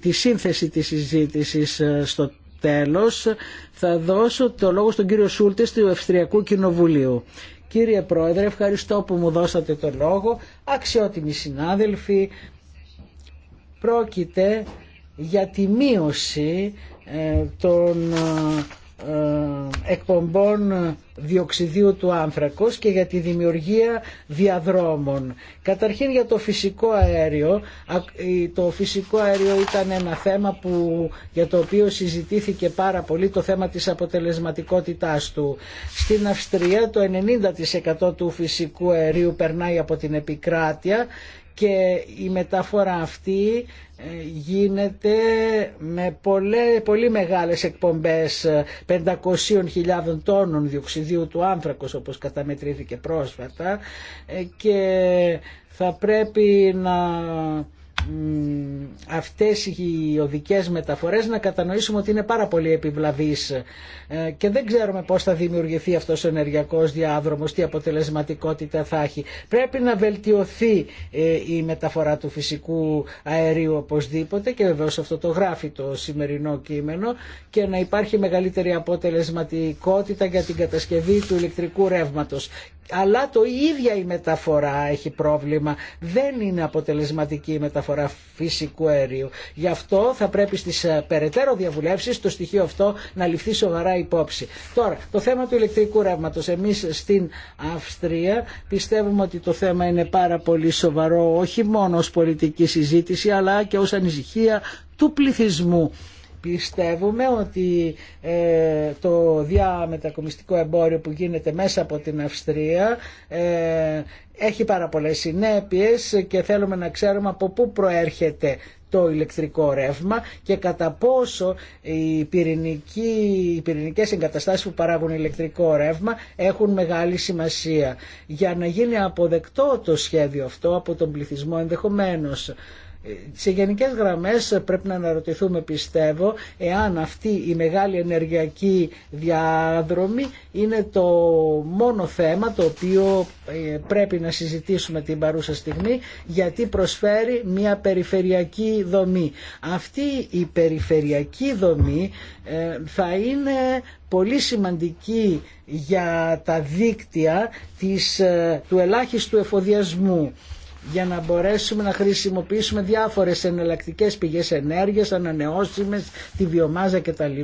Speaker 4: τη σύνθεση της συζήτησης ε, στο τέλος. Θα δώσω το λόγο στον κύριο Σούλτες του Ευστριακού Κοινοβουλίου. Κύριε Πρόεδρε, ευχαριστώ που μου δώσατε το λόγο. Αξιότιμοι συνάδελφοι, πρόκειται για τη μείωση ε, των ε, ε, εκπομπών διοξιδίου του άνθρακος και για τη δημιουργία διαδρόμων. Καταρχήν για το φυσικό αέριο. Το φυσικό αέριο ήταν ένα θέμα που, για το οποίο συζητήθηκε πάρα πολύ το θέμα της αποτελεσματικότητάς του. Στην Αυστρία το 90% του φυσικού αερίου περνάει από την επικράτεια και η μεταφορά αυτή ε, γίνεται με πολύ μεγάλες εκπομπές 500.000 ε, τόνων διοξιδίου του άνθρακος όπως καταμετρήθηκε πρόσφατα ε, και θα πρέπει να αυτές οι οδικές μεταφορές να κατανοήσουμε ότι είναι πάρα πολύ επιβλαβείς ε, και δεν ξέρουμε πώς θα δημιουργηθεί αυτός ο ενεργειακός διάδρομος, τι αποτελεσματικότητα θα έχει. Πρέπει να βελτιωθεί ε, η μεταφορά του φυσικού αερίου οπωσδήποτε και βεβαίω αυτό το γράφει το σημερινό κείμενο και να υπάρχει μεγαλύτερη αποτελεσματικότητα για την κατασκευή του ηλεκτρικού ρεύματος αλλά το ίδια η μεταφορά έχει πρόβλημα. Δεν είναι αποτελεσματική η μεταφορά φυσικού αερίου. Γι' αυτό θα πρέπει στις ε, περαιτέρω διαβουλεύσεις το στοιχείο αυτό να ληφθεί σοβαρά υπόψη. Τώρα, το θέμα του ηλεκτρικού ρεύματο, Εμείς στην Αυστρία πιστεύουμε ότι το θέμα είναι πάρα πολύ σοβαρό όχι μόνο ως πολιτική συζήτηση αλλά και ως ανησυχία του πληθυσμού Πιστεύουμε ότι ε, το διαμετακομιστικό εμπόριο που γίνεται μέσα από την Αυστρία ε, έχει πάρα πολλές συνέπειες και θέλουμε να ξέρουμε από πού προέρχεται το ηλεκτρικό ρεύμα και κατά πόσο οι, πυρηνικοί, οι πυρηνικές εγκαταστάσεις που παράγουν ηλεκτρικό ρεύμα έχουν μεγάλη σημασία. Για να γίνει αποδεκτό το σχέδιο αυτό από τον πληθυσμό ενδεχομένως σε γενικές γραμμές πρέπει να αναρωτηθούμε πιστεύω εάν αυτή η μεγάλη ενεργειακή διαδρομή είναι το μόνο θέμα το οποίο ε, πρέπει να συζητήσουμε την παρούσα στιγμή γιατί προσφέρει μια περιφερειακή δομή. Αυτή η περιφερειακή δομή ε, θα είναι πολύ σημαντική για τα δίκτυα της, ε, του ελάχιστου εφοδιασμού για να μπορέσουμε να χρησιμοποιήσουμε διάφορες εναλλακτικές πηγές ενέργειας, ανανεώσιμες, τη βιομάζα κτλ.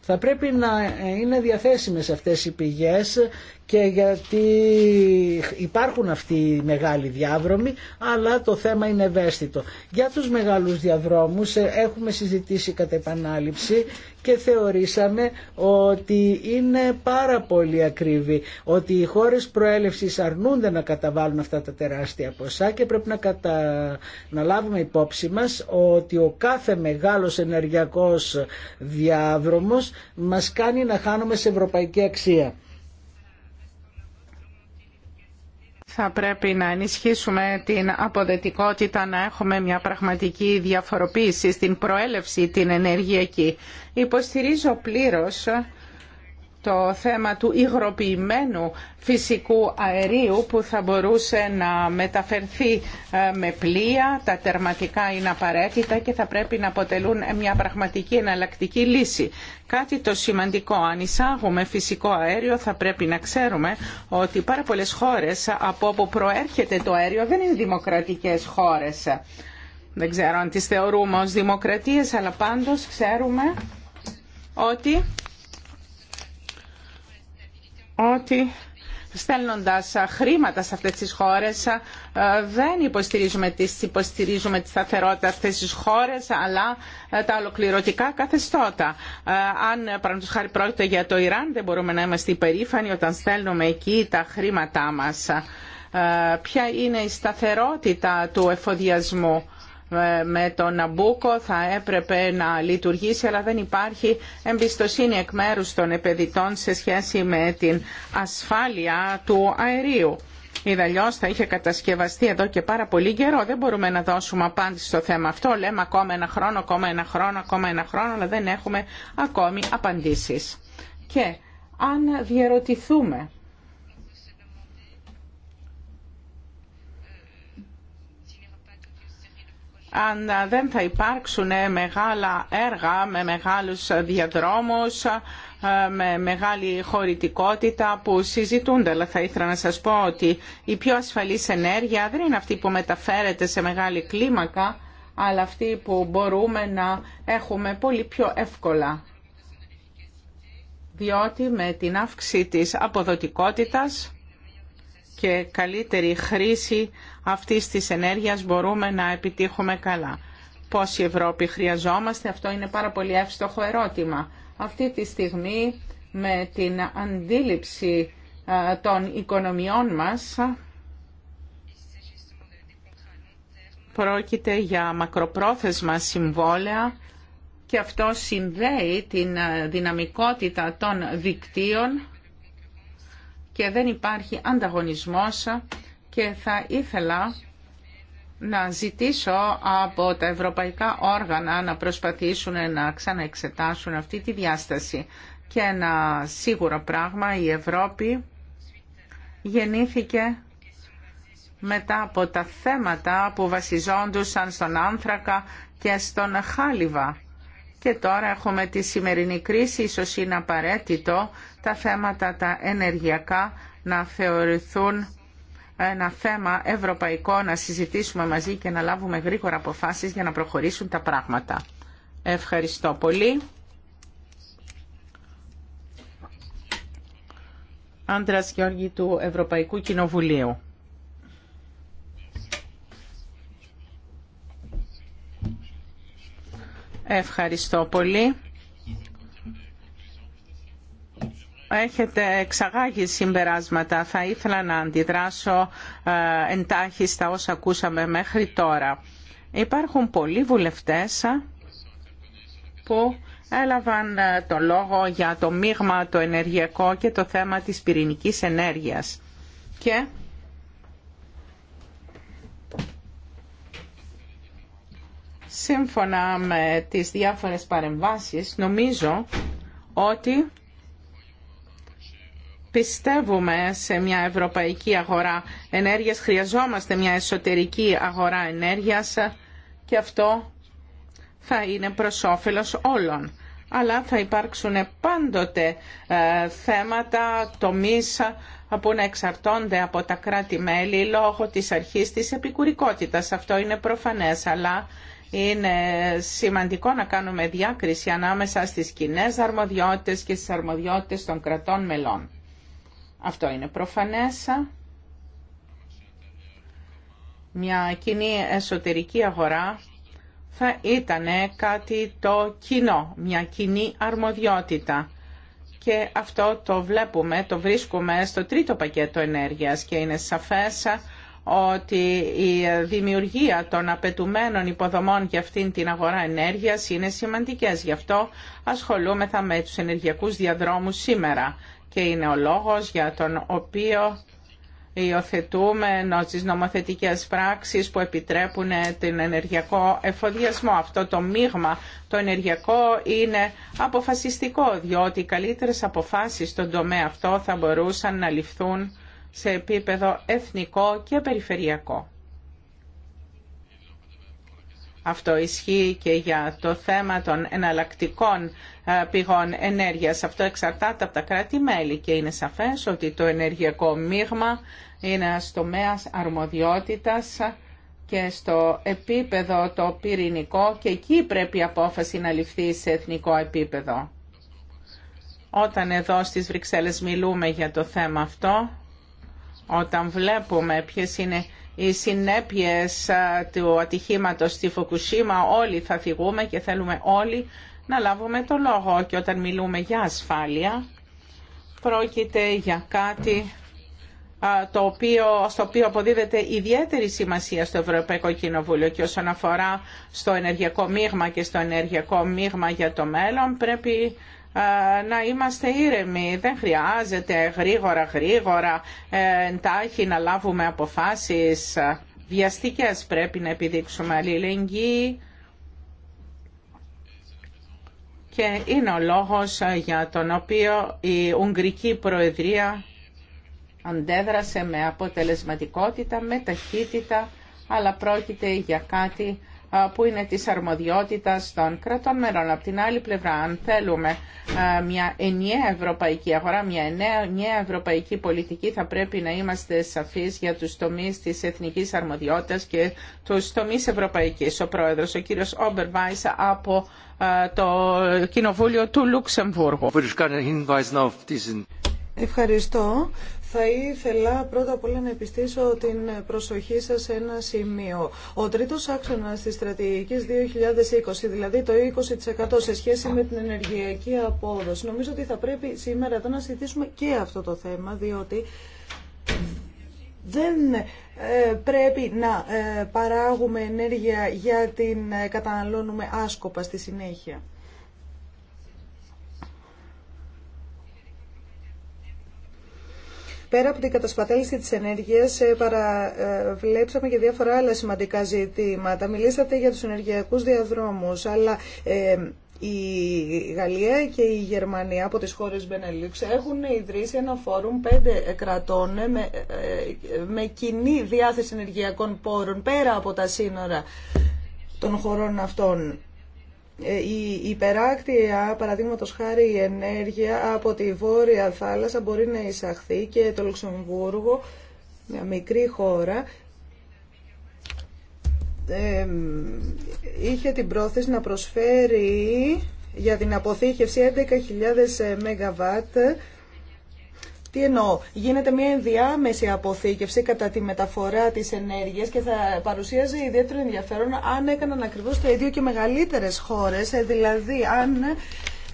Speaker 4: Θα πρέπει να ε, είναι διαθέσιμες αυτές οι πηγές και γιατί υπάρχουν αυτοί οι μεγάλοι διάδρομοι, αλλά το θέμα είναι ευαίσθητο. Για τους μεγάλους διαδρόμους ε, έχουμε συζητήσει κατά επανάληψη και θεωρήσαμε ότι είναι πάρα πολύ ακριβή, ότι οι χώρες προέλευσης αρνούνται να καταβάλουν αυτά τα τεράστια ποσά και πρέπει να, κατα... να λάβουμε υπόψη μας ότι ο κάθε μεγάλος ενεργειακός διάδρομος μας κάνει να χάνουμε σε ευρωπαϊκή αξία.
Speaker 1: θα πρέπει να ενισχύσουμε την αποδετικότητα, να έχουμε μια πραγματική διαφοροποίηση στην προέλευση την ενεργειακή. Υποστηρίζω πλήρως το θέμα του υγροποιημένου φυσικού αερίου που θα μπορούσε να μεταφερθεί ε, με πλοία. Τα τερματικά είναι απαραίτητα και θα πρέπει να αποτελούν μια πραγματική εναλλακτική λύση. Κάτι το σημαντικό, αν εισάγουμε φυσικό αέριο θα πρέπει να ξέρουμε ότι πάρα πολλές χώρες από όπου προέρχεται το αέριο δεν είναι δημοκρατικές χώρες. Δεν ξέρω αν τις θεωρούμε ως δημοκρατίες, αλλά πάντως ξέρουμε ότι ότι στέλνοντας χρήματα σε αυτές τις χώρες δεν υποστηρίζουμε, τις, τη σταθερότητα αυτές τις χώρες αλλά τα ολοκληρωτικά καθεστώτα. Αν παραδείγματος χάρη πρόκειται για το Ιράν δεν μπορούμε να είμαστε υπερήφανοι όταν στέλνουμε εκεί τα χρήματά μας. Ποια είναι η σταθερότητα του εφοδιασμού ε, με τον Αμπούκο θα έπρεπε να λειτουργήσει αλλά δεν υπάρχει εμπιστοσύνη εκ μέρους των επενδυτών σε σχέση με την ασφάλεια του αερίου. Ιδαλλιώ θα είχε κατασκευαστεί εδώ και πάρα πολύ καιρό. Δεν μπορούμε να δώσουμε απάντηση στο θέμα αυτό. Λέμε ακόμα ένα χρόνο, ακόμα ένα χρόνο, ακόμα ένα χρόνο, αλλά δεν έχουμε ακόμη απαντήσεις. Και αν διαρωτηθούμε... αν δεν θα υπάρξουν μεγάλα έργα με μεγάλους διαδρόμους, με μεγάλη χωρητικότητα που συζητούνται. Αλλά θα ήθελα να σας πω ότι η πιο ασφαλής ενέργεια δεν είναι αυτή που μεταφέρεται σε μεγάλη κλίμακα, αλλά αυτή που μπορούμε να έχουμε πολύ πιο εύκολα. Διότι με την αύξηση της αποδοτικότητας και καλύτερη χρήση αυτής της ενέργειας μπορούμε να επιτύχουμε καλά. Πώς η Ευρώπη χρειαζόμαστε, αυτό είναι πάρα πολύ εύστοχο ερώτημα. Αυτή τη στιγμή με την αντίληψη των οικονομιών μας πρόκειται για μακροπρόθεσμα συμβόλαια και αυτό συνδέει την δυναμικότητα των δικτύων και δεν υπάρχει ανταγωνισμός και θα ήθελα να ζητήσω από τα ευρωπαϊκά όργανα να προσπαθήσουν να ξαναεξετάσουν αυτή τη διάσταση. Και ένα σίγουρο πράγμα, η Ευρώπη γεννήθηκε μετά από τα θέματα που βασιζόντουσαν στον άνθρακα και στον χάλιβα. Και τώρα έχουμε τη σημερινή κρίση, ίσως είναι απαραίτητο τα θέματα τα ενεργειακά να θεωρηθούν ένα θέμα ευρωπαϊκό να συζητήσουμε μαζί και να λάβουμε γρήγορα αποφάσεις για να προχωρήσουν τα πράγματα. Ευχαριστώ πολύ. Άντρας Γιώργη του Ευρωπαϊκού Κοινοβουλίου. Ευχαριστώ πολύ. έχετε εξαγάγει συμπεράσματα. Θα ήθελα να αντιδράσω ε, εντάχει στα όσα ακούσαμε μέχρι τώρα. Υπάρχουν πολλοί βουλευτές ε, που έλαβαν ε, το λόγο για το μείγμα το ενεργειακό και το θέμα της πυρηνικής ενέργειας. Και σύμφωνα με τις διάφορες παρεμβάσεις νομίζω ότι πιστεύουμε σε μια ευρωπαϊκή αγορά ενέργειας, χρειαζόμαστε μια εσωτερική αγορά ενέργειας και αυτό θα είναι προς όφελος όλων. Αλλά θα υπάρξουν πάντοτε ε, θέματα, τομείς που να εξαρτώνται από τα κράτη-μέλη λόγω της αρχής της επικουρικότητας. Αυτό είναι προφανές, αλλά είναι σημαντικό να κάνουμε διάκριση ανάμεσα στις κοινέ αρμοδιότητες και στις αρμοδιότητες των κρατών μελών. Αυτό είναι προφανές. Μια κοινή εσωτερική αγορά θα ήταν κάτι το κοινό, μια κοινή αρμοδιότητα. Και αυτό το βλέπουμε, το βρίσκουμε στο τρίτο πακέτο ενέργειας και είναι σαφές ότι η δημιουργία των απαιτουμένων υποδομών για αυτήν την αγορά ενέργειας είναι σημαντικές. Γι' αυτό ασχολούμεθα με τους ενεργειακούς διαδρόμους σήμερα και είναι ο λόγος για τον οποίο υιοθετούμε τις νομοθετικές πράξεις που επιτρέπουν την ενεργειακό εφοδιασμό. Αυτό το μείγμα το ενεργειακό είναι αποφασιστικό, διότι οι καλύτερες αποφάσεις στον τομέα αυτό θα μπορούσαν να ληφθούν σε επίπεδο εθνικό και περιφερειακό. Αυτό ισχύει και για το θέμα των εναλλακτικών ε, πηγών ενέργειας. Αυτό εξαρτάται από τα κράτη-μέλη και είναι σαφές ότι το ενεργειακό μείγμα είναι στο τομέας αρμοδιότητας και στο επίπεδο το πυρηνικό και εκεί πρέπει η απόφαση να ληφθεί σε εθνικό επίπεδο. Όταν εδώ στις Βρυξέλλες μιλούμε για το θέμα αυτό, όταν βλέπουμε ποιες είναι οι συνέπειες του ατυχήματος στη Φουκουσίμα όλοι θα θυγούμε και θέλουμε όλοι να λάβουμε το λόγο και όταν μιλούμε για ασφάλεια πρόκειται για κάτι το οποίο, στο οποίο αποδίδεται ιδιαίτερη σημασία στο Ευρωπαϊκό Κοινοβούλιο και όσον αφορά στο ενεργειακό μείγμα και στο ενεργειακό μείγμα για το μέλλον πρέπει ε, να είμαστε ήρεμοι. Δεν χρειάζεται γρήγορα γρήγορα ε, εντάχει να λάβουμε αποφάσεις ε, βιαστικές. Πρέπει να επιδείξουμε αλληλεγγύη και είναι ο λόγος για τον οποίο η Ουγγρική Προεδρία αντέδρασε με αποτελεσματικότητα, με ταχύτητα, αλλά πρόκειται για κάτι που είναι της αρμοδιότητας των κρατών μερών. Από την άλλη πλευρά, αν θέλουμε μια ενιαία ευρωπαϊκή αγορά, μια ενιαία ευρωπαϊκή πολιτική, θα πρέπει να είμαστε σαφείς για τους τομείς της εθνικής αρμοδιότητας και τους τομείς ευρωπαϊκής. Ο πρόεδρος, ο κύριος από το Κοινοβούλιο του Λουξεμβούργου.
Speaker 2: Ευχαριστώ. Θα ήθελα πρώτα απ' όλα να επιστήσω την προσοχή σας σε ένα σημείο. Ο τρίτος άξονας της στρατηγικής 2020, δηλαδή το 20% σε σχέση με την ενεργειακή απόδοση, νομίζω ότι θα πρέπει σήμερα εδώ να συζητήσουμε και αυτό το θέμα, διότι δεν ε, πρέπει να ε, παράγουμε ενέργεια για την ε, καταναλώνουμε άσκοπα στη συνέχεια. Πέρα από την κατασπατάληση της ενέργειας, ε, παραβλέψαμε ε, και διάφορα άλλα σημαντικά ζητήματα. Μιλήσατε για τους ενεργειακούς διαδρόμους, αλλά ε, η Γαλλία και η Γερμανία από τις χώρες Μπενελίξ έχουν ιδρύσει ένα φόρουμ πέντε κρατών με, με κοινή διάθεση ενεργειακών πόρων πέρα από τα σύνορα των χωρών αυτών. Ε, η υπεράκτια, παραδείγματο χάρη, η ενέργεια από τη βόρεια θάλασσα μπορεί να εισαχθεί και το Λουξεμβούργο, μια μικρή χώρα, είχε την πρόθεση να προσφέρει για την αποθήκευση 11.000 ε, ΜΒ τι εννοώ, γίνεται μια ενδιάμεση αποθήκευση κατά τη μεταφορά της ενέργειας και θα παρουσίαζε ιδιαίτερο ενδιαφέρον αν έκαναν ακριβώς το ίδιο και μεγαλύτερες χώρες, ε, δηλαδή αν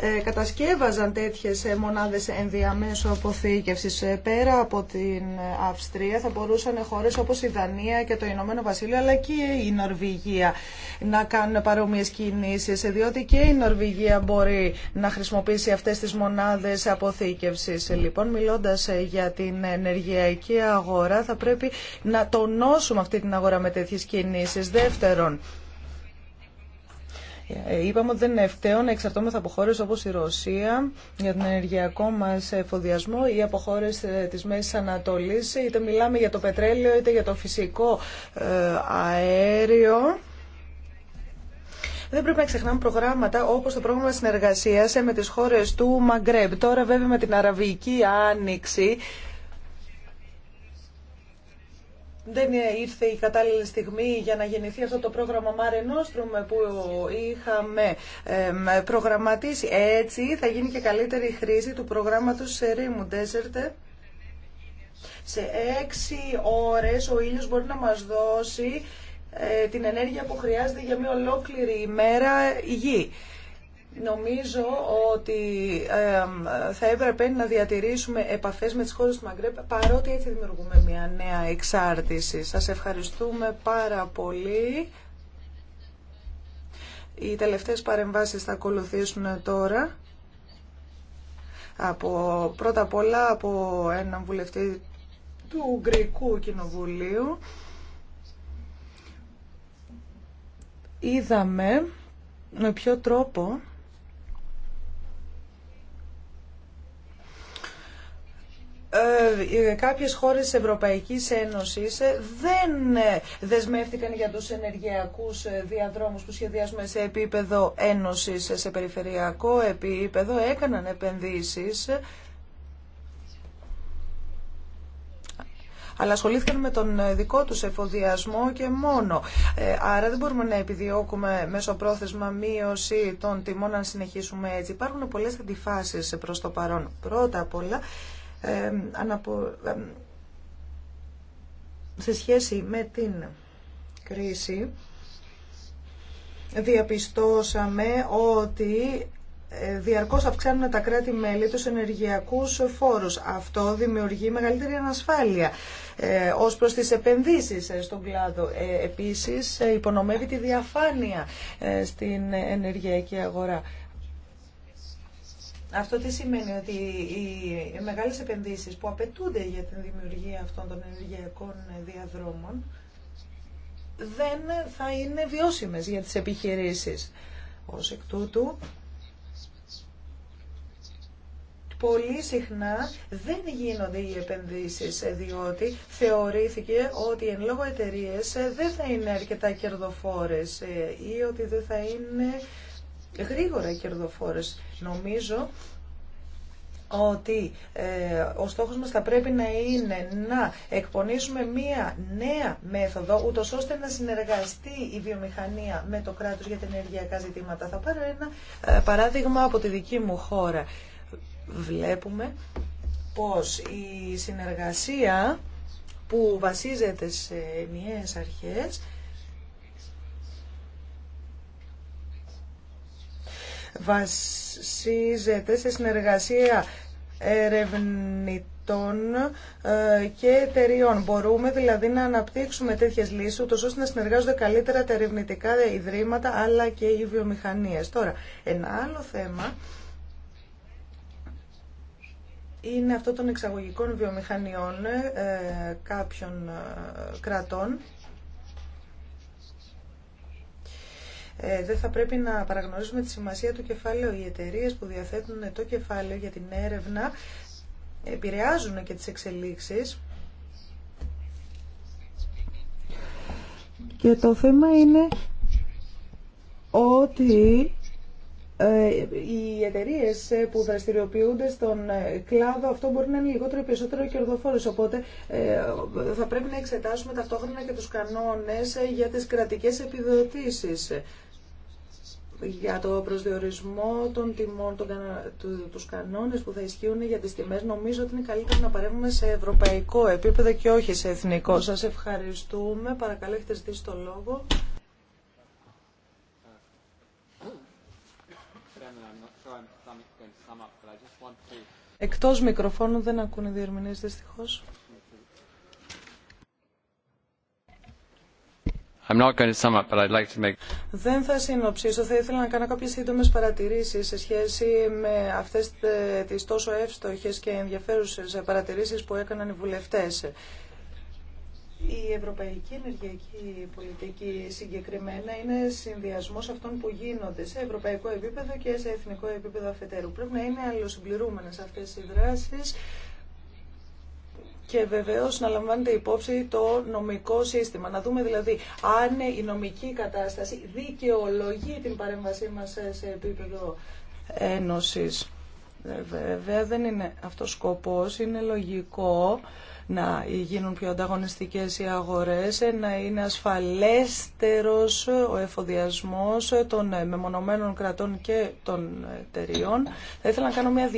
Speaker 2: ε, κατασκεύαζαν τέτοιες ε, μονάδες ενδιαμέσου αποθήκευσης. Ε, πέρα από την Αυστρία θα μπορούσαν χώρες όπως η Δανία και το Ηνωμένο Βασίλειο αλλά και η Νορβηγία να κάνουν παρόμοιες κινήσεις διότι και η Νορβηγία μπορεί να χρησιμοποιήσει αυτές τις μονάδες αποθήκευσης. Λοιπόν, μιλώντας για την ενεργειακή αγορά θα πρέπει να τονώσουμε αυτή την αγορά με τέτοιες κινήσεις. Δεύτερον, ε, είπαμε ότι δεν είναι ευταίο να εξαρτώμεθα από χώρε όπω η Ρωσία για τον ενεργειακό μα εφοδιασμό ή από χώρε ε, τη Μέση Ανατολή, είτε μιλάμε για το πετρέλαιο είτε για το φυσικό ε, αέριο. Δεν πρέπει να ξεχνάμε προγράμματα όπως το πρόγραμμα συνεργασίας με τις χώρες του Μαγκρέμπ. Τώρα βέβαια με την Αραβική Άνοιξη δεν ήρθε η κατάλληλη στιγμή για να γεννηθεί αυτό το πρόγραμμα Mare Nostrum που είχαμε προγραμματίσει. Έτσι θα γίνει και καλύτερη χρήση του προγράμματος Serimu Desert. Σε έξι ώρες ο ήλιος μπορεί να μας δώσει ε, την ενέργεια που χρειάζεται για μια ολόκληρη ημέρα γη. Νομίζω ότι θα έπρεπε να διατηρήσουμε επαφές με τις χώρες του Μαγκρέπ, παρότι έτσι δημιουργούμε μια νέα εξάρτηση. Σας ευχαριστούμε πάρα πολύ. Οι τελευταίες παρεμβάσεις θα ακολουθήσουν τώρα. Από, πρώτα απ' όλα από έναν βουλευτή του Ουγγρικού Κοινοβουλίου. Είδαμε με ποιο τρόπο Ε, ε, κάποιες χώρες της Ευρωπαϊκής Ένωσης ε, δεν δεσμεύτηκαν για τους ενεργειακούς διαδρόμους που σχεδιάζουμε σε επίπεδο ένωσης, σε περιφερειακό επίπεδο, έκαναν επενδύσεις αλλά ασχολήθηκαν με τον δικό τους εφοδιασμό και μόνο. άρα δεν μπορούμε να επιδιώκουμε μέσω πρόθεσμα μείωση των τιμών αν συνεχίσουμε έτσι. Υπάρχουν πολλές αντιφάσεις προς το παρόν. Πρώτα απ' όλα, σε σχέση με την κρίση διαπιστώσαμε ότι ε, διαρκώς αυξάνουν τα κράτη-μέλη τους ενεργειακούς φόρους. Αυτό δημιουργεί μεγαλύτερη ανασφάλεια ε, ως προς τις επενδύσεις ε, στον κλάδο. Ε, επίσης, ε, υπονομεύει τη διαφάνεια στην ενεργειακή αγορά. Αυτό τι σημαίνει ότι οι μεγάλες επενδύσεις που απαιτούνται για την δημιουργία αυτών των ενεργειακών διαδρόμων δεν θα είναι βιώσιμες για τις επιχειρήσεις. Ως εκ τούτου, πολύ συχνά δεν γίνονται οι επενδύσεις διότι θεωρήθηκε ότι εν λόγω εταιρείες δεν θα είναι αρκετά κερδοφόρες ε, ή ότι δεν θα είναι γρήγορα κερδοφόρες. Νομίζω ότι ε, ο στόχος μας θα πρέπει να είναι να εκπονήσουμε μία νέα μέθοδο, ούτω ώστε να συνεργαστεί η βιομηχανία με το κράτος για τα ενεργειακά ζητήματα. Θα πάρω ένα ε, παράδειγμα από τη δική μου χώρα. Βλέπουμε πως η συνεργασία που βασίζεται σε ενιαίες αρχές βασίζεται σε συνεργασία ερευνητών ε, και εταιριών. Μπορούμε δηλαδή να αναπτύξουμε τέτοιες λύσεις, ούτως ώστε να συνεργάζονται καλύτερα τα ερευνητικά ιδρύματα, αλλά και οι βιομηχανίες. Τώρα, ένα άλλο θέμα είναι αυτό των εξαγωγικών βιομηχανιών ε, κάποιων ε, κρατών Ε, δεν θα πρέπει να παραγνωρίσουμε τη σημασία του κεφαλαίου. Οι εταιρείε που διαθέτουν το κεφάλαιο για την έρευνα επηρεάζουν και τις εξελίξεις. Και το θέμα είναι ότι ε, οι εταιρείε που δραστηριοποιούνται στον ε, κλάδο αυτό μπορεί να είναι λιγότερο ή περισσότερο κερδοφόρε. Οπότε θα πρέπει να εξετάσουμε ταυτόχρονα και του κανόνε για τι κρατικέ επιδοτήσει για το προσδιορισμό των τιμών, των, του, τους κανόνες που θα ισχύουν για τις τιμές, νομίζω ότι είναι καλύτερο να παρέμβουμε σε ευρωπαϊκό επίπεδο και όχι σε εθνικό. Σας ευχαριστούμε. Παρακαλώ, έχετε ζητήσει το λόγο. Εκτός μικροφώνου δεν ακούνε διερμηνείς, δυστυχώς. Δεν θα συνοψίσω. Θα ήθελα να κάνω κάποιες σύντομες παρατηρήσεις σε σχέση με αυτές ε, τις τόσο εύστοχες και ενδιαφέρουσες παρατηρήσεις που έκαναν οι βουλευτές. Η ευρωπαϊκή ενεργειακή πολιτική συγκεκριμένα είναι συνδυασμός αυτών που γίνονται σε ευρωπαϊκό επίπεδο και σε εθνικό επίπεδο αφετέρου. Πρέπει να είναι αλληλοσυμπληρούμενες αυτές οι δράσεις και βεβαίως να λαμβάνεται υπόψη το νομικό σύστημα. Να δούμε δηλαδή αν η νομική κατάσταση δικαιολογεί την παρέμβασή μας σε επίπεδο ένωσης. Ε, βέβαια δεν είναι αυτός σκοπός, είναι λογικό να γίνουν πιο ανταγωνιστικές οι αγορές, να είναι ασφαλέστερος ο εφοδιασμός των μεμονωμένων κρατών και των εταιριών. Θα ήθελα να κάνω μια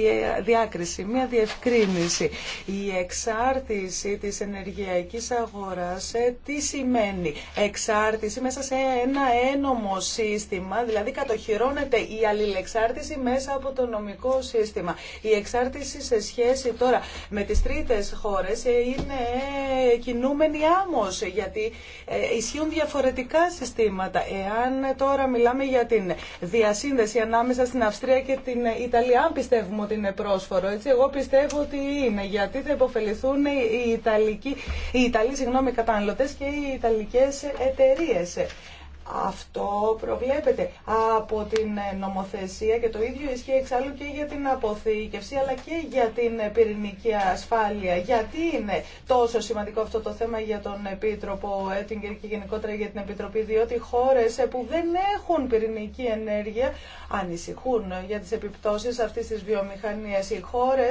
Speaker 2: διάκριση, μια διευκρίνηση. Η εξάρτηση της ενεργειακής αγοράς ε, τι σημαίνει. Εξάρτηση μέσα σε ένα ένομο σύστημα, δηλαδή κατοχυρώνεται η αλληλεξάρτηση μέσα από το νομικό σύστημα. Η εξάρτηση σε σχέση τώρα με τις τρίτες χώρες ε, είναι κινούμενοι άμμος, γιατί ε, ισχύουν διαφορετικά συστήματα. Εάν τώρα μιλάμε για την διασύνδεση ανάμεσα στην Αυστρία και την Ιταλία, αν πιστεύουμε ότι είναι πρόσφορο, έτσι, εγώ πιστεύω ότι είναι, γιατί θα υποφεληθούν οι Ιταλικοί, οι Ιταλοί, συγγνώμη, καταναλωτές και οι Ιταλικές εταιρείε. Αυτό προβλέπεται από την νομοθεσία και το ίδιο ισχύει εξάλλου και για την αποθήκευση αλλά και για την πυρηνική ασφάλεια. Γιατί είναι τόσο σημαντικό αυτό το θέμα για τον Επίτροπο Έτιγκερ και γενικότερα για την Επιτροπή, διότι χώρε που δεν έχουν πυρηνική ενέργεια ανησυχούν για τις επιπτώσεις αυτή τη βιομηχανία. Οι χώρε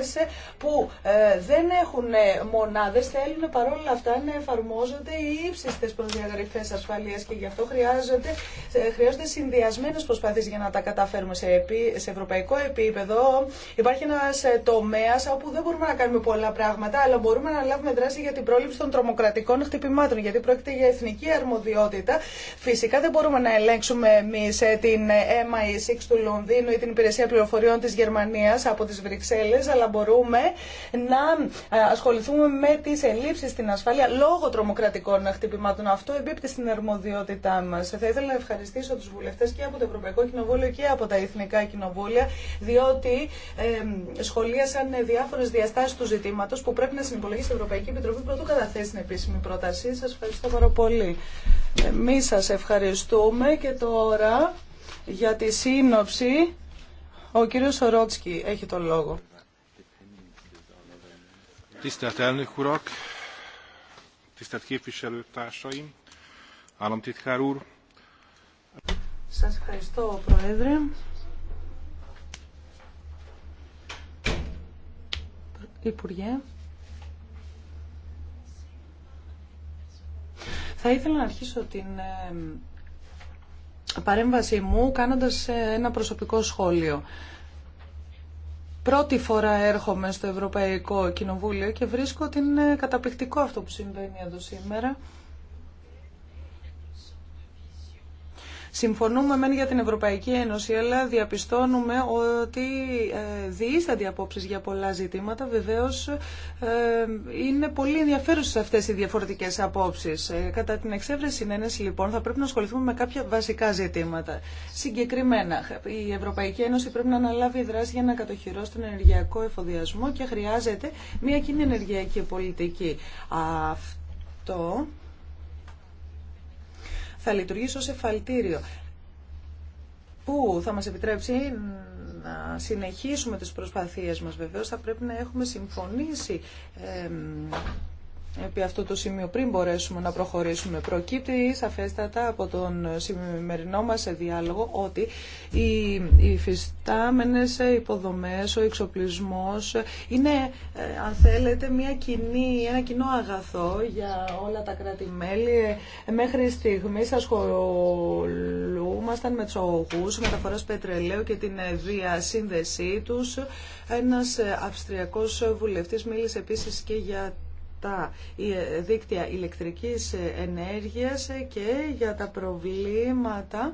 Speaker 2: που ε, δεν έχουν ε, μονάδε θέλουν παρόλα αυτά να εφαρμόζονται οι ύψιστε προδιαγραφέ ασφαλεία και γι' αυτό χρειάζεται. Ε, χρειάζονται, χρειάζονται συνδυασμένε προσπάθειε για να τα καταφέρουμε σε, σε ευρωπαϊκό επίπεδο. Υπάρχει ένα ε, τομέα όπου δεν μπορούμε να κάνουμε πολλά πράγματα, αλλά μπορούμε να λάβουμε δράση για την πρόληψη των τρομοκρατικών χτυπημάτων, γιατί πρόκειται για εθνική αρμοδιότητα. Φυσικά δεν μπορούμε να ελέγξουμε εμεί ε, την MI6 του Λονδίνου ή την Υπηρεσία Πληροφοριών τη Γερμανία από τι Βρυξέλλε, αλλά μπορούμε να ασχοληθούμε με τι ελλείψει στην ασφάλεια λόγω τρομοκρατικών χτυπημάτων. Αυτό εμπίπτει στην αρμοδιότητά μα. Θα ήθελα να ευχαριστήσω τους βουλευτές και από το Ευρωπαϊκό Κοινοβούλιο και από τα Εθνικά Κοινοβούλια, διότι ε, σχολίασαν διάφορες διαστάσεις του ζητήματος που πρέπει να συνυπολογίσει η Ευρωπαϊκή Επιτροπή πρωτού καταθέσει την επίσημη πρότασή. Σας ευχαριστώ πάρα πολύ. Εμείς σας ευχαριστούμε και τώρα για τη σύνοψη ο κύριος Σορότσκι έχει τον λόγο. Σας ευχαριστώ, Πρόεδρε. Υπουργέ. Θα ήθελα να αρχίσω την ε, παρέμβασή μου κάνοντας ε, ένα προσωπικό σχόλιο. Πρώτη φορά έρχομαι στο Ευρωπαϊκό Κοινοβούλιο και βρίσκω ότι είναι καταπληκτικό αυτό που συμβαίνει εδώ σήμερα. Συμφωνούμε μεν για την Ευρωπαϊκή Ένωση, αλλά διαπιστώνουμε ότι ε, διείστανται απόψεις για πολλά ζητήματα. Βεβαίως ε, είναι πολύ ενδιαφέρουσες αυτές οι διαφορετικές απόψεις. Ε, κατά την εξέβρεση συνένεση λοιπόν θα πρέπει να ασχοληθούμε με κάποια βασικά ζητήματα. Συγκεκριμένα, η Ευρωπαϊκή Ένωση πρέπει να αναλάβει δράση για να κατοχυρώσει τον ενεργειακό εφοδιασμό και χρειάζεται μια κοινή ενεργειακή πολιτική. Αυτό θα λειτουργήσει ως εφαλτήριο που θα μας επιτρέψει να συνεχίσουμε τις προσπαθίες μας. Βεβαίως θα πρέπει να έχουμε συμφωνήσει επί αυτό το σημείο πριν μπορέσουμε να προχωρήσουμε. Προκύπτει σαφέστατα από τον σημερινό μας διάλογο ότι οι υφιστάμενες υποδομές, ο εξοπλισμός είναι, ε, αν θέλετε, μια κοινή, ένα κοινό αγαθό για όλα τα κράτη-μέλη. Ε, μέχρι στιγμής ασχολούμασταν με τσογούς με μεταφοράς πετρελαίου και την διασύνδεσή τους. Ένας αυστριακός βουλευτής μίλησε επίσης και για τα ε, δίκτυα ηλεκτρικής ε, ενέργειας ε, και για τα προβλήματα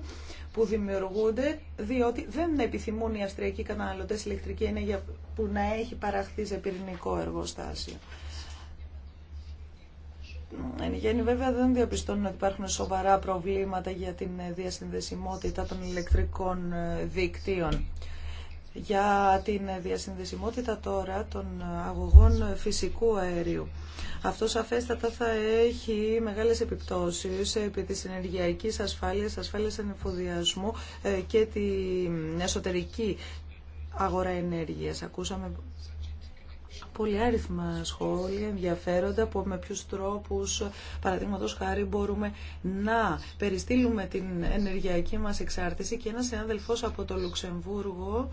Speaker 2: που δημιουργούνται διότι δεν επιθυμούν οι αυστριακοί καταναλωτές ηλεκτρική ενέργεια που να έχει παραχθεί σε πυρηνικό εργοστάσιο. Εν γέννη βέβαια δεν διαπιστώνουν ότι υπάρχουν σοβαρά προβλήματα για την διασυνδεσιμότητα των ηλεκτρικών δικτύων για την διασυνδεσιμότητα τώρα των αγωγών φυσικού αερίου. Αυτό σαφέστατα θα έχει μεγάλες επιπτώσεις επί της ενεργειακής ασφάλειας, ασφάλειας ανεφοδιασμού ε, και την εσωτερική αγορά ενέργειας. Ακούσαμε πολύ άριθμα σχόλια ενδιαφέροντα που με ποιους τρόπους παραδείγματος χάρη μπορούμε να περιστήλουμε την ενεργειακή μας εξάρτηση και ένας συνάδελφος από το Λουξεμβούργο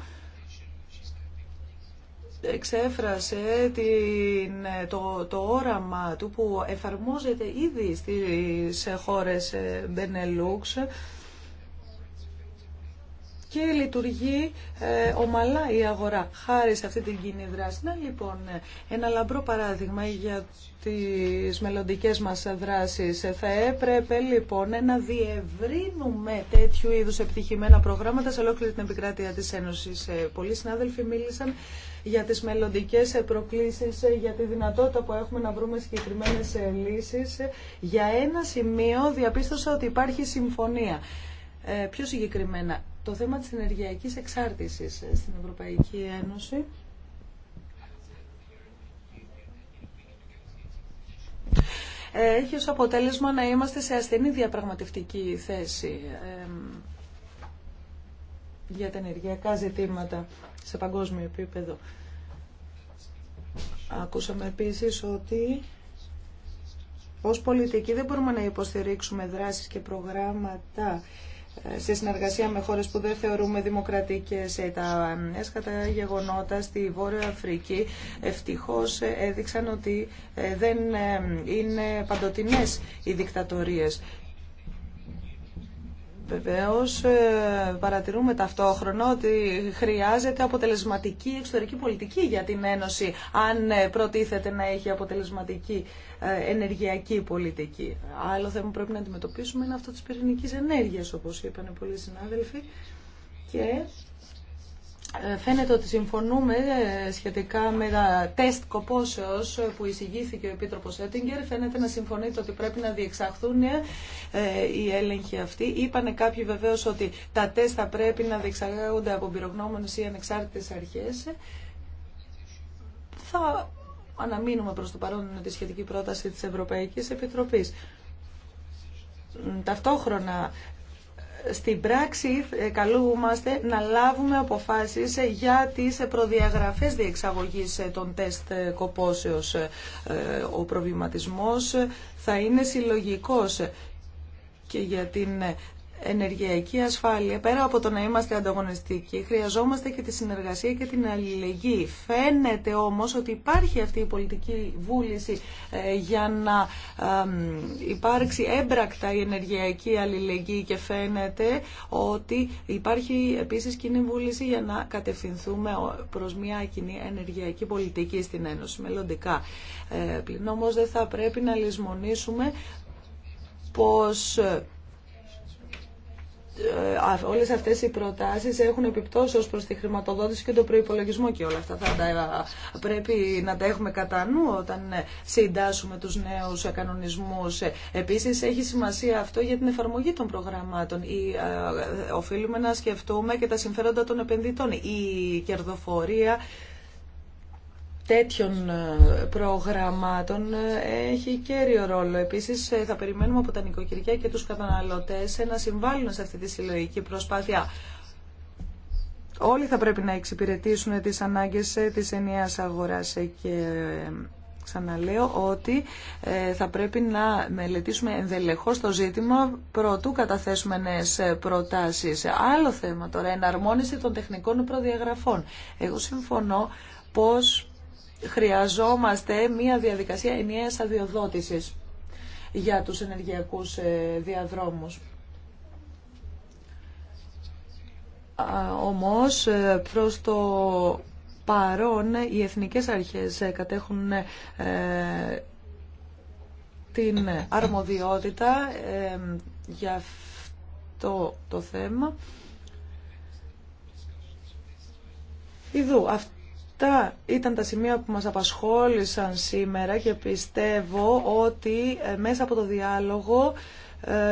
Speaker 2: εξέφρασε την, το, το όραμα του που εφαρμόζεται ήδη στις ε, χώρες ε, Μπενελούξ και λειτουργεί ε, ομαλά η αγορά χάρη σε αυτή την κοινή δράση. Να λοιπόν ένα λαμπρό παράδειγμα για τις μελλοντικέ μας δράσεις. Θα έπρεπε λοιπόν να διευρύνουμε τέτοιου είδους επιτυχημένα προγράμματα σε ολόκληρη την επικράτεια της Ένωσης. Ε, πολλοί συνάδελφοι μίλησαν για τις μελλοντικέ προκλήσεις, ε, για τη δυνατότητα που έχουμε να βρούμε συγκεκριμένες λύσεις. Για ένα σημείο διαπίστωσα ότι υπάρχει συμφωνία. Ε, πιο συγκεκριμένα το θέμα της ενεργειακής εξάρτησης ε, στην Ευρωπαϊκή Ένωση. Ε, έχει ως αποτέλεσμα να είμαστε σε ασθενή διαπραγματευτική θέση για τα ενεργειακά ζητήματα σε παγκόσμιο επίπεδο. Ακούσαμε επίσης ότι ως πολιτικοί δεν μπορούμε να υποστηρίξουμε δράσεις και προγράμματα σε συνεργασία με χώρες που δεν θεωρούμε δημοκρατικές ε, τα έσχατα γεγονότα στη Βόρεια Αφρική ευτυχώς έδειξαν ότι ε, δεν ε, είναι παντοτινές οι δικτατορίες Βεβαίω, ε, παρατηρούμε ταυτόχρονα ότι χρειάζεται αποτελεσματική εξωτερική πολιτική για την Ένωση αν ε, προτίθεται να έχει αποτελεσματική ε, ενεργειακή πολιτική. Άλλο θέμα που πρέπει να αντιμετωπίσουμε είναι αυτό της πυρηνική ενέργειας όπως είπαν πολλοί συνάδελφοι και ε, φαίνεται ότι συμφωνούμε ε, σχετικά με τα τεστ κοπόσεως που εισηγήθηκε ο Επίτροπος Έτιγκερ. Φαίνεται να συμφωνείτε ότι πρέπει να διεξαχθούν ε, οι έλεγχοι αυτοί. Είπανε κάποιοι βεβαίως ότι τα τεστ θα πρέπει να διεξαγάγονται από πυρογνώμονες ή ανεξάρτητες αρχές. Θα αναμείνουμε προς το παρόν τη σχετική πρόταση της Ευρωπαϊκής Επιτροπής. Ταυτόχρονα στην πράξη ε, καλούμαστε να λάβουμε αποφάσεις ε, για τις προδιαγραφές διεξαγωγής ε, των τεστ κοπόσεως. Ο προβληματισμός θα είναι συλλογικός και για την ενεργειακή ασφάλεια, πέρα από το να είμαστε ανταγωνιστικοί, χρειαζόμαστε και τη συνεργασία και την αλληλεγγύη. Φαίνεται όμως ότι υπάρχει αυτή η πολιτική βούληση ε, για να υπάρξει έμπρακτα η ενεργειακή αλληλεγγύη και φαίνεται ότι υπάρχει επίσης κοινή βούληση για να κατευθυνθούμε προς μια κοινή ενεργειακή πολιτική στην Ένωση μελλοντικά. Ε, πλην όμως δεν θα πρέπει να λησμονήσουμε πως ε, ε, όλες αυτές οι προτάσεις έχουν επιπτώσει ως προς τη χρηματοδότηση και τον προϋπολογισμό και όλα αυτά θα ε, πρέπει να τα έχουμε κατά νου όταν ε, συντάσσουμε τους νέους κανονισμούς. Επίσης έχει σημασία αυτό για την εφαρμογή των προγραμμάτων. Ή, οφείλουμε να σκεφτούμε και τα συμφέροντα των επενδυτών. Η κερδοφορία τέτοιων ε, προγραμμάτων ε, έχει κέριο ρόλο. Επίσης ε, θα περιμένουμε από τα νοικοκυριά και τους καταναλωτές να συμβάλλουν σε αυτή τη συλλογική προσπάθεια. Όλοι θα πρέπει να εξυπηρετήσουν τις ανάγκες της ενιαίας αγοράς και ξαναλέω ότι θα πρέπει να μελετήσουμε ενδελεχώς το ζήτημα προτού καταθέσουμε νέες προτάσεις. Άλλο θέμα τώρα, εναρμόνιση των τεχνικών προδιαγραφών. Εγώ συμφωνώ πως χρειαζόμαστε μία διαδικασία ενιαίας αδειοδότησης για τους ενεργειακούς ε, διαδρόμους. Όμως, ε, προς το παρόν, οι εθνικές αρχές ε, κατέχουν την αρμοδιότητα για αυτό το θέμα. Ιδού, αυτό. Αυτά ήταν τα σημεία που μας απασχόλησαν σήμερα και πιστεύω ότι ε, μέσα από το διάλογο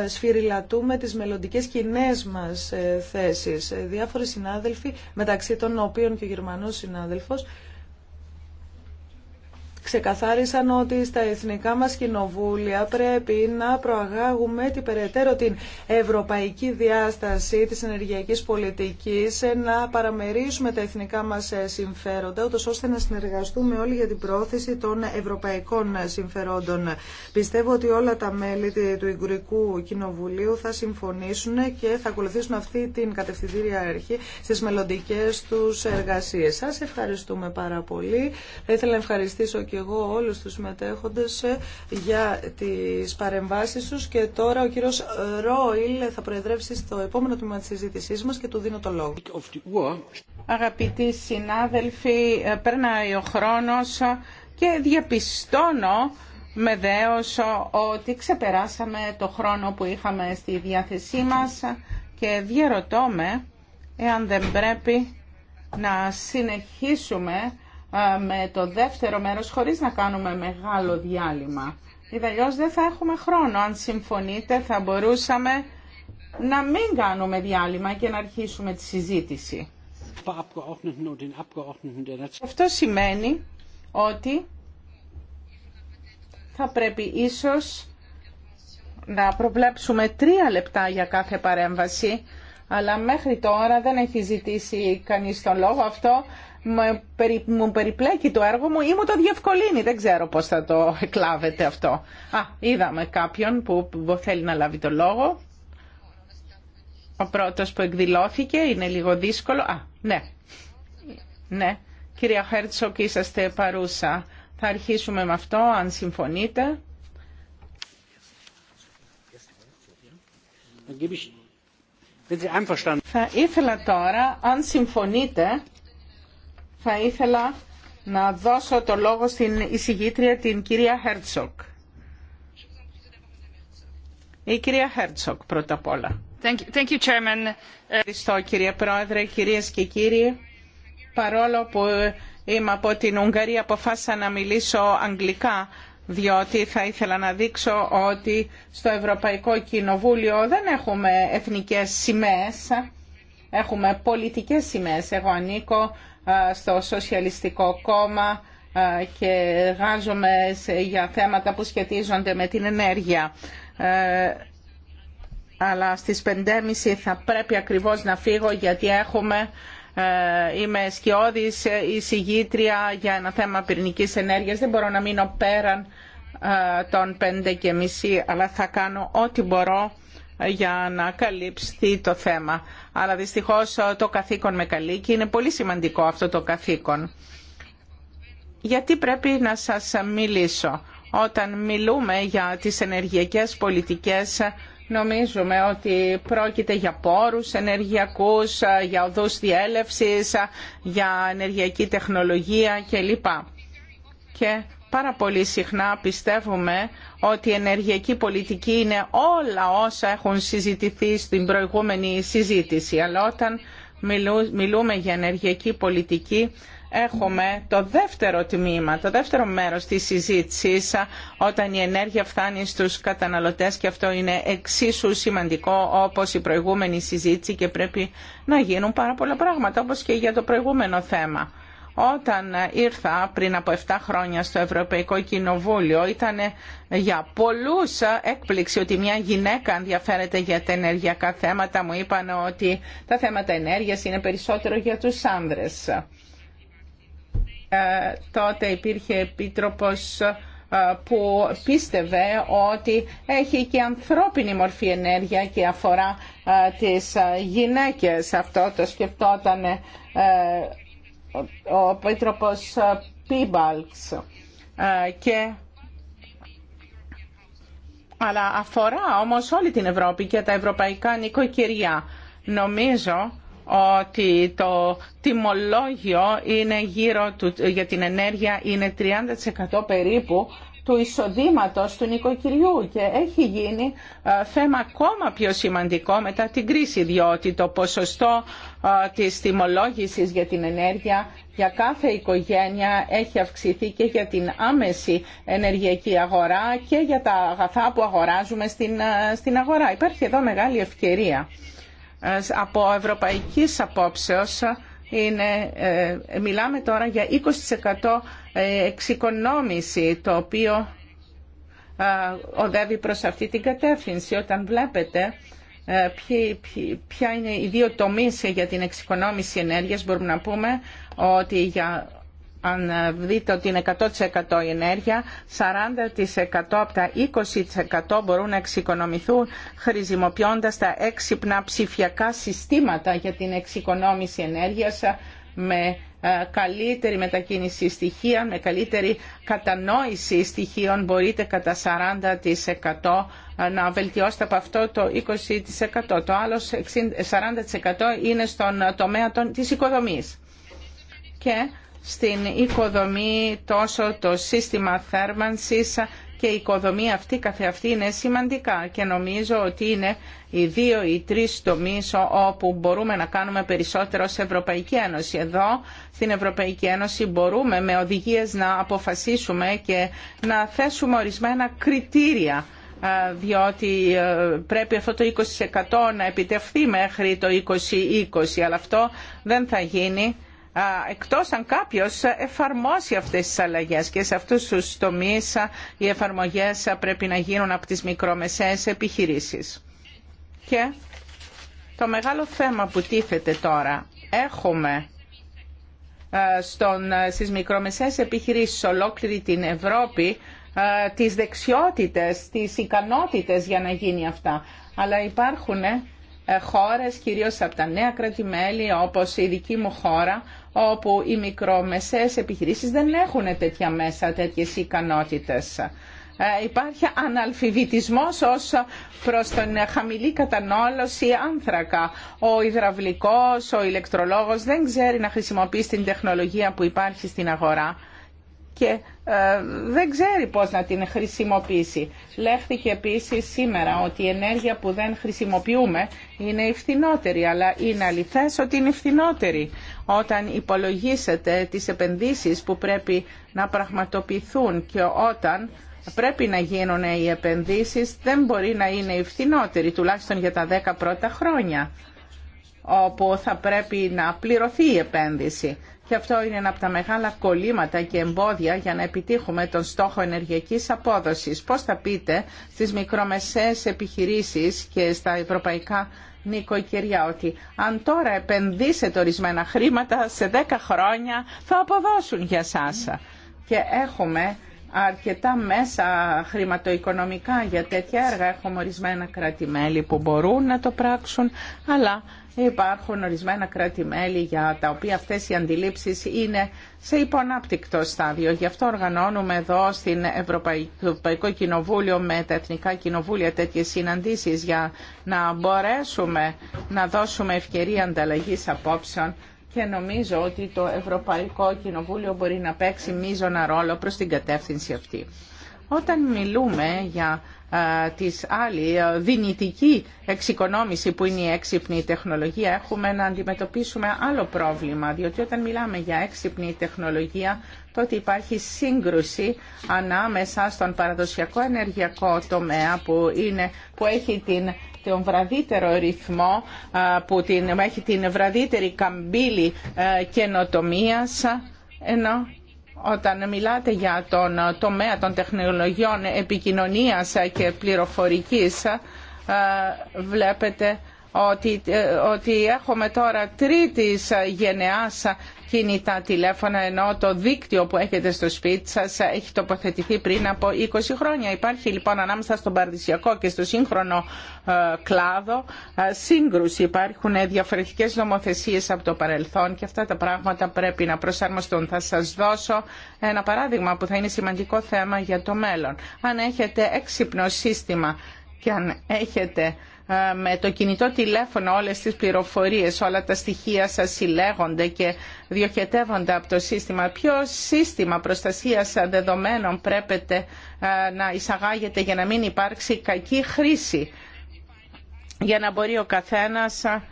Speaker 2: ε, σφυριλατούμε τις μελλοντικέ κοινέ μας ε, θέσεις. Διάφοροι συνάδελφοι, μεταξύ των οποίων και ο Γερμανός συνάδελφος, ξεκαθάρισαν ότι στα εθνικά μας κοινοβούλια πρέπει να προαγάγουμε την περαιτέρω την ευρωπαϊκή διάσταση της ενεργειακής πολιτικής, ε, να παραμερίσουμε τα εθνικά μας ε, συμφέροντα, ούτως ώστε να συνεργαστούμε όλοι για την πρόθεση των ευρωπαϊκών συμφερόντων. Πιστεύω ότι όλα τα μέλη του Ιγκουρικού Κοινοβουλίου θα συμφωνήσουν και θα ακολουθήσουν αυτή την κατευθυντήρια αρχή στις μελλοντικέ τους εργασίες. Σας ευχαριστούμε πάρα πολύ. Θα ήθελα να ευχαριστήσω και εγώ όλους τους μετέχοντες ε, για τις παρεμβάσεις τους και τώρα ο κύριος ε, Ρόιλ θα προεδρεύσει στο επόμενο τμήμα της συζήτησής μας και του δίνω το λόγο. Αγαπητοί συνάδελφοι,
Speaker 1: ε, περνάει ο χρόνος και διαπιστώνω με δέος ότι ξεπεράσαμε το χρόνο που είχαμε στη διάθεσή μας και διαρωτώ με εάν δεν πρέπει να συνεχίσουμε ε, με το δεύτερο μέρος χωρίς να κάνουμε μεγάλο διάλειμμα. Ιδαλλιώς δεν θα έχουμε χρόνο. Αν συμφωνείτε θα μπορούσαμε να μην κάνουμε διάλειμμα και να αρχίσουμε τη συζήτηση. Αυτό σημαίνει ότι θα πρέπει ίσως να προβλέψουμε τρία λεπτά για κάθε παρέμβαση, αλλά μέχρι τώρα δεν έχει ζητήσει κανείς τον λόγο αυτό μου περιπλέκει το έργο μου ή μου το διευκολύνει. Δεν ξέρω πώς θα το εκλάβετε αυτό. Α, είδαμε κάποιον που θέλει να λάβει το λόγο. Ο πρώτος που εκδηλώθηκε είναι λίγο δύσκολο. Α, ναι. Ναι. Κυρία Χέρτσοκ, είσαστε παρούσα. Θα αρχίσουμε με αυτό, αν συμφωνείτε. Θα ήθελα τώρα, αν συμφωνείτε, θα ήθελα να δώσω το λόγο στην εισηγήτρια την κυρία Χέρτσοκ. Η κυρία Χέρτσοκ πρώτα απ' όλα. Thank you, thank you, Ευχαριστώ κύριε Πρόεδρε, κυρίες και κύριοι. Παρόλο που είμαι από την Ουγγαρία αποφάσισα να μιλήσω αγγλικά διότι θα ήθελα να δείξω ότι στο Ευρωπαϊκό Κοινοβούλιο δεν έχουμε εθνικές σημαίες, έχουμε πολιτικές σημαίες. Εγώ ανήκω στο Σοσιαλιστικό Κόμμα και εργάζομαι για θέματα που σχετίζονται με την ενέργεια. Αλλά στις 5.30 θα πρέπει ακριβώς να φύγω γιατί έχουμε είμαι σκιώδης εισηγήτρια για ένα θέμα πυρηνικής ενέργειας. Δεν μπορώ να μείνω πέραν των 5.30 αλλά θα κάνω ό,τι μπορώ για να καλύψει το θέμα. Αλλά δυστυχώς ε, το καθήκον με καλή και είναι πολύ σημαντικό αυτό το καθήκον. Γιατί πρέπει να σας μιλήσω. Όταν μιλούμε για τις ενεργειακές πολιτικές νομίζουμε ότι πρόκειται για πόρους ενεργειακούς, ε, για οδούς διέλευσης, ε, για ενεργειακή τεχνολογία κλπ. Και Πάρα πολύ συχνά πιστεύουμε ότι η ενεργειακή πολιτική είναι όλα όσα έχουν συζητηθεί στην προηγούμενη συζήτηση. Αλλά όταν μιλούμε για ενεργειακή πολιτική έχουμε το δεύτερο τμήμα, το δεύτερο μέρος της συζήτησης όταν η ενέργεια φτάνει στους καταναλωτές και αυτό είναι εξίσου σημαντικό όπως η προηγούμενη συζήτηση και πρέπει να γίνουν πάρα πολλά πράγματα όπως και για το προηγούμενο θέμα. Όταν ήρθα πριν από 7 χρόνια στο Ευρωπαϊκό Κοινοβούλιο ήταν για πολλούς έκπληξη ότι μια γυναίκα ενδιαφέρεται για τα ενεργειακά θέματα. Μου είπαν ότι τα θέματα ενέργειας είναι περισσότερο για τους άνδρες. Ε, τότε υπήρχε επίτροπος ε, που πίστευε ότι έχει και ανθρώπινη μορφή ενέργεια και αφορά ε, τις γυναίκες. Αυτό το σκεφτόταν ο Επίτροπος ε, Πίμπαλξ ε, αλλά αφορά όμως όλη την Ευρώπη και τα ευρωπαϊκά νοικοκυριά. Νομίζω ότι το τιμολόγιο είναι γύρω του, για την ενέργεια είναι 30% περίπου του εισοδήματος του νοικοκυριού και έχει γίνει ε, θέμα ακόμα πιο σημαντικό μετά την κρίση διότι το ποσοστό ε, της τιμολόγησης για την ενέργεια για κάθε οικογένεια έχει αυξηθεί και για την άμεση ενεργειακή αγορά και για τα αγαθά που αγοράζουμε στην, ε, στην αγορά. Υπάρχει εδώ μεγάλη ευκαιρία. Από ευρωπαϊκής απόψεως είναι, μιλάμε τώρα για 20% εξοικονόμηση το οποίο οδεύει προς αυτή την κατεύθυνση. Όταν βλέπετε ε, ποια είναι οι δύο τομείς για την εξοικονόμηση ενέργειας μπορούμε να πούμε ότι για αν ε, δείτε ότι είναι 100% η ενέργεια, 40% από τα 20% μπορούν να εξοικονομηθούν χρησιμοποιώντας τα έξυπνα ψηφιακά συστήματα για την εξοικονόμηση ενέργειας με ε, καλύτερη μετακίνηση στοιχεία, με καλύτερη κατανόηση στοιχείων μπορείτε κατά 40% ε, να βελτιώσετε από αυτό το 20%. Το άλλο 40% είναι στον τομέα της οικοδομής. Και στην οικοδομή τόσο το σύστημα θέρμανσης και η οικοδομή αυτή καθεαυτή είναι σημαντικά και νομίζω ότι είναι οι δύο ή τρει τομεί όπου μπορούμε να κάνουμε περισσότερο σε Ευρωπαϊκή Ένωση. Εδώ στην Ευρωπαϊκή Ένωση μπορούμε με οδηγίες να αποφασίσουμε και να θέσουμε ορισμένα κριτήρια διότι πρέπει αυτό το 20% να επιτευχθεί μέχρι το 2020 αλλά αυτό δεν θα γίνει εκτός αν κάποιος εφαρμόσει αυτές τις αλλαγές και σε αυτούς τους τομείς οι εφαρμογές πρέπει να γίνουν από τις μικρομεσαίες επιχειρήσεις. Και το μεγάλο θέμα που τίθεται τώρα έχουμε στον, στις μικρομεσαίες επιχειρήσεις ολόκληρη την Ευρώπη τις δεξιότητες, τις ικανότητες για να γίνει αυτά. Αλλά υπάρχουν ε, χώρες, κυρίως από τα νέα κρατημέλη, όπως η δική μου χώρα, όπου οι μικρομεσαίες επιχειρήσεις δεν έχουν τέτοια μέσα, τέτοιες ικανότητες. Ε, υπάρχει αναλφιβητισμός ως προς τον χαμηλή κατανόλωση άνθρακα. Ο υδραυλικός, ο ηλεκτρολόγος δεν ξέρει να χρησιμοποιήσει την τεχνολογία που υπάρχει στην αγορά και ε, δεν ξέρει πώς να την χρησιμοποιήσει. Λέχθηκε επίσης σήμερα ότι η ενέργεια που δεν χρησιμοποιούμε είναι η φθηνότερη, αλλά είναι αληθές ότι είναι φθηνότερη. Όταν υπολογίσετε τις επενδύσεις που πρέπει να πραγματοποιηθούν και όταν πρέπει να γίνουν οι επενδύσεις, δεν μπορεί να είναι η φθηνότερη, τουλάχιστον για τα 10 πρώτα χρόνια όπου θα πρέπει να πληρωθεί η επένδυση και αυτό είναι ένα από τα μεγάλα κολλήματα και εμπόδια για να επιτύχουμε τον στόχο ενεργειακής απόδοσης. Πώς θα πείτε στις μικρομεσαίες επιχειρήσεις και στα ευρωπαϊκά νοικοκυριά ότι αν τώρα επενδύσετε ορισμένα χρήματα σε 10 χρόνια θα αποδώσουν για σας. Και έχουμε αρκετά μέσα χρηματοοικονομικά για τέτοια έργα. Έχουμε ορισμένα κράτη-μέλη που μπορούν να το πράξουν, αλλά υπάρχουν ορισμένα κράτη-μέλη για τα οποία αυτές οι αντιλήψεις είναι σε υποανάπτυκτο στάδιο. Γι' αυτό οργανώνουμε εδώ στην Ευρωπαϊκό Κοινοβούλιο με τα Εθνικά Κοινοβούλια τέτοιες συναντήσεις για να μπορέσουμε να δώσουμε ευκαιρία ανταλλαγής απόψεων και νομίζω ότι το Ευρωπαϊκό Κοινοβούλιο μπορεί να παίξει μείζωνα ρόλο προς την κατεύθυνση αυτή. Όταν μιλούμε για α, τις άλλη δυνητική εξοικονόμηση που είναι η έξυπνη τεχνολογία, έχουμε να αντιμετωπίσουμε άλλο πρόβλημα, διότι όταν μιλάμε για έξυπνη τεχνολογία το ότι υπάρχει σύγκρουση ανάμεσα στον παραδοσιακό ενεργειακό τομέα που, είναι, που έχει την τον βραδύτερο ρυθμό που την, έχει την βραδύτερη καμπύλη καινοτομία, ενώ όταν μιλάτε για τον τομέα των τεχνολογιών επικοινωνίας και πληροφορικής βλέπετε ότι, ε, ότι έχουμε τώρα τρίτης γενεάς κινητά τηλέφωνα ενώ το δίκτυο που έχετε στο σπίτι σας έχει τοποθετηθεί πριν από 20 χρόνια. Υπάρχει λοιπόν ανάμεσα στον παρδισιακό και στο σύγχρονο ε, κλάδο ε, σύγκρουση. Υπάρχουν διαφορετικές νομοθεσίες από το παρελθόν και αυτά τα πράγματα πρέπει να προσαρμοστούν. Θα σας δώσω ένα παράδειγμα που θα είναι σημαντικό θέμα για το μέλλον. Αν έχετε έξυπνο σύστημα και αν έχετε ε, με το κινητό τηλέφωνο όλες τις πληροφορίες, όλα τα στοιχεία σας συλλέγονται και διοχετεύονται από το σύστημα. Ποιο σύστημα προστασίας δεδομένων πρέπει ε, να εισαγάγεται για να μην υπάρξει κακή χρήση, για να μπορεί ο καθένας ε,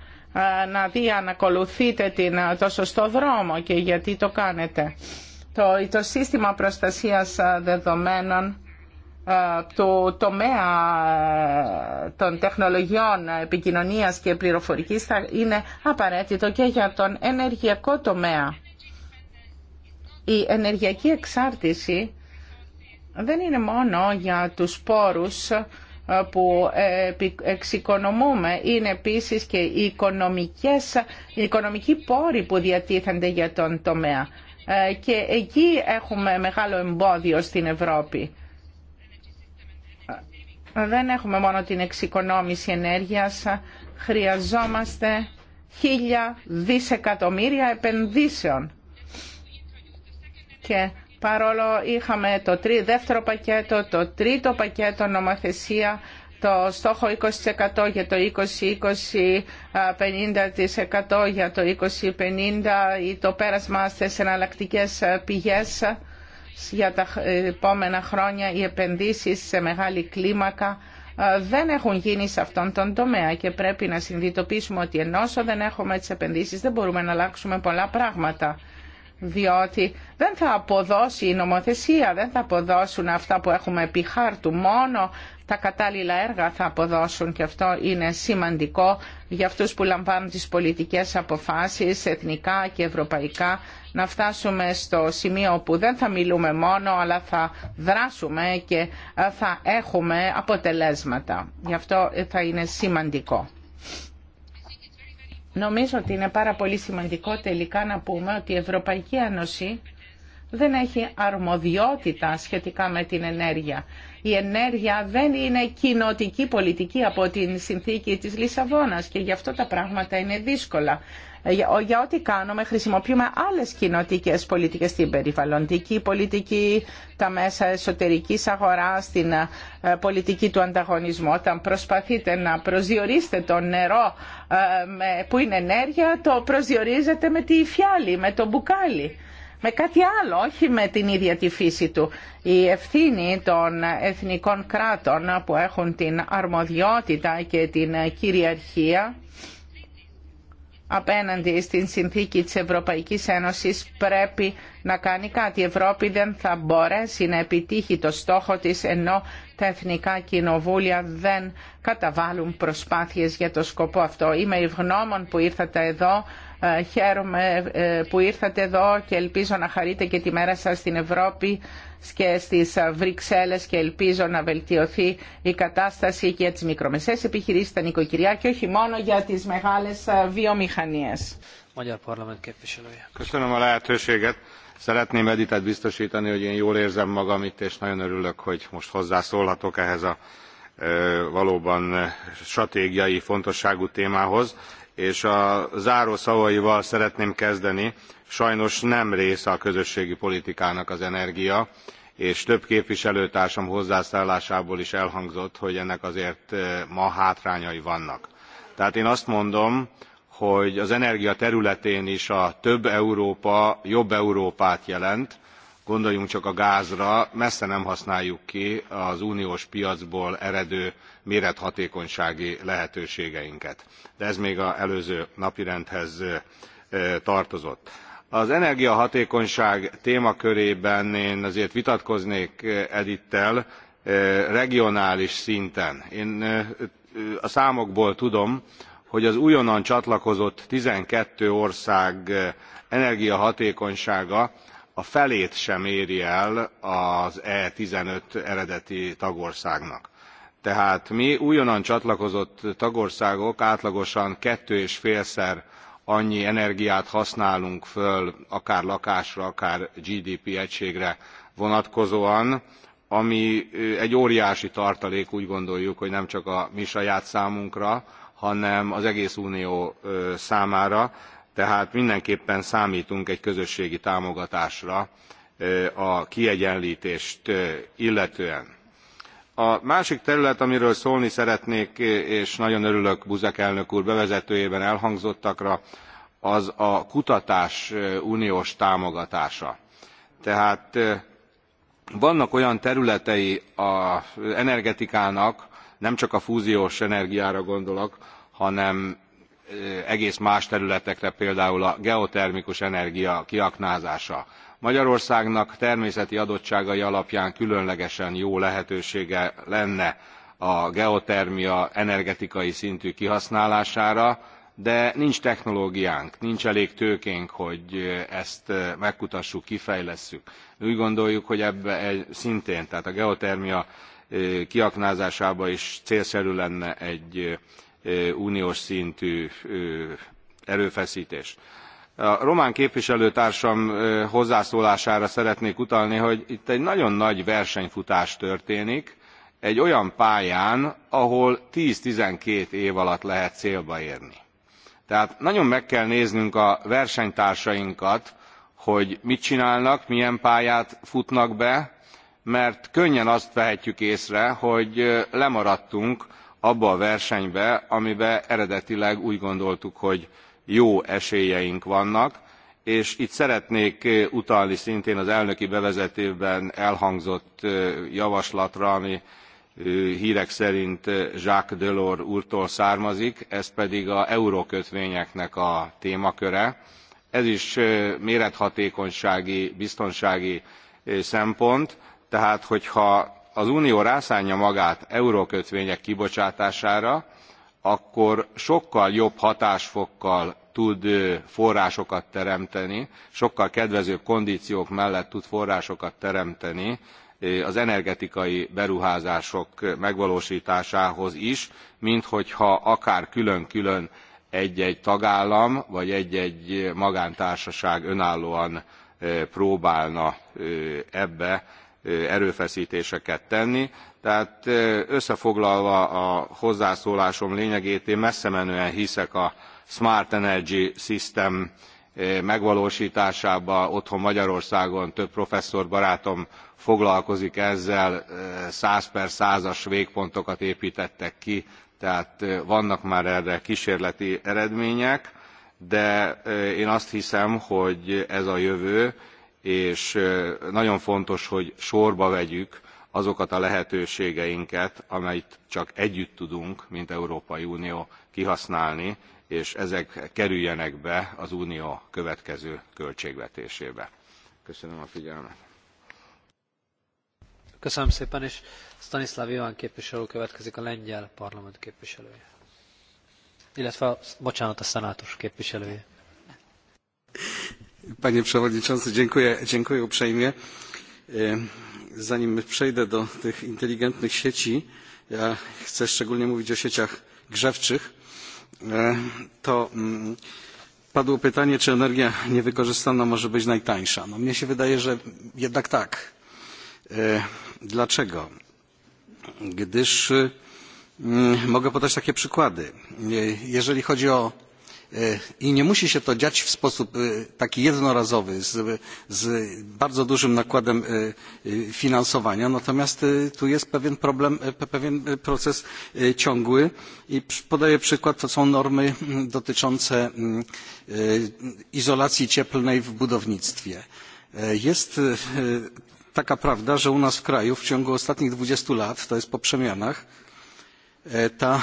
Speaker 1: να δει αν ακολουθείτε την, το σωστό δρόμο και γιατί το κάνετε. Το, το σύστημα προστασίας δεδομένων ε, το τομέα ε, των τεχνολογιών επικοινωνίας και πληροφορικής θα είναι απαραίτητο και για τον ενεργειακό τομέα. Η ενεργειακή εξάρτηση δεν είναι μόνο για τους πόρους ε, που εξοικονομούμε είναι επίσης και οι, οικονομικές, οι οικονομικοί πόροι που διατίθενται για τον τομέα. Και εκεί έχουμε μεγάλο εμπόδιο στην Ευρώπη δεν έχουμε μόνο την εξοικονόμηση ενέργειας, χρειαζόμαστε χίλια δισεκατομμύρια επενδύσεων. Και παρόλο είχαμε το δεύτερο πακέτο, το τρίτο πακέτο νομοθεσία, το στόχο 20% για το 2020, 50% για το 2050 ή το πέρασμα στις εναλλακτικές πηγές για τα επόμενα χρόνια οι επενδύσεις σε μεγάλη κλίμακα δεν έχουν γίνει σε αυτόν τον τομέα και πρέπει να συνειδητοποιήσουμε ότι ενώ δεν έχουμε τις επενδύσεις δεν μπορούμε να αλλάξουμε πολλά πράγματα διότι δεν θα αποδώσει η νομοθεσία, δεν θα αποδώσουν αυτά που έχουμε επί χάρτου, μόνο τα κατάλληλα έργα θα αποδώσουν και αυτό είναι σημαντικό για αυτούς που λαμβάνουν τις πολιτικές αποφάσεις εθνικά και ευρωπαϊκά να φτάσουμε στο σημείο που δεν θα μιλούμε μόνο, αλλά θα δράσουμε και ε, θα έχουμε αποτελέσματα. Γι' αυτό θα είναι σημαντικό. Νομίζω ότι είναι πάρα πολύ σημαντικό τελικά να πούμε ότι η Ευρωπαϊκή Ένωση δεν έχει αρμοδιότητα σχετικά με την ενέργεια. Η ενέργεια δεν είναι κοινοτική πολιτική από την συνθήκη της Λισαβόνας και γι' αυτό τα πράγματα είναι δύσκολα για ό,τι κάνουμε χρησιμοποιούμε άλλες κοινοτικές πολιτικές, στην περιβαλλοντική πολιτική, τα μέσα εσωτερικής αγοράς, την ε, πολιτική του ανταγωνισμού. Όταν προσπαθείτε να προσδιορίσετε το νερό ε, που είναι ενέργεια, το προσδιορίζετε με τη φιάλη, με το μπουκάλι με κάτι άλλο, όχι με την ίδια τη φύση του. Η ευθύνη των εθνικών κράτων που έχουν την αρμοδιότητα και την κυριαρχία απέναντι στην συνθήκη της Ευρωπαϊκής Ένωσης πρέπει να κάνει κάτι. Η Ευρώπη δεν θα μπορέσει να επιτύχει το στόχο της ενώ τα εθνικά κοινοβούλια δεν καταβάλουν προσπάθειες για το σκοπό αυτό. Είμαι ευγνώμων που ήρθατε εδώ ε, χαίρομαι ε, που ήρθατε εδώ και ελπίζω να χαρείτε και τη μέρα σας στην Ευρώπη και στις ε, Βρυξέλλες και ελπίζω να βελτιωθεί η κατάσταση και για τις μικρομεσαίες επιχειρήσεις, τα νοικοκυριά και όχι μόνο για τις μεγάλες βιομηχανίες.
Speaker 5: Szeretném Editet biztosítani, hogy én jól érzem magam itt, és nagyon örülök, hogy most hozzászólhatok ehhez a valóban stratégiai fontosságú témához és a záró szavaival szeretném kezdeni sajnos nem része a közösségi politikának az energia és több képviselőtársam hozzászólásából is elhangzott hogy ennek azért ma hátrányai vannak. tehát én azt mondom hogy az energia területén is a több európa jobb európát jelent gondoljunk csak a gázra messze nem használjuk ki az uniós piacból eredő mérethatékonysági lehetőségeinket de ez még az előző napirendhez tartozott. az energiahatékonyság témakörében én azért vitatkoznék edittel regionális szinten. én a számokból tudom hogy az újonnan csatlakozott twelve ország energiahatékonysága a felét sem éri el az e fifteen eredeti tagországnak. tehát mi újonnan csatlakozott tagországok átlagosan kettő és félszer annyi energiát használunk föl akár lakásra akár gdp egységre vonatkozóan ami egy óriási tartalék úgy gondoljuk hogy nem csak a mi saját számunkra hanem az egész unió számára tehát mindenképpen számítunk egy közösségi támogatásra a kiegyenltést illetően. a másik terület amiről szólni szeretnék és nagyon örülök buzek elnök úr bevezetőjében elhangzottakra az a kutatás uniós támogatása. tehát vannak olyan területei az energetikának nemcsak a fúziós energiára gondolok hanem egész más területekre például a geotermikus energia kiaknázása. magyarországnak természeti adottságai alapján különlegesen jó lehetősége lenne a geotermia energetikai szintű kihasználására de nincs technológiánk nincs elég tőkénk hogy ezt megkutassuk kifejlesszük. úgy gondoljuk hogy ebbe szintén tehát a geotermia kiaknázásába is célszerű lenne egy uniós szintű erőfeszítés. A román képviselőtársam hozzászólására szeretnék utalni, hogy itt egy nagyon nagy versenyfutás történik, egy olyan pályán, ahol 10-12 év alatt lehet célba érni. Tehát nagyon meg kell néznünk a versenytársainkat, hogy mit csinálnak, milyen pályát futnak be, mert könnyen azt vehetjük észre, hogy lemaradtunk abba a versenybe, amiben eredetileg úgy gondoltuk, hogy jó esélyeink vannak, és itt szeretnék utalni szintén az elnöki bevezetőben elhangzott javaslatra, ami hírek szerint Jacques Delors úrtól származik, ez pedig az eurókötvényeknek a témaköre. Ez is mérethatékonysági, biztonsági szempont, tehát hogyha az unió rászánja magát eurókötvények kibocsátására akkor sokkal jobb hatásfokkal tud forrásokat teremteni sokkal kedvezőbb kondciók mellett tud forrásokat teremteni az energetikai beruházások megvalóstásához is minthogyha akár külön külön egy egy tagállam vagy egy egy magántársaság önállóan próbálna ebbe erőfeszítéseket tenni. Tehát összefoglalva a hozzászólásom lényegét, én messzemenően hiszek a Smart Energy System megvalósításába. Otthon Magyarországon több professzor barátom foglalkozik ezzel, 100 per 100 végpontokat építettek ki, tehát vannak már erre kísérleti eredmények, de én azt hiszem, hogy ez a jövő, és nagyon fontos, hogy sorba vegyük azokat a lehetőségeinket, amelyet csak együtt tudunk, mint Európai Unió kihasználni, és ezek kerüljenek be az Unió következő költségvetésébe. Köszönöm a figyelmet.
Speaker 3: Köszönöm szépen, és Stanislav Iván képviselő következik a lengyel parlament képviselője.
Speaker 5: Illetve, bocsánat,
Speaker 3: a szenátus képviselője. Panie Przewodniczący, dziękuję uprzejmie. Zanim przejdę do tych inteligentnych sieci, ja chcę szczególnie mówić o sieciach grzewczych, to padło pytanie, czy energia niewykorzystana może być najtańsza. No mnie się wydaje, że jednak tak. Dlaczego? Gdyż mogę podać takie przykłady. Jeżeli chodzi o i nie musi się to dziać w sposób taki jednorazowy z bardzo dużym nakładem finansowania natomiast tu jest pewien problem pewien proces ciągły i podaję przykład to są normy dotyczące izolacji cieplnej w budownictwie. jest taka prawda że u nas w kraju w ciągu ostatnich 20 lat to jest po przemianach ta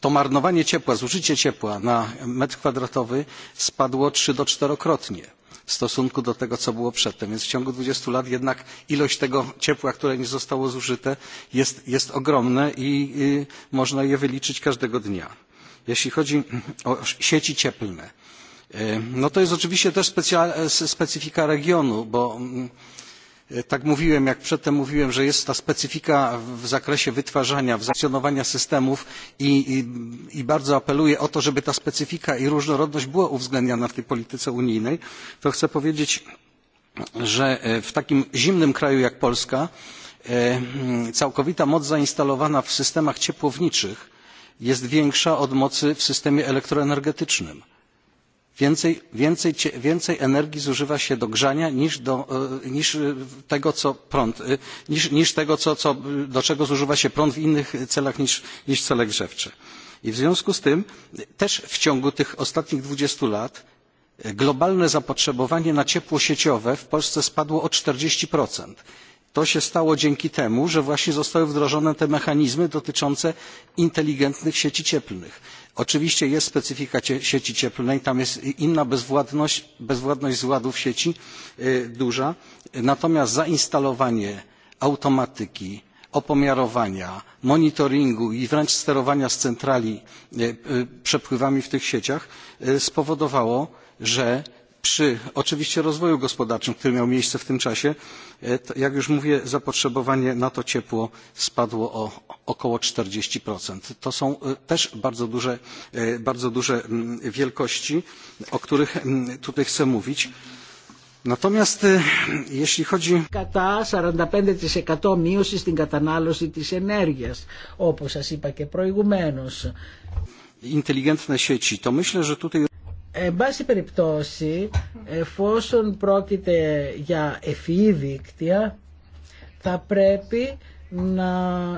Speaker 3: to marnowanie ciepła, zużycie ciepła na metr kwadratowy spadło trzy do czterokrotnie w stosunku do tego, co było przedtem. Więc w ciągu 20 lat jednak ilość tego ciepła, które nie zostało zużyte, jest ogromna i można je wyliczyć każdego dnia. Jeśli chodzi o sieci cieplne, to jest oczywiście też specyfika regionu, bo tak mówiłem jak przedtem mówiłem że jest ta specyfika w zakresie wytwarzania funkcjonowania systemów i bardzo apeluję o to żeby ta specyfika i różnorodność była uwzględniana w tej polityce unijnej to chcę powiedzieć że w takim zimnym kraju jak polska całkowita moc zainstalowana w systemach ciepłowniczych jest większa od mocy w systemie elektroenergetycznym. Więcej energii zużywa się do grzania niż tego, do czego zużywa się prąd w innych celach niż cele grzewcze. I w związku z tym też w ciągu tych ostatnich 20 lat globalne zapotrzebowanie na ciepło sieciowe w Polsce spadło o 40%. To się stało dzięki temu, że właśnie zostały wdrożone te mechanizmy dotyczące inteligentnych sieci cieplnych. Oczywiście jest specyfika sieci cieplnej, tam jest inna bezwładność, bezwładność zładów sieci duża, natomiast zainstalowanie automatyki, opomiarowania, monitoringu i wręcz sterowania z centrali przepływami w tych sieciach spowodowało, że przy oczywiście rozwoju gospodarczym, który miał miejsce w tym czasie, jak już mówię, zapotrzebowanie na to ciepło spadło o około 40%. To są też bardzo duże wielkości, o których tutaj chcę mówić.
Speaker 4: Natomiast jeśli chodzi... Κατά 45% μείωση στην κατανάλωση της είπα και
Speaker 3: Inteligentne sieci, to myślę, że tutaj
Speaker 4: Εν πάση περιπτώσει, εφόσον πρόκειται για ευφυή δίκτυα, θα πρέπει να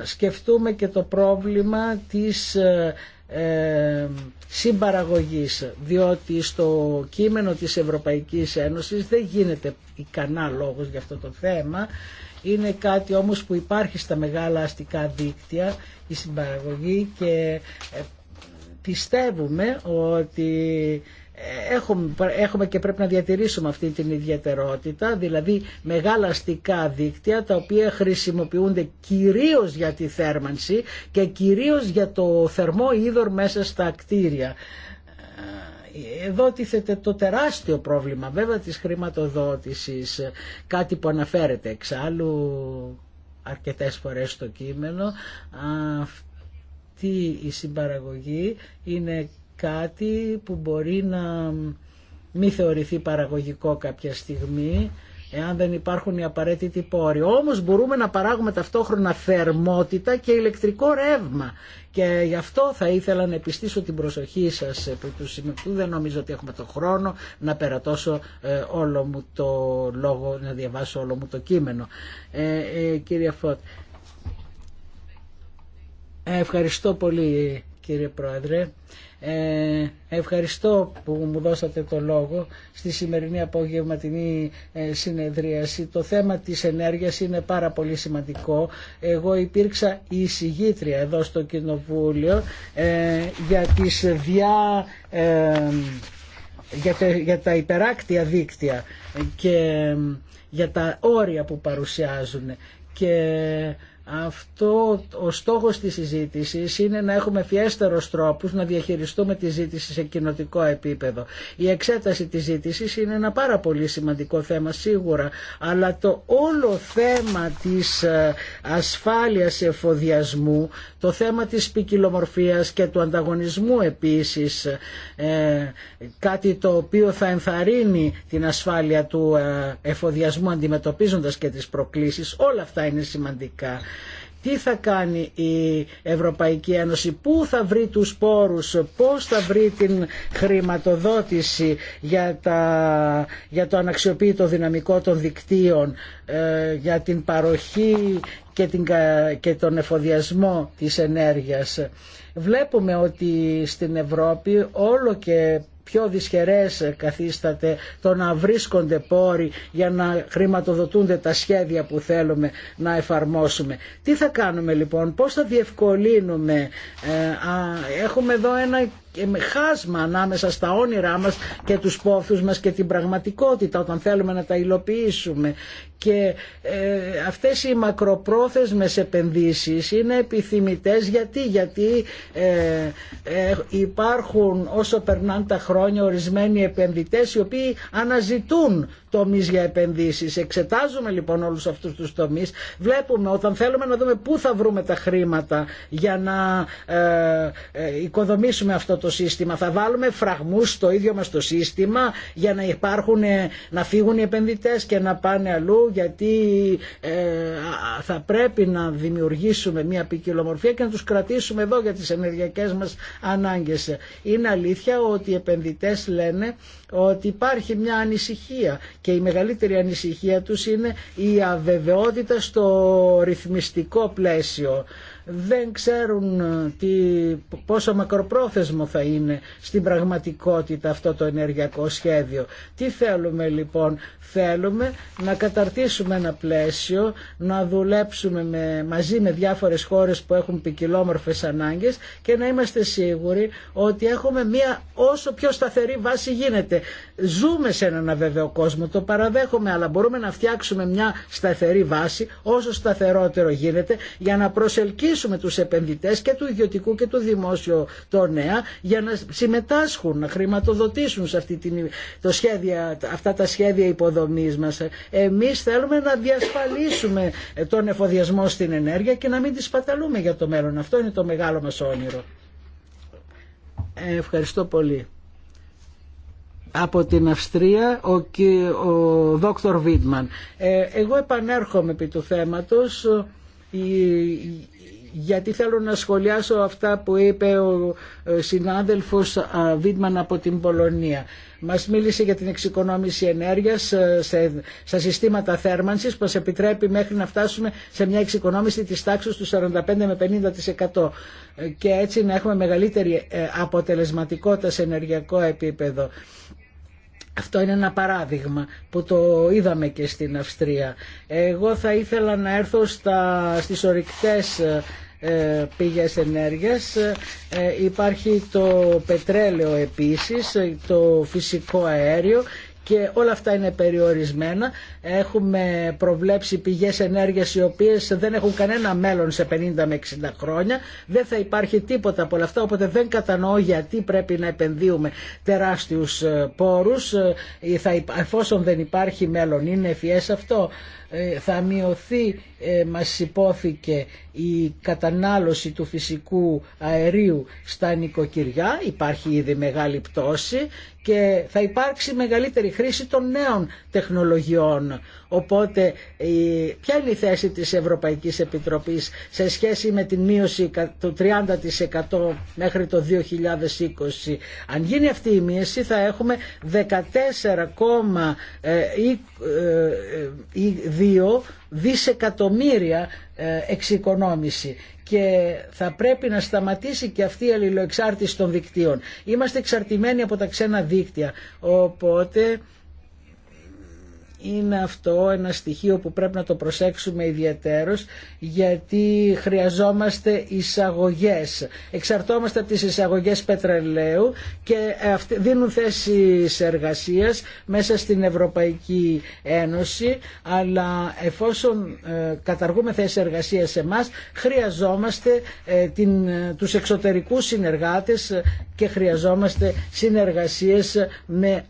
Speaker 4: σκεφτούμε και το πρόβλημα της ε, ε, συμπαραγωγής διότι στο κείμενο της Ευρωπαϊκής Ένωσης δεν γίνεται ικανά λόγος για αυτό το θέμα είναι κάτι όμως που υπάρχει στα μεγάλα αστικά δίκτυα η συμπαραγωγή και ε, πιστεύουμε ότι έχουμε, έχουμε και πρέπει να διατηρήσουμε αυτή την ιδιαιτερότητα, δηλαδή μεγάλα αστικά δίκτυα τα οποία χρησιμοποιούνται κυρίως για τη θέρμανση και κυρίως για το θερμό είδωρ μέσα στα κτίρια. Ε, εδώ τίθεται το τεράστιο πρόβλημα βέβαια της χρηματοδότησης, κάτι που αναφέρεται εξάλλου αρκετές φορές στο κείμενο. Αυτή η συμπαραγωγή είναι κάτι που μπορεί να μη θεωρηθεί παραγωγικό κάποια στιγμή εάν δεν υπάρχουν οι απαραίτητοι πόροι. Όμως μπορούμε να παράγουμε ταυτόχρονα θερμότητα και ηλεκτρικό ρεύμα. Και γι' αυτό θα ήθελα να επιστήσω την προσοχή σας που του Δεν νομίζω ότι έχουμε το χρόνο να περατώσω ε, όλο μου το λόγο, να διαβάσω όλο μου το κείμενο. Ε, ε κύριε Φώτ, ευχαριστώ πολύ κύριε Πρόεδρε. Ε, ευχαριστώ που μου δώσατε το λόγο στη σημερινή απογευματινή ε, συνεδρίαση. Το θέμα της ενέργειας είναι πάρα πολύ σημαντικό. Εγώ υπήρξα η εισηγήτρια εδώ στο Κοινοβούλιο ε, για τις διά... για τα, υπεράκτια δίκτυα και για τα όρια που παρουσιάζουν και αυτό ο στόχος της συζήτησης είναι να έχουμε φιέστερους τρόπους να διαχειριστούμε τη ζήτηση σε κοινοτικό επίπεδο. Η εξέταση της ζήτησης είναι ένα πάρα πολύ σημαντικό θέμα σίγουρα, αλλά το όλο θέμα της ε, ασφάλειας εφοδιασμού, το θέμα της ποικιλομορφία και του ανταγωνισμού επίσης ε, κάτι το οποίο θα ενθαρρύνει την ασφάλεια του ε, εφοδιασμού αντιμετωπίζοντας και τις προκλήσεις. Όλα αυτά είναι σημαντικά τι θα κάνει η Ευρωπαϊκή Ένωση, πού θα βρει τους πόρους, πώς θα βρει την χρηματοδότηση για, τα, για το αναξιοποιητό δυναμικό των δικτύων, ε, για την παροχή και, την, και τον εφοδιασμό της ενέργειας. Βλέπουμε ότι στην Ευρώπη όλο και πιο δυσχερές καθίσταται το να βρίσκονται πόροι για να χρηματοδοτούνται τα σχέδια που θέλουμε να εφαρμόσουμε. Τι θα κάνουμε λοιπόν, πώς θα διευκολύνουμε, ε, έχουμε εδώ ένα χάσμα ανάμεσα στα όνειρά μας και τους πόθους μας και την πραγματικότητα όταν θέλουμε να τα υλοποιήσουμε και ε, αυτές οι μακροπρόθεσμες επενδύσεις είναι επιθυμητές γιατί, γιατί ε, ε, υπάρχουν όσο περνάνε τα χρόνια ορισμένοι επενδυτές οι οποίοι αναζητούν τομείς για επενδύσεις. Εξετάζουμε λοιπόν όλους αυτούς τους τομείς, βλέπουμε όταν θέλουμε να δούμε πού θα βρούμε τα χρήματα για να ε, οικοδομήσουμε αυτό το σύστημα. Θα βάλουμε φραγμούς στο ίδιο μας το σύστημα για να, να φύγουν οι επενδυτές και να πάνε αλλού γιατί ε, θα πρέπει να δημιουργήσουμε μια ποικιλομορφία και να τους κρατήσουμε εδώ για τις ενεργειακές μας ανάγκες. Είναι αλήθεια ότι οι επενδυτές λένε ότι υπάρχει μια ανησυχία και η μεγαλύτερη ανησυχία τους είναι η αβεβαιότητα στο ρυθμιστικό πλαίσιο δεν ξέρουν ε, τι, πόσο μακροπρόθεσμο θα είναι στην πραγματικότητα αυτό το ενεργειακό σχέδιο. Τι θέλουμε λοιπόν, θέλουμε να καταρτήσουμε ένα πλαίσιο, να δουλέψουμε με, μαζί με διάφορες χώρες που έχουν ποικιλόμορφε ανάγκες και να είμαστε σίγουροι ότι έχουμε μία όσο πιο σταθερή βάση γίνεται. Ζούμε σε έναν αβεβαιό κόσμο, το παραδέχομαι, αλλά μπορούμε να φτιάξουμε μια σταθερή βάση όσο σταθερότερο γίνεται για να προσελκύσουμε κινητοποιήσουμε τους επενδυτές και του ιδιωτικού και του δημόσιου νέα για να συμμετάσχουν, να χρηματοδοτήσουν σε αυτή την, το σχέδια, αυτά τα σχέδια υποδομής μας. Εμείς θέλουμε να διασφαλίσουμε τον εφοδιασμό στην ενέργεια και να μην τη σπαταλούμε για το μέλλον. Αυτό είναι το μεγάλο μας όνειρο. Ευχαριστώ πολύ. Από την Αυστρία ο, ο Δόκτωρ Βίτμαν. Ε, εγώ επανέρχομαι επί του θέματος. Η, γιατί θέλω να σχολιάσω αυτά που είπε ο ε, συνάδελφος ε, Βίτμαν από την Πολωνία. Μας μίλησε για την εξοικονόμηση ενέργειας ε, στα συστήματα θέρμανσης που μας επιτρέπει μέχρι να φτάσουμε σε μια εξοικονόμηση της τάξης του 45 με 50% και έτσι να έχουμε μεγαλύτερη αποτελεσματικότητα σε ενεργειακό επίπεδο. Αυτό είναι ένα παράδειγμα που το είδαμε και στην Αυστρία. Εγώ θα ήθελα να έρθω στα, στις ορυκτές ε, πηγές ενέργειας. Ε, υπάρχει το πετρέλαιο επίσης, το φυσικό αέριο και όλα αυτά είναι περιορισμένα. Έχουμε προβλέψει πηγές ενέργειας οι οποίες δεν έχουν κανένα μέλλον σε 50 με 60 χρόνια. Δεν θα υπάρχει τίποτα από όλα αυτά, οπότε δεν κατανοώ γιατί πρέπει να επενδύουμε τεράστιους ε, πόρους ε, εφόσον δεν υπάρχει μέλλον. Είναι ευφυές αυτό. Ε, θα μειωθεί ε, μας υπόθηκε η κατανάλωση του φυσικού αερίου στα νοικοκυριά, υπάρχει ήδη μεγάλη πτώση και θα υπάρξει μεγαλύτερη χρήση των νέων τεχνολογιών. Οπότε ποια είναι η θέση της Ευρωπαϊκής Επιτροπής σε σχέση με την μείωση του 30% μέχρι το 2020. Αν γίνει αυτή η μείωση θα έχουμε 14,2 Δύο δισεκατομμύρια ε, εξοικονόμηση και θα πρέπει να σταματήσει και αυτή η αλληλοεξάρτηση των δικτύων. Είμαστε εξαρτημένοι από τα ξένα δίκτυα, οπότε είναι αυτό ένα στοιχείο που πρέπει να το προσέξουμε ιδιαίτερως γιατί χρειαζόμαστε εισαγωγές. Εξαρτώμαστε από τις εισαγωγές πετρελαίου και δίνουν θέσεις εργασίας μέσα στην Ευρωπαϊκή Ένωση αλλά εφόσον ε, καταργούμε θέσεις εργασίας σε χρειαζόμαστε ε, την, ε, τους εξωτερικούς συνεργάτες και χρειαζόμαστε συνεργασίες με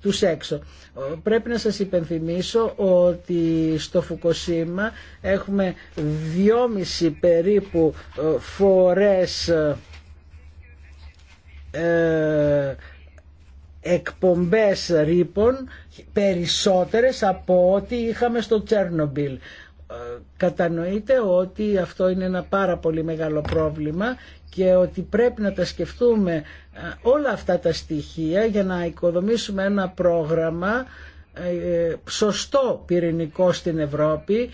Speaker 4: τους έξω. Πρέπει να σας υπενθυμίσω ότι στο Φουκοσίμα έχουμε δυόμιση περίπου ε, φορές ε, ε, εκπομπές ρήπων περισσότερες από ό,τι είχαμε στο Τσέρνομπιλ. Κατανοείτε ότι αυτό είναι ένα πάρα πολύ μεγάλο πρόβλημα και ότι πρέπει να τα σκεφτούμε ε, όλα αυτά τα στοιχεία για να οικοδομήσουμε ένα πρόγραμμα ε, ε, σωστό πυρηνικό στην Ευρώπη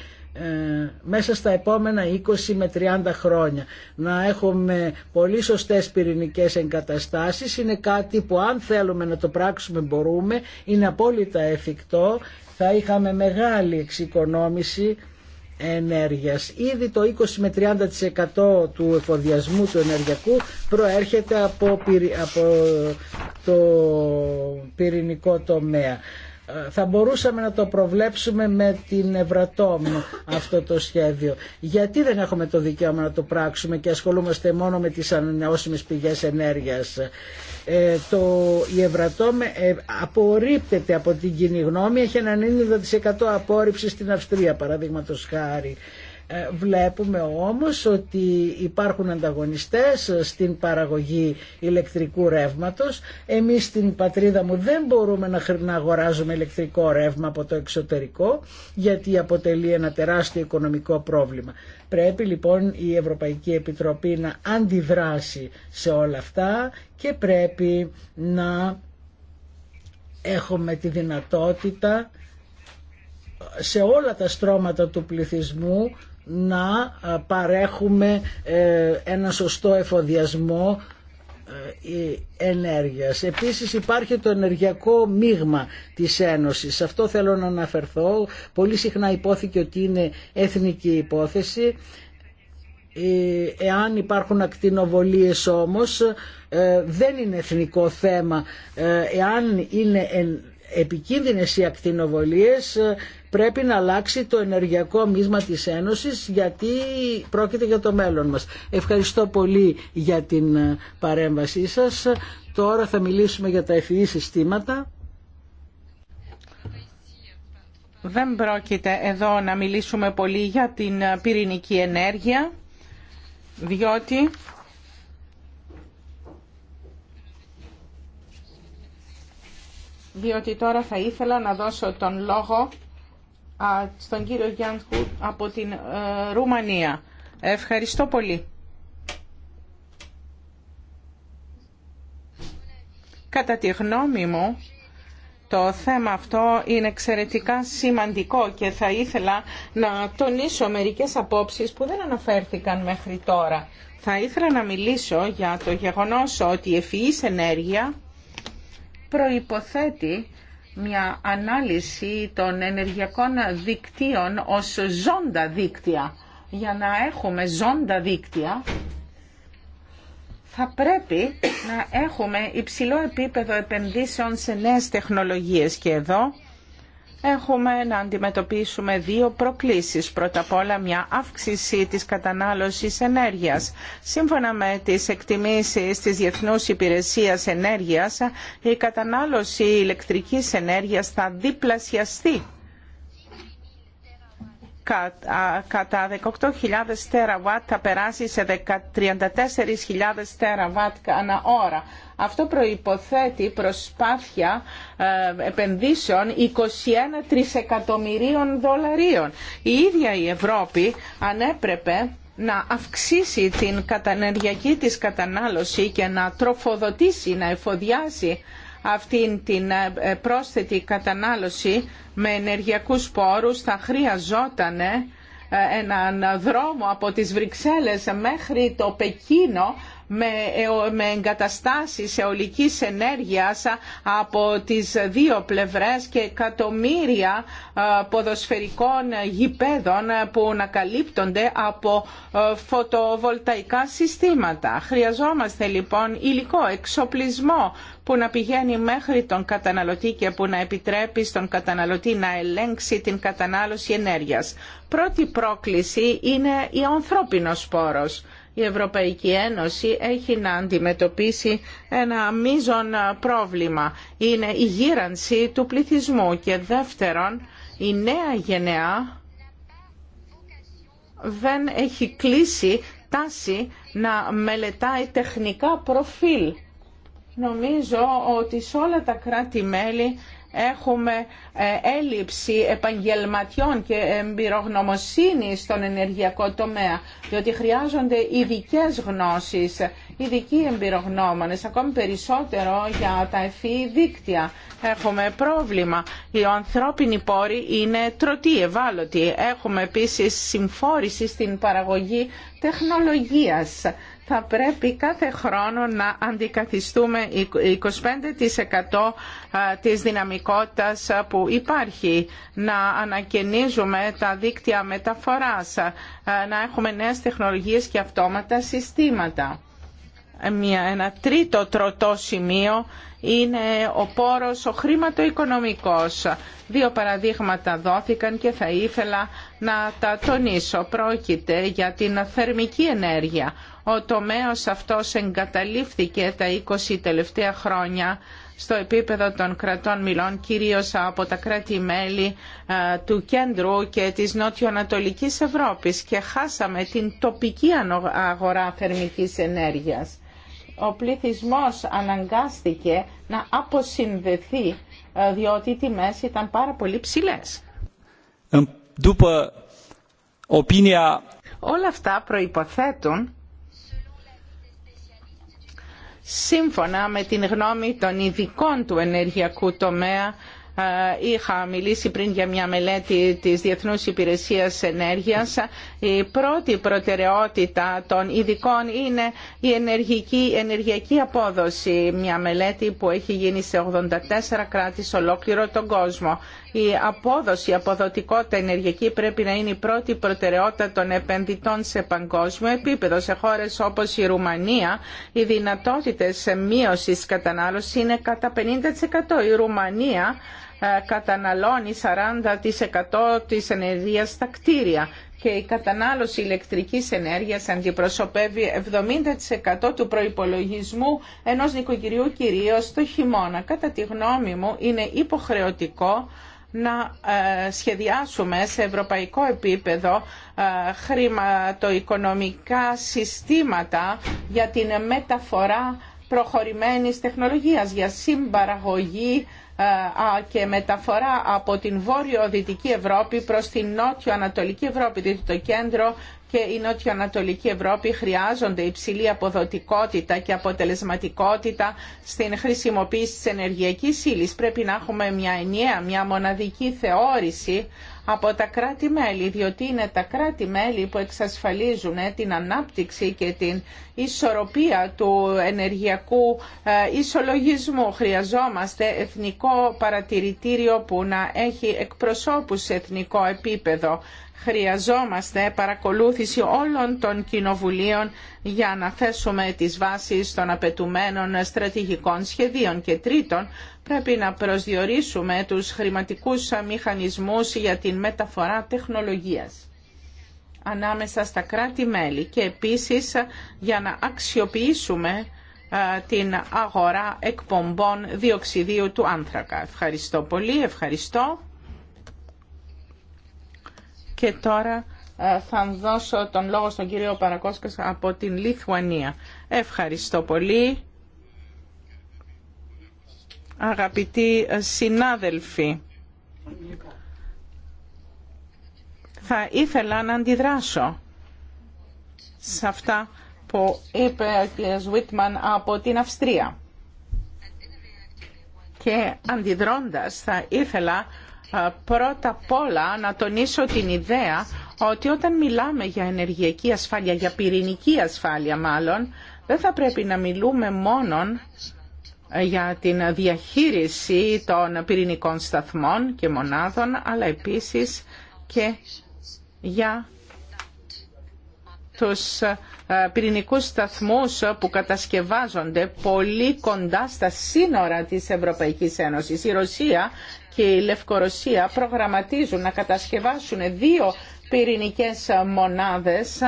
Speaker 4: μέσα στα επόμενα 20 με 30 χρόνια. Να έχουμε πολύ σωστές πυρηνικές εγκαταστάσεις είναι κάτι που αν θέλουμε να το πράξουμε μπορούμε, είναι απόλυτα εφικτό, θα είχαμε μεγάλη εξοικονόμηση ενέργειας. Ήδη το 20 με 30% του εφοδιασμού του ενεργειακού προέρχεται από, το πυρηνικό τομέα. Ε, θα μπορούσαμε να το προβλέψουμε με την Ευρατόμ αυτό το σχέδιο. Γιατί δεν έχουμε το δικαίωμα να το πράξουμε και ασχολούμαστε μόνο με τις ανανεώσιμες πηγές ενέργειας. Ε, το, η Ευρατόμ ε, απορρίπτεται από την κοινή γνώμη, έχει ένα 90% απόρριψη στην Αυστρία παραδείγματος χάρη. Ε, βλέπουμε όμως ότι υπάρχουν ανταγωνιστές στην παραγωγή ηλεκτρικού ρεύματος. Εμείς στην πατρίδα μου δεν μπορούμε να αγοράζουμε ηλεκτρικό ρεύμα από το εξωτερικό γιατί αποτελεί ένα τεράστιο οικονομικό πρόβλημα. Πρέπει λοιπόν η Ευρωπαϊκή Επιτροπή να αντιδράσει σε όλα αυτά και πρέπει να έχουμε τη δυνατότητα σε όλα τα στρώματα του πληθυσμού να ε, παρέχουμε ε, ένα σωστό εφοδιασμό ε, ενέργειας. Επίσης υπάρχει το ενεργειακό μείγμα της Ένωσης. Σε αυτό θέλω να αναφερθώ. Πολύ συχνά υπόθηκε ότι είναι εθνική υπόθεση. Εάν υπάρχουν ακτινοβολίες όμως δεν είναι εθνικό θέμα. Εάν είναι επικίνδυνες οι ακτινοβολίες ε, πρέπει να αλλάξει το ενεργειακό μίσμα της Ένωσης γιατί πρόκειται για το μέλλον μας. Ευχαριστώ πολύ για την ε, παρέμβασή σας. Τώρα θα μιλήσουμε για τα ευθυνή e συστήματα.
Speaker 1: Δεν πρόκειται εδώ να μιλήσουμε πολύ για την ε, πυρηνική ενέργεια, διότι διότι τώρα θα ήθελα να δώσω τον λόγο στον κύριο Γιάνκου από την ε, Ρουμανία. Ευχαριστώ πολύ. Κατά τη γνώμη μου, το θέμα αυτό είναι εξαιρετικά σημαντικό και θα ήθελα να τονίσω μερικές απόψεις που δεν αναφέρθηκαν μέχρι τώρα. Θα ήθελα να μιλήσω για το γεγονός ότι η ενέργεια προϋποθέτει μια ανάλυση των ενεργειακών δικτύων ως ζώντα δίκτυα. Για να έχουμε ζώντα δίκτυα θα πρέπει να έχουμε υψηλό επίπεδο επενδύσεων σε νέες τεχνολογίες και εδώ έχουμε να αντιμετωπίσουμε δύο προκλήσεις. Πρώτα απ' όλα μια αύξηση της κατανάλωσης ενέργειας. Σύμφωνα με τις εκτιμήσεις της Διεθνούς Υπηρεσίας Ενέργειας, η κατανάλωση ηλεκτρικής ενέργειας θα διπλασιαστεί κατά 18.000 τεραβάτ θα περάσει σε 34.000 τεραβάτ ανά ώρα. Αυτό προϋποθέτει προσπάθεια ε, επενδύσεων 21 τρισεκατομμυρίων δολαρίων. Η ίδια η Ευρώπη ανέπρεπε να αυξήσει την ενεργειακή της κατανάλωση και να τροφοδοτήσει, να εφοδιάσει αυτή την ε, ε, πρόσθετη κατανάλωση με ενεργειακούς πόρους θα χρειαζόταν ε, έναν δρόμο από τις Βρυξέλλες μέχρι το Πεκίνο ε, με εγκαταστάσεις αιωλικής ενέργειας από τις δύο πλευρές και εκατομμύρια ε, ποδοσφαιρικών γηπέδων που να καλύπτονται από ε, φωτοβολταϊκά συστήματα. Χρειαζόμαστε λοιπόν υλικό, εξοπλισμό που να πηγαίνει μέχρι τον καταναλωτή και που να επιτρέπει στον καταναλωτή να ελέγξει την κατανάλωση ενέργειας. Πρώτη πρόκληση είναι η ανθρώπινος πόρος η Ευρωπαϊκή Ένωση έχει να αντιμετωπίσει ένα μείζον πρόβλημα. Είναι η γύρανση του πληθυσμού και δεύτερον η νέα γενεά δεν έχει κλείσει τάση να μελετάει τεχνικά προφίλ. Νομίζω ότι σε όλα τα κράτη-μέλη έχουμε ε, έλλειψη επαγγελματιών και εμπειρογνωμοσύνη στον ενεργειακό τομέα, διότι χρειάζονται ειδικέ γνώσεις, ειδικοί εμπειρογνώμονε, ακόμη περισσότερο για τα ευφύ δίκτυα. Έχουμε πρόβλημα. Οι ανθρώπινοι πόροι είναι τρωτοί, ευάλωτοι. Έχουμε επίσης συμφόρηση στην παραγωγή τεχνολογίας θα πρέπει κάθε χρόνο να αντικαθιστούμε 25% της δυναμικότητας που υπάρχει, να ανακαινίζουμε τα δίκτυα μεταφοράς, να έχουμε νέες τεχνολογίες και αυτόματα συστήματα. Μια, ένα τρίτο τροτό σημείο είναι ο πόρος, ο χρηματοοικονομικός. Δύο παραδείγματα δόθηκαν και θα ήθελα να τα τονίσω. Πρόκειται για την θερμική ενέργεια. Ο τομέας αυτός εγκαταλείφθηκε τα 20 τελευταία χρόνια στο επίπεδο των κρατών μιλών, κυρίως από τα κράτη-μέλη ε, του κέντρου και της νότιο-ανατολικής Ευρώπης και χάσαμε την τοπική αγορά θερμικής ενέργειας. Ο πληθυσμός αναγκάστηκε να αποσυνδεθεί ε, διότι οι τιμές ήταν πάρα πολύ ψηλές. Ε, Όλα αυτά προϋποθέτουν σύμφωνα με την γνώμη των ειδικών του ενεργειακού τομέα ε, είχα μιλήσει πριν για μια μελέτη της Διεθνούς Υπηρεσίας Ενέργειας. Η πρώτη προτεραιότητα των ειδικών είναι η ενεργική, ενεργειακή απόδοση, μια μελέτη που έχει γίνει σε 84 κράτη σε ολόκληρο τον κόσμο. Η απόδοση, η αποδοτικότητα ενεργειακή πρέπει να είναι η πρώτη προτεραιότητα των επενδυτών σε παγκόσμιο επίπεδο. Σε χώρες όπως η Ρουμανία, οι δυνατότητες μείωση κατανάλωσης είναι κατά 50%. Η Ρουμανία ε, καταναλώνει 40% της ενέργειας στα κτίρια και η κατανάλωση ηλεκτρικής ενέργειας αντιπροσωπεύει 70% του προϋπολογισμού ενός νοικοκυριού κυρίως το χειμώνα. Κατά τη γνώμη μου είναι υποχρεωτικό να ε, σχεδιάσουμε σε ευρωπαϊκό επίπεδο ε, χρηματοοικονομικά συστήματα για την μεταφορά προχωρημένης τεχνολογίας, για συμπαραγωγή ε, και μεταφορά από την βόρειο-δυτική Ευρώπη προς την νότιο-ανατολική Ευρώπη, διότι το κέντρο και η νότιο-ανατολική Ευρώπη χρειάζονται υψηλή αποδοτικότητα και αποτελεσματικότητα στην χρησιμοποίηση της ενεργειακής ύλης. Πρέπει να έχουμε μια ενιαία, μια μοναδική θεώρηση από τα κράτη-μέλη, διότι είναι τα κράτη-μέλη που εξασφαλίζουν ε, την ανάπτυξη και την ισορροπία του ενεργειακού ε, ισολογισμού. Χρειαζόμαστε εθνικό παρατηρητήριο που να έχει εκπροσώπους σε εθνικό επίπεδο. Χρειαζόμαστε παρακολούθηση όλων των κοινοβουλίων για να θέσουμε τις βάσεις των απαιτουμένων στρατηγικών σχεδίων. Και τρίτον, πρέπει να προσδιορίσουμε τους χρηματικούς μηχανισμούς για την μεταφορά τεχνολογίας ανάμεσα στα κράτη-μέλη και επίσης για να αξιοποιήσουμε την αγορά εκπομπών διοξιδίου του άνθρακα. Ευχαριστώ πολύ, ευχαριστώ. Και τώρα ε, θα δώσω τον λόγο στον κύριο Παρακόσκας από την Λιθουανία. Ευχαριστώ πολύ. Αγαπητοί ε, συνάδελφοι, θα ήθελα να αντιδράσω σε αυτά που είπε ο κ. Βίτμαν από την Αυστρία. Και αντιδρώντας θα ήθελα ε, πρώτα απ' όλα να τονίσω την ιδέα ότι όταν μιλάμε για ενεργειακή ασφάλεια, για πυρηνική ασφάλεια μάλλον, δεν θα πρέπει να μιλούμε μόνον ε, για την διαχείριση των πυρηνικών σταθμών και μονάδων, αλλά επίσης και για τους ε, πυρηνικούς σταθμούς που κατασκευάζονται πολύ κοντά στα σύνορα της Ευρωπαϊκής Ένωσης. Η Ρωσία και η Λευκορωσία προγραμματίζουν να κατασκευάσουν δύο πυρηνικές μονάδες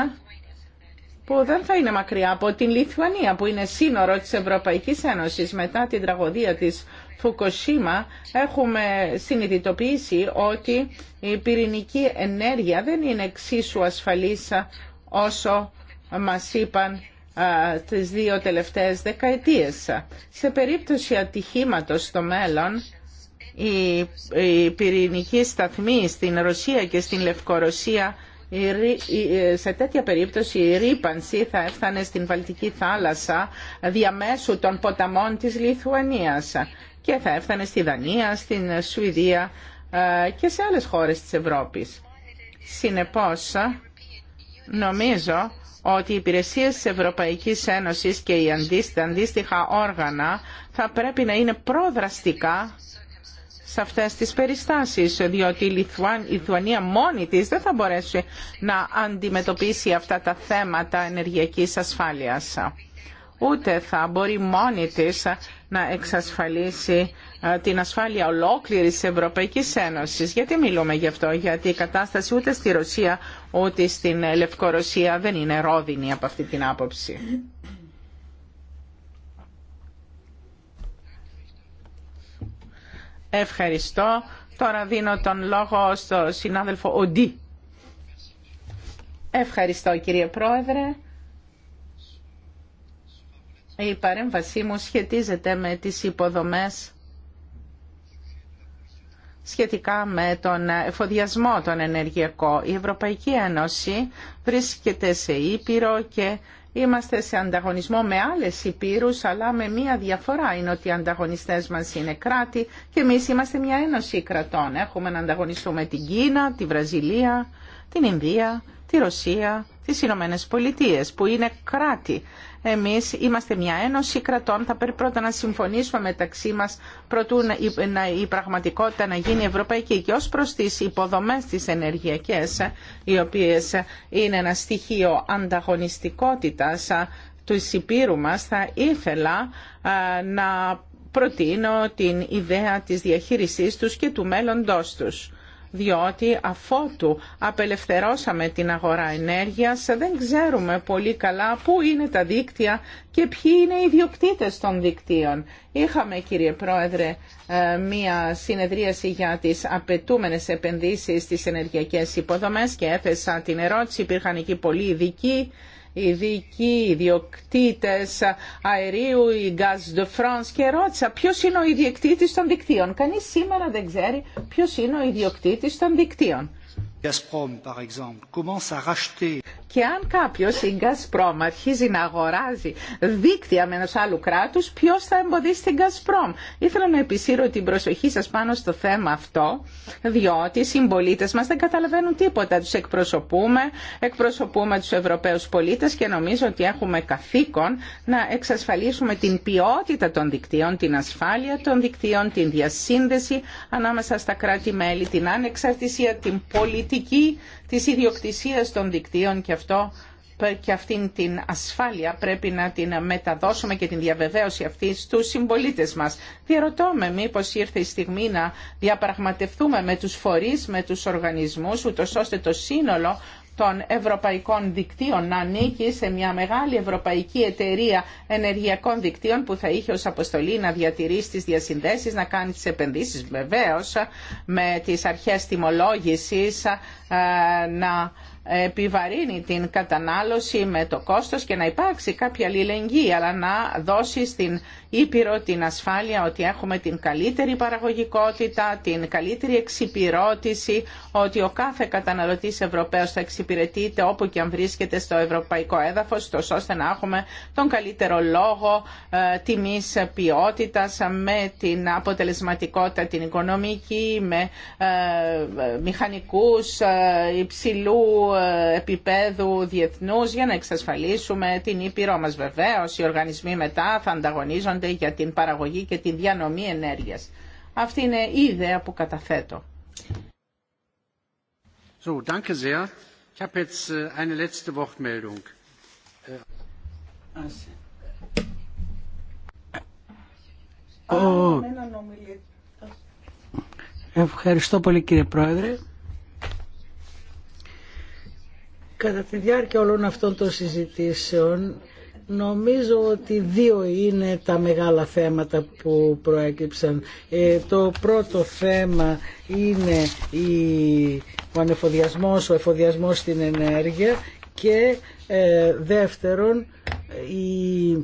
Speaker 1: που δεν θα είναι μακριά από την Λιθουανία που είναι σύνορο της Ευρωπαϊκής Ένωσης μετά την τραγωδία της Φουκοσίμα έχουμε συνειδητοποιήσει ότι η πυρηνική ενέργεια δεν είναι εξίσου ασφαλής όσο μας είπαν τις δύο τελευταίες δεκαετίες. Σε περίπτωση ατυχήματος στο μέλλον η πυρηνική σταθμή στην Ρωσία και στην Λευκορωσία ε, σε τέτοια περίπτωση η ρήπανση θα έφτανε στην Βαλτική θάλασσα διαμέσου των ποταμών της Λιθουανίας και θα έφτανε στη Δανία, στην Σουηδία ε, και σε άλλες χώρες της Ευρώπης. Συνεπώς, νομίζω ότι οι υπηρεσίες της Ευρωπαϊκής Ένωσης και οι αντίστοιχα όργανα θα πρέπει να είναι προδραστικά σε αυτές τις περιστάσεις, διότι η Λιθουανία μόνη της δεν θα μπορέσει να αντιμετωπίσει αυτά τα θέματα ενεργειακής ασφάλειας. Ούτε θα μπορεί μόνη της να εξασφαλίσει ε, την ασφάλεια ολόκληρης της Ευρωπαϊκής Ένωσης. Γιατί μιλούμε γι' αυτό, γιατί η κατάσταση ούτε στη Ρωσία ούτε στην Λευκορωσία δεν είναι ρόδινη από αυτή την άποψη. Ευχαριστώ. Τώρα δίνω τον λόγο στο συνάδελφο Οντί. Ευχαριστώ κύριε Πρόεδρε. Η παρέμβασή μου σχετίζεται με τις υποδομές σχετικά με τον εφοδιασμό τον ενεργειακό. Η Ευρωπαϊκή Ένωση βρίσκεται σε Ήπειρο και Είμαστε σε ανταγωνισμό με άλλες υπήρους, αλλά με μία διαφορά είναι ότι οι ανταγωνιστές μας είναι κράτη και εμείς είμαστε μια ένωση κρατών. Έχουμε να ανταγωνιστούμε την Κίνα, τη Βραζιλία, την Ινδία, τη Ρωσία, τις Ηνωμένε Πολιτείε που είναι κράτη. Εμείς είμαστε μια ένωση κρατών, θα πρέπει πρώτα να συμφωνήσουμε μεταξύ μας προτού η πραγματικότητα να γίνει ευρωπαϊκή και ως προς τις υποδομές τις ενεργειακές, οι οποίες είναι ένα στοιχείο ανταγωνιστικότητας του Ισυπήρου μας, θα ήθελα να προτείνω την ιδέα της διαχείρισής τους και του μέλλοντός τους διότι αφότου απελευθερώσαμε την αγορά ενέργειας δεν ξέρουμε πολύ καλά πού είναι τα δίκτυα και ποιοι είναι οι διοκτήτες των δικτύων. Είχαμε κύριε Πρόεδρε ε, μία συνεδρίαση για τις απαιτούμενε επενδύσεις στις ενεργειακές υποδομές και έθεσα την ερώτηση, υπήρχαν εκεί πολλοί ειδικοί ειδικοί ιδιοκτήτε αερίου, η Gaz de France και ρώτησα ποιος είναι ο ιδιοκτήτη των δικτύων. Κανείς σήμερα δεν ξέρει ποιος είναι ο ιδιοκτήτη των δικτύων. Και αν κάποιο, η Gazprom, αρχίζει να αγοράζει δίκτυα με ενό άλλου κράτου, ποιο θα εμποδίσει την Gazprom. Ήθελα να επισύρω την προσοχή σα πάνω στο θέμα αυτό, διότι οι συμπολίτε μα δεν καταλαβαίνουν τίποτα. Του εκπροσωπούμε, εκπροσωπούμε του Ευρωπαίου πολίτε και νομίζω ότι έχουμε καθήκον να εξασφαλίσουμε την ποιότητα των δικτύων, την ασφάλεια των δικτύων, την διασύνδεση ανάμεσα στα κράτη-μέλη, την ανεξαρτησία, την πολιτική της ιδιοκτησίας των δικτύων και αυτό και αυτήν την ασφάλεια πρέπει να την μεταδώσουμε και την διαβεβαίωση αυτή στους συμπολίτες μας. Διαρωτώ με μήπως ήρθε η στιγμή να διαπραγματευτούμε με τους φορείς, με τους οργανισμούς, ούτως ώστε το σύνολο των ευρωπαϊκών δικτύων να ανήκει σε μια μεγάλη ευρωπαϊκή εταιρεία ενεργειακών δικτύων που θα είχε ως αποστολή να διατηρήσει τις διασυνδέσεις, να κάνει τις επενδύσεις βεβαίως με τις αρχές τιμολόγησης, ε, να επιβαρύνει την κατανάλωση με το κόστος και να υπάρξει κάποια αλληλεγγύη αλλά να δώσει στην Ήπειρο την ασφάλεια ότι έχουμε την καλύτερη παραγωγικότητα, την καλύτερη εξυπηρώτηση, ότι ο κάθε καταναλωτής Ευρωπαίος θα εξυπηρετείται όπου και αν βρίσκεται στο ευρωπαϊκό έδαφος, τόσο ώστε να έχουμε τον καλύτερο λόγο ε, τιμής ποιότητας με την αποτελεσματικότητα την οικονομική, με ε, μηχανικούς ε, υψηλού ε, επίπεδου διεθνούς για να εξασφαλίσουμε την Ήπειρό μας βεβαίως. Οι οργανισμοί μετά θα ανταγωνίζονται για την παραγωγή και την διανομή ενέργειας. Αυτή είναι η ιδέα που καταθέτω.
Speaker 3: So, danke sehr. Ich habe jetzt äh, eine letzte Wortmeldung.
Speaker 4: Äh, oh. Ah. Ευχαριστώ πολύ κύριε Πρόεδρε. Κατά τη διάρκεια όλων αυτών των συζητήσεων Νομίζω ότι δύο είναι τα μεγάλα θέματα που προέκυψαν. Ε, το πρώτο θέμα είναι ο ανεφοδιασμός, ο εφοδιασμός στην ενέργεια και ε, δεύτερον η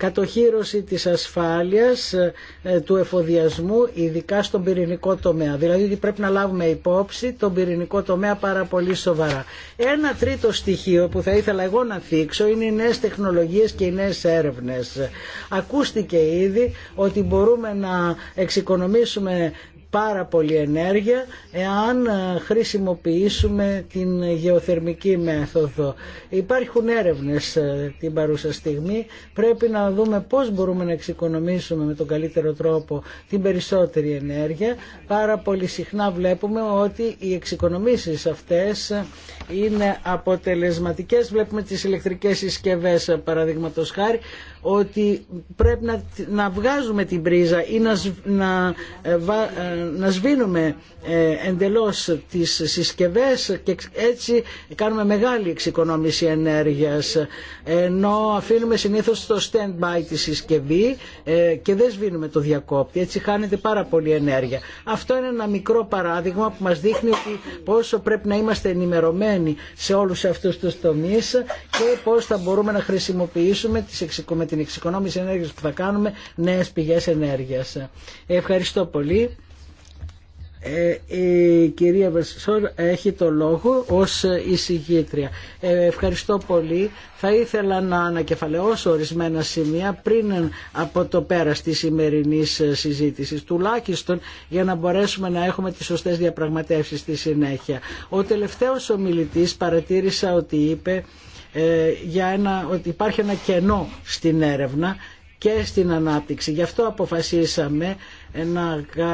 Speaker 4: κατοχύρωση της ασφάλειας ε, ε, του εφοδιασμού ειδικά στον πυρηνικό τομέα. Δηλαδή ότι πρέπει να λάβουμε υπόψη τον πυρηνικό τομέα πάρα πολύ σοβαρά. Ένα τρίτο στοιχείο που θα ήθελα εγώ να θίξω είναι οι νέες τεχνολογίες και οι νέες έρευνες. Ακούστηκε ήδη ότι μπορούμε να εξοικονομήσουμε πάρα πολύ ενέργεια εάν ε, χρησιμοποιήσουμε την γεωθερμική μέθοδο. Υπάρχουν έρευνες ε, την παρούσα στιγμή. Πρέπει να δούμε πώς μπορούμε να εξοικονομήσουμε με τον καλύτερο τρόπο την περισσότερη ενέργεια. Πάρα πολύ συχνά βλέπουμε ότι οι εξοικονομήσεις αυτές είναι αποτελεσματικές. Βλέπουμε τις ηλεκτρικές συσκευές ε, παραδείγματος χάρη ότι πρέπει να, να βγάζουμε την πρίζα ή να, να, ε, ε, να σβήνουμε ε, εντελώς τις συσκευές και έτσι κάνουμε μεγάλη εξοικονόμηση ενέργειας ενώ αφήνουμε συνήθως το stand-by τη συσκευή και δεν σβήνουμε το διακόπτη έτσι χάνεται πάρα πολύ ενέργεια αυτό είναι ένα μικρό παράδειγμα που μας δείχνει ότι πόσο πρέπει να είμαστε ενημερωμένοι σε όλους αυτούς τους τομείς και πώς θα μπορούμε να χρησιμοποιήσουμε τις εξοικονομικές την εξοικονόμηση ενέργειας που θα κάνουμε νέες πηγές ενέργειας. Ευχαριστώ πολύ. Ε, η κυρία Βερσισόρ έχει το λόγο ως εισηγήτρια. Ε, ευχαριστώ πολύ. Θα ήθελα να ανακεφαλαιώσω ορισμένα σημεία πριν από το πέρας της σημερινής συζήτησης, τουλάχιστον για να μπορέσουμε να έχουμε τις σωστές διαπραγματεύσεις στη συνέχεια. Ο τελευταίος ομιλητής παρατήρησα ότι είπε ε, για ένα, ότι υπάρχει ένα κενό στην έρευνα και στην ανάπτυξη. Γι' αυτό αποφασίσαμε να ε,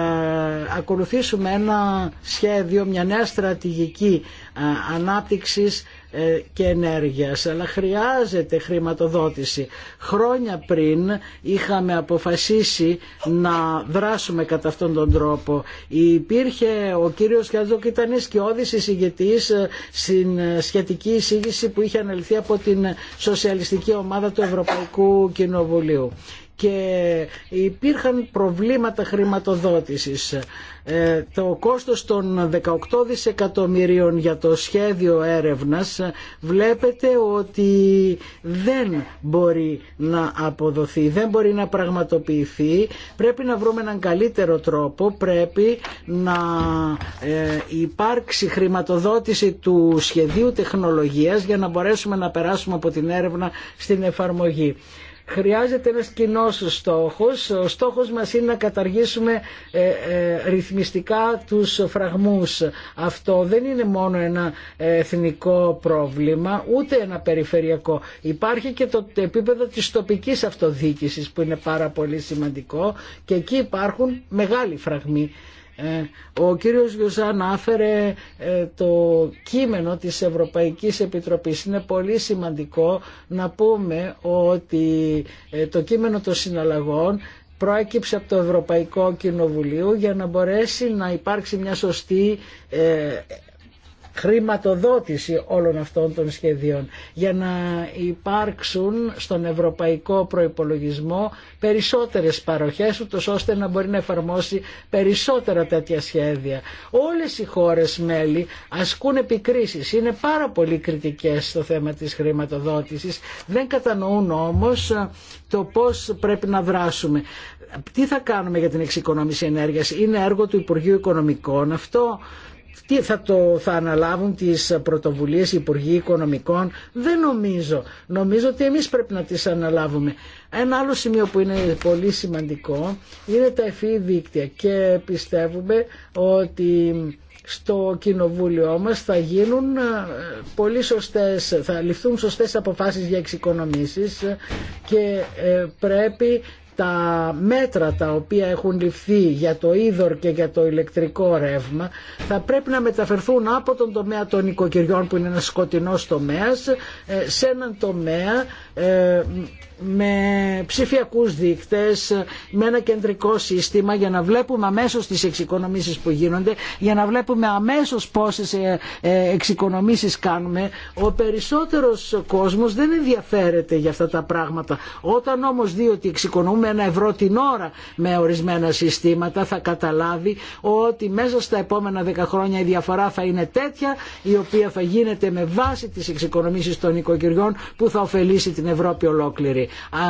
Speaker 4: ακολουθήσουμε ένα σχέδιο, μια νέα στρατηγική ε, ανάπτυξης ε, και ενέργειας αλλά χρειάζεται χρηματοδότηση. Χρόνια πριν είχαμε αποφασίσει να δράσουμε κατά αυτόν τον τρόπο. Υπήρχε ο κύριος Χατζόκ ήταν σκιώδης εισηγητής ε, στην ε, σχετική εισήγηση που είχε αναλυθεί από την Σοσιαλιστική Ομάδα του Ευρωπαϊκού Κοινοβουλίου και υπήρχαν προβλήματα χρηματοδότησης. Ε, το κόστος των 18 δισεκατομμυρίων για το σχέδιο έρευνας ε, βλέπετε ότι δεν μπορεί να αποδοθεί, δεν μπορεί να πραγματοποιηθεί. Πρέπει να βρούμε έναν καλύτερο τρόπο, πρέπει να ε, υπάρξει χρηματοδότηση του σχεδίου τεχνολογίας για να μπορέσουμε να περάσουμε από την έρευνα στην εφαρμογή. Χρειάζεται ένας κοινό στόχος. Ο στόχος μας είναι να καταργήσουμε ε, ε, ρυθμιστικά τους φραγμούς. Αυτό δεν είναι μόνο ένα εθνικό πρόβλημα, ούτε ένα περιφερειακό. Υπάρχει και το επίπεδο της τοπικής αυτοδιοίκησης που είναι πάρα πολύ σημαντικό και εκεί υπάρχουν μεγάλοι φραγμοί. Ε, ο κύριος Γιουζάν άφερε ε, το κείμενο της Ευρωπαϊκής Επιτροπής. Είναι πολύ σημαντικό να πούμε ότι ε, το κείμενο των συναλλαγών προέκυψε από το Ευρωπαϊκό Κοινοβουλίο για να μπορέσει να υπάρξει μια σωστή χρηματοδότηση όλων αυτών των σχεδίων για να υπάρξουν στον ευρωπαϊκό προϋπολογισμό περισσότερες παροχές ούτως ώστε να μπορεί να εφαρμόσει περισσότερα τέτοια σχέδια. Όλες οι χώρες μέλη ασκούν επικρίσεις, είναι πάρα πολύ κριτικές στο θέμα της χρηματοδότησης, δεν κατανοούν όμως ε, το πώς πρέπει να δράσουμε. Τι θα κάνουμε για την εξοικονόμηση ενέργειας, είναι έργο του Υπουργείου Οικονομικών αυτό, τι θα, το, θα αναλάβουν τις πρωτοβουλίες οι Υπουργοί Οικονομικών. Δεν νομίζω. Νομίζω ότι εμείς πρέπει να τις αναλάβουμε. Ένα άλλο σημείο που είναι πολύ σημαντικό είναι τα ευφύ δίκτυα και πιστεύουμε ότι στο κοινοβούλιο μας θα γίνουν ε, πολύ σωστές, θα ληφθούν σωστές αποφάσεις για εξοικονομήσεις και ε, πρέπει τα μέτρα τα οποία έχουν ληφθεί για το είδωρ και για το ηλεκτρικό ρεύμα θα πρέπει να μεταφερθούν από τον τομέα των οικοκυριών που είναι ένας σκοτεινός τομέας ε, σε έναν τομέα ε, με ψηφιακούς δείκτες, με ένα κεντρικό σύστημα για να βλέπουμε αμέσως τις εξοικονομήσεις που γίνονται, για να βλέπουμε αμέσως πόσες ε, ε, εξοικονομήσεις κάνουμε. Ο περισσότερος κόσμος δεν ενδιαφέρεται για αυτά τα πράγματα. Όταν όμως δει ότι εξοικονομούμε ένα ευρώ την ώρα με ορισμένα συστήματα θα καταλάβει ότι μέσα στα επόμενα δέκα χρόνια η διαφορά θα είναι τέτοια η οποία θα γίνεται με βάση τις εξοικονομήσεις των οικοκυριών που θα ωφελήσει την Ευρώπη ολόκληρη. Α,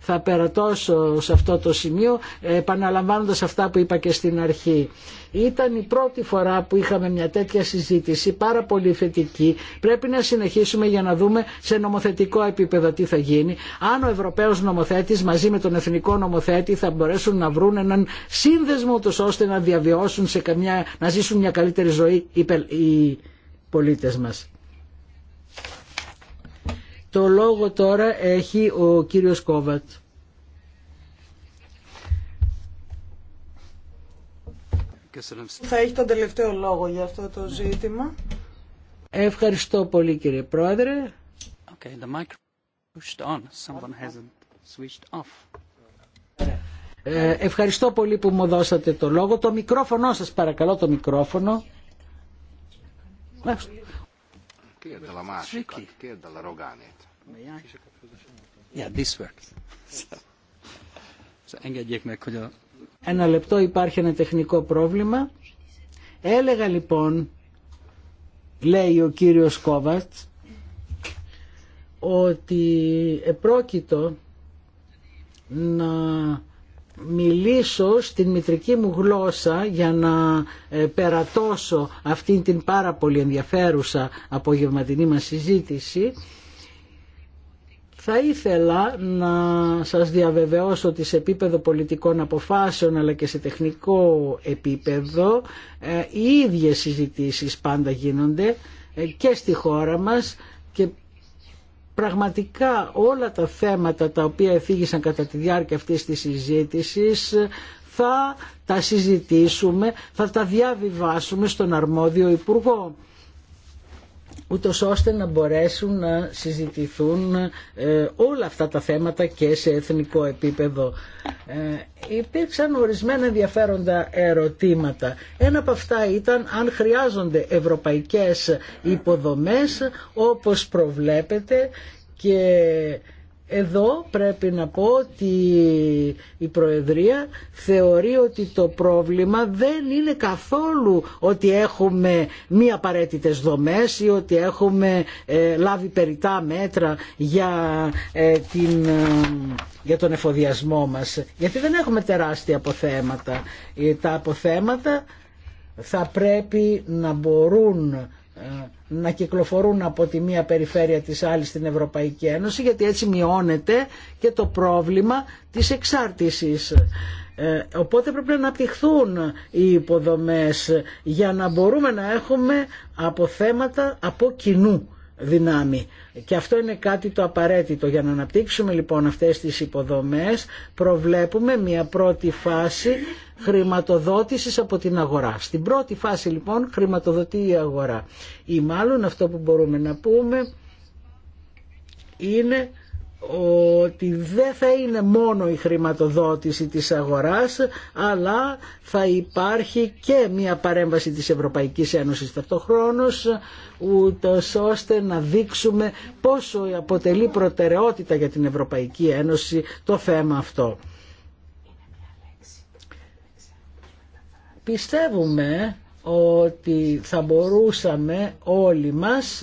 Speaker 4: θα περατώσω σε αυτό το σημείο επαναλαμβάνοντας αυτά που είπα και στην αρχή. Ήταν η πρώτη φορά που είχαμε μια τέτοια συζήτηση, πάρα πολύ θετική. Πρέπει να συνεχίσουμε για να δούμε σε νομοθετικό επίπεδο τι θα γίνει. Αν ο Ευρωπαίος νομοθέτης μαζί με τον Εθνικό νομοθέτη θα μπορέσουν να βρουν έναν σύνδεσμο τους ώστε να διαβιώσουν σε καμιά, να ζήσουν μια καλύτερη ζωή οι πολίτες μας. Το λόγο τώρα έχει ο κύριος Κόβατ.
Speaker 2: Θα έχει τον τελευταίο λόγο για αυτό το ζήτημα.
Speaker 4: Ευχαριστώ πολύ κύριε Πρόεδρε. Ε, ευχαριστώ πολύ που μου δώσατε το λόγο. Το μικρόφωνο σας παρακαλώ το μικρόφωνο. Ένα λεπτό υπάρχει ένα τεχνικό πρόβλημα. Έλεγα λοιπόν, λέει ο κύριος Κόβατς, ότι επρόκειτο να μιλήσω στην μητρική μου γλώσσα για να ε, περατώσω αυτή την πάρα πολύ ενδιαφέρουσα απογευματινή μας συζήτηση θα ήθελα να σας διαβεβαιώσω ότι σε επίπεδο πολιτικών αποφάσεων αλλά και σε τεχνικό επίπεδο ε, οι ίδιες συζητήσεις πάντα γίνονται ε, και στη χώρα μας και πραγματικά όλα τα θέματα τα οποία εφήγησαν κατά τη διάρκεια αυτής της συζήτησης θα τα συζητήσουμε, θα τα διαβιβάσουμε στον αρμόδιο Υπουργό ούτως ώστε να μπορέσουν να συζητηθούν ε, όλα αυτά τα θέματα και σε εθνικό επίπεδο. Ε, υπήρξαν ορισμένα ενδιαφέροντα ερωτήματα. Ένα από αυτά ήταν αν χρειάζονται ευρωπαϊκές υποδομές όπως προβλέπεται και εδώ πρέπει να πω ότι η Προεδρία θεωρεί ότι το πρόβλημα δεν είναι καθόλου ότι έχουμε μη απαραίτητε δομές ή ότι έχουμε ε, λάβει περιτά μέτρα για, ε, την, ε, για τον εφοδιασμό μας. Γιατί δεν έχουμε τεράστια αποθέματα. Τα αποθέματα θα πρέπει να μπορούν ε, να κυκλοφορούν από τη μία περιφέρεια της άλλης στην Ευρωπαϊκή Ένωση γιατί έτσι μειώνεται και το πρόβλημα της εξάρτησης. Ε, οπότε πρέπει να αναπτυχθούν οι υποδομές για να μπορούμε να έχουμε αποθέματα από κοινού δυνάμει. Και αυτό είναι κάτι το απαραίτητο. Για να αναπτύξουμε λοιπόν αυτές τις υποδομές προβλέπουμε μια πρώτη φάση χρηματοδότησης από την αγορά. Στην πρώτη φάση λοιπόν χρηματοδοτεί η αγορά. Ή μάλλον αυτό που μπορούμε να πούμε είναι ότι δεν θα είναι μόνο η χρηματοδότηση της αγοράς αλλά θα υπάρχει και μια παρέμβαση της Ευρωπαϊκής Ένωσης ταυτοχρόνως ούτως ώστε να δείξουμε πόσο αποτελεί προτεραιότητα για την Ευρωπαϊκή Ένωση το θέμα αυτό. Πιστεύουμε ότι θα μπορούσαμε όλοι μας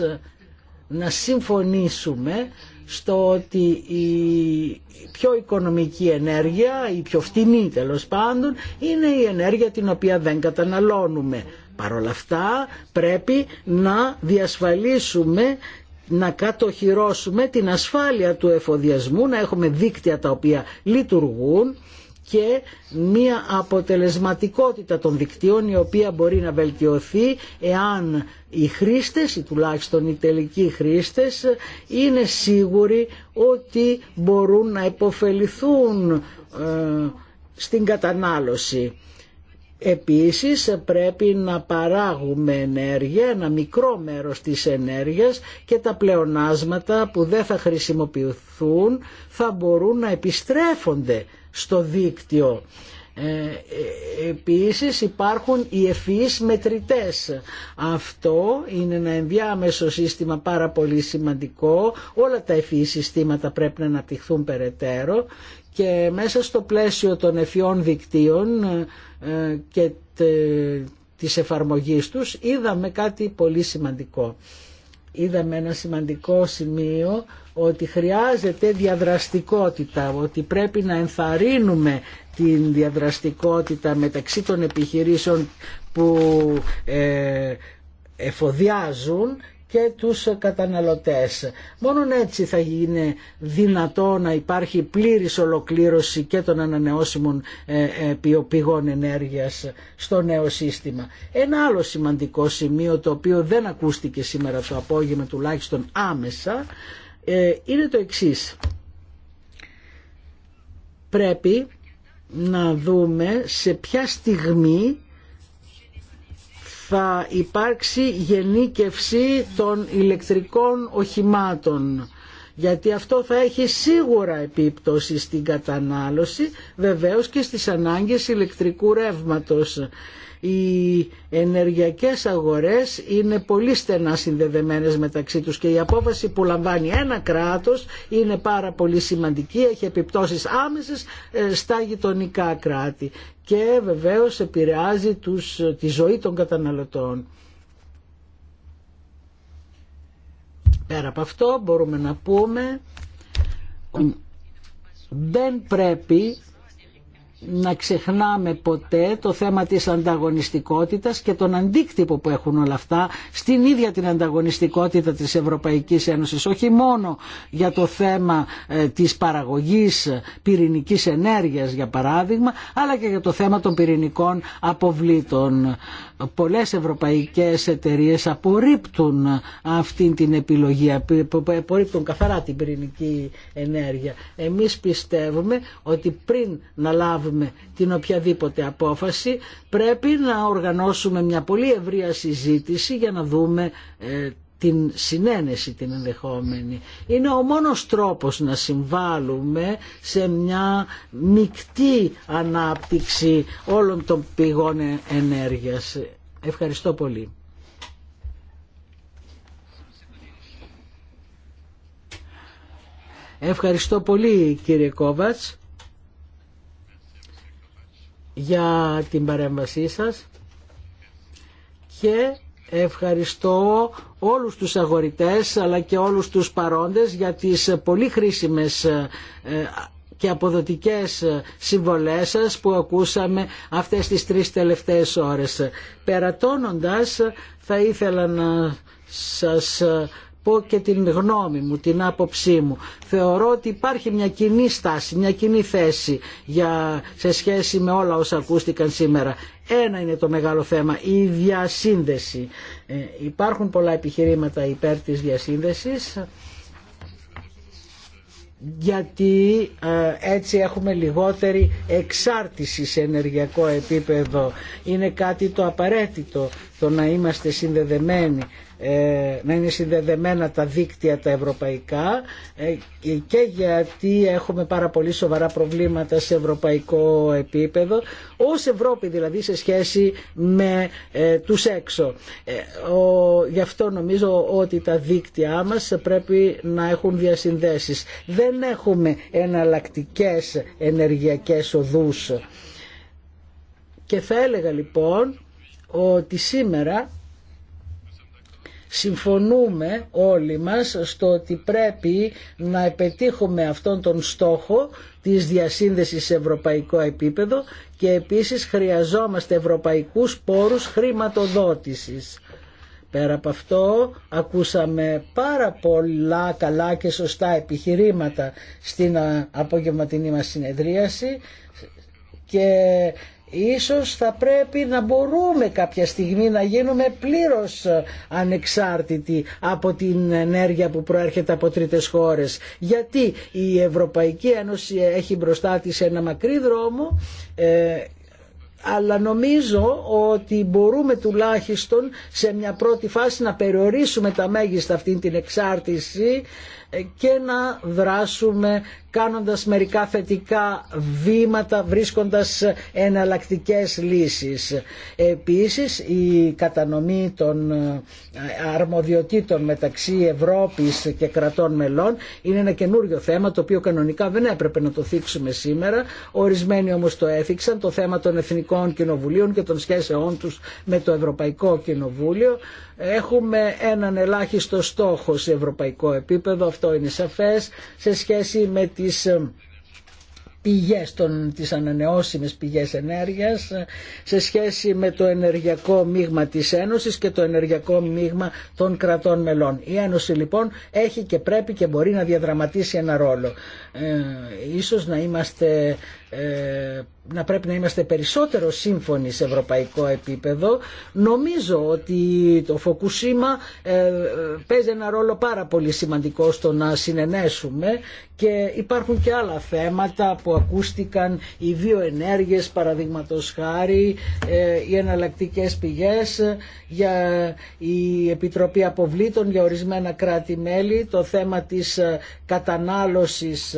Speaker 4: να συμφωνήσουμε στο ότι η πιο οικονομική ενέργεια, η πιο φτηνή τέλο πάντων, είναι η ενέργεια την οποία δεν καταναλώνουμε. Παρ' όλα αυτά πρέπει να διασφαλίσουμε να κατοχυρώσουμε την ασφάλεια του εφοδιασμού, να έχουμε δίκτυα τα οποία λειτουργούν και μία αποτελεσματικότητα των δικτύων η οποία μπορεί να βελτιωθεί εάν οι χρήστες ή τουλάχιστον οι τελικοί χρήστες είναι σίγουροι ότι μπορούν να υποφεληθούν ε, στην κατανάλωση. Επίσης πρέπει να παράγουμε ενέργεια, ένα μικρό μέρος της ενέργειας και τα πλεονάσματα που δεν θα χρησιμοποιηθούν θα μπορούν να επιστρέφονται στο δίκτυο. Ε, επίσης υπάρχουν οι ευφυείς μετρητές. Αυτό είναι ένα ενδιάμεσο σύστημα πάρα πολύ σημαντικό. Όλα τα ευφυείς συστήματα πρέπει να αναπτυχθούν περαιτέρω και μέσα στο πλαίσιο των ευφυών δικτύων ε, και της εφαρμογής τους είδαμε κάτι πολύ σημαντικό. Είδαμε ένα σημαντικό σημείο ότι χρειάζεται διαδραστικότητα, ότι πρέπει να ενθαρρύνουμε την διαδραστικότητα μεταξύ των επιχειρήσεων που ε, εφοδιάζουν και τους καταναλωτές. Μόνον έτσι θα γίνει δυνατό να υπάρχει πλήρης ολοκλήρωση και των ανανεώσιμων ε, ε, πηγών ενέργειας στο νέο σύστημα. Ένα άλλο σημαντικό σημείο το οποίο δεν ακούστηκε σήμερα το απόγευμα τουλάχιστον άμεσα ε, είναι το εξής. Πρέπει να δούμε σε ποια στιγμή θα υπάρξει γενίκευση των ηλεκτρικών οχημάτων γιατί αυτό θα έχει σίγουρα επίπτωση στην κατανάλωση βεβαίως και στις ανάγκες ηλεκτρικού ρεύματος οι ενεργειακές αγορές είναι πολύ στενά συνδεδεμένες μεταξύ τους και η απόφαση που λαμβάνει ένα κράτος είναι πάρα πολύ σημαντική, έχει επιπτώσεις άμεσες ε, στα γειτονικά κράτη και βεβαίως επηρεάζει τους, τη ζωή των καταναλωτών. Πέρα από αυτό μπορούμε να πούμε δεν πρέπει να ξεχνάμε ποτέ το θέμα της ανταγωνιστικότητας και τον αντίκτυπο που έχουν όλα αυτά στην ίδια την ανταγωνιστικότητα της Ευρωπαϊκής Ένωσης όχι μόνο για το θέμα ε, της παραγωγής πυρηνικής ενέργειας για παράδειγμα αλλά και για το θέμα των πυρηνικών αποβλήτων πολλές ευρωπαϊκές εταιρείες απορρίπτουν αυτή την επιλογή, απορρίπτουν καθαρά την πυρηνική ενέργεια. Εμείς πιστεύουμε ότι πριν να λάβουμε την οποιαδήποτε απόφαση πρέπει να οργανώσουμε μια πολύ ευρεία συζήτηση για να δούμε ε, την συνένεση την ενδεχόμενη. Είναι ο μόνος τρόπος να συμβάλλουμε σε μια μεικτή ανάπτυξη όλων των πηγών ενέργειας. Ευχαριστώ πολύ. Ευχαριστώ πολύ κύριε Κόβατς για την παρέμβασή σας και Ευχαριστώ όλους τους αγορητές αλλά και όλους τους παρόντες για τις πολύ χρήσιμες ε, και αποδοτικές συμβολές σας που ακούσαμε αυτές τις τρεις τελευταίες ώρες. Περατώνοντας θα ήθελα να σας πω και την γνώμη μου, την άποψή μου. Θεωρώ ότι υπάρχει μια κοινή στάση, μια κοινή θέση για, σε σχέση με όλα όσα ακούστηκαν σήμερα. Ένα είναι το μεγάλο θέμα, η διασύνδεση. Ε, υπάρχουν πολλά επιχειρήματα υπέρ της διασύνδεσης γιατί ε, έτσι έχουμε λιγότερη εξάρτηση σε ενεργειακό επίπεδο. Είναι κάτι το απαραίτητο το να είμαστε συνδεδεμένοι ε, να είναι συνδεδεμένα τα δίκτυα τα ευρωπαϊκά ε, και γιατί έχουμε πάρα πολύ σοβαρά προβλήματα σε ευρωπαϊκό επίπεδο ως Ευρώπη δηλαδή σε σχέση με ε, τους έξω. Γι' αυτό νομίζω ότι τα δίκτυά μας πρέπει να έχουν διασυνδέσεις. Δεν έχουμε εναλλακτικέ ενεργειακές οδούς. Και θα έλεγα λοιπόν ότι σήμερα Συμφωνούμε όλοι μας στο ότι πρέπει να επιτύχουμε αυτόν τον στόχο της διασύνδεσης σε ευρωπαϊκό επίπεδο και επίσης χρειαζόμαστε ευρωπαϊκούς πόρους χρηματοδότησης. Πέρα από αυτό ακούσαμε πάρα πολλά καλά και σωστά επιχειρήματα στην απογευματινή μας συνεδρίαση και Ίσως θα πρέπει να μπορούμε κάποια στιγμή να γίνουμε πλήρως ανεξάρτητοι από την ενέργεια που προέρχεται από τρίτες χώρες. Γιατί η Ευρωπαϊκή Ένωση έχει μπροστά της ένα μακρύ δρόμο ε, αλλά νομίζω ότι μπορούμε τουλάχιστον σε μια πρώτη φάση να περιορίσουμε τα μέγιστα αυτήν την εξάρτηση και να δράσουμε κάνοντας μερικά θετικά βήματα, βρίσκοντας εναλλακτικές λύσεις. Επίσης, η κατανομή των ε, αρμοδιοτήτων μεταξύ Ευρώπης και κρατών μελών είναι ένα καινούριο θέμα, το οποίο κανονικά δεν έπρεπε να το θίξουμε σήμερα. Ορισμένοι όμως το έθιξαν, το θέμα των Εθνικών Κοινοβουλίων και των σχέσεών τους με το Ευρωπαϊκό Κοινοβούλιο. Έχουμε έναν ελάχιστο στόχο σε ευρωπαϊκό επίπεδο, αυτό είναι σαφές σε σχέση με τις ε, πηγές των, τις ανανεώσιμες πηγές ενέργειας ε, σε σχέση με το ενεργειακό μείγμα της Ένωσης και το ενεργειακό μείγμα των κρατών μελών. Η Ένωση λοιπόν έχει και πρέπει και μπορεί να διαδραματίσει ένα ρόλο. Ε, ίσως να είμαστε να πρέπει να είμαστε περισσότερο σύμφωνοι σε ευρωπαϊκό επίπεδο. Νομίζω ότι το Φοκουσίμα ε, παίζει ένα ρόλο πάρα πολύ σημαντικό στο να συνενέσουμε και υπάρχουν και άλλα θέματα που ακούστηκαν οι δύο ενέργειες παραδείγματος χάρη, ε, οι εναλλακτικές πηγές για η Επιτροπή Αποβλήτων για ορισμένα κράτη-μέλη, το θέμα της ε, κατανάλωσης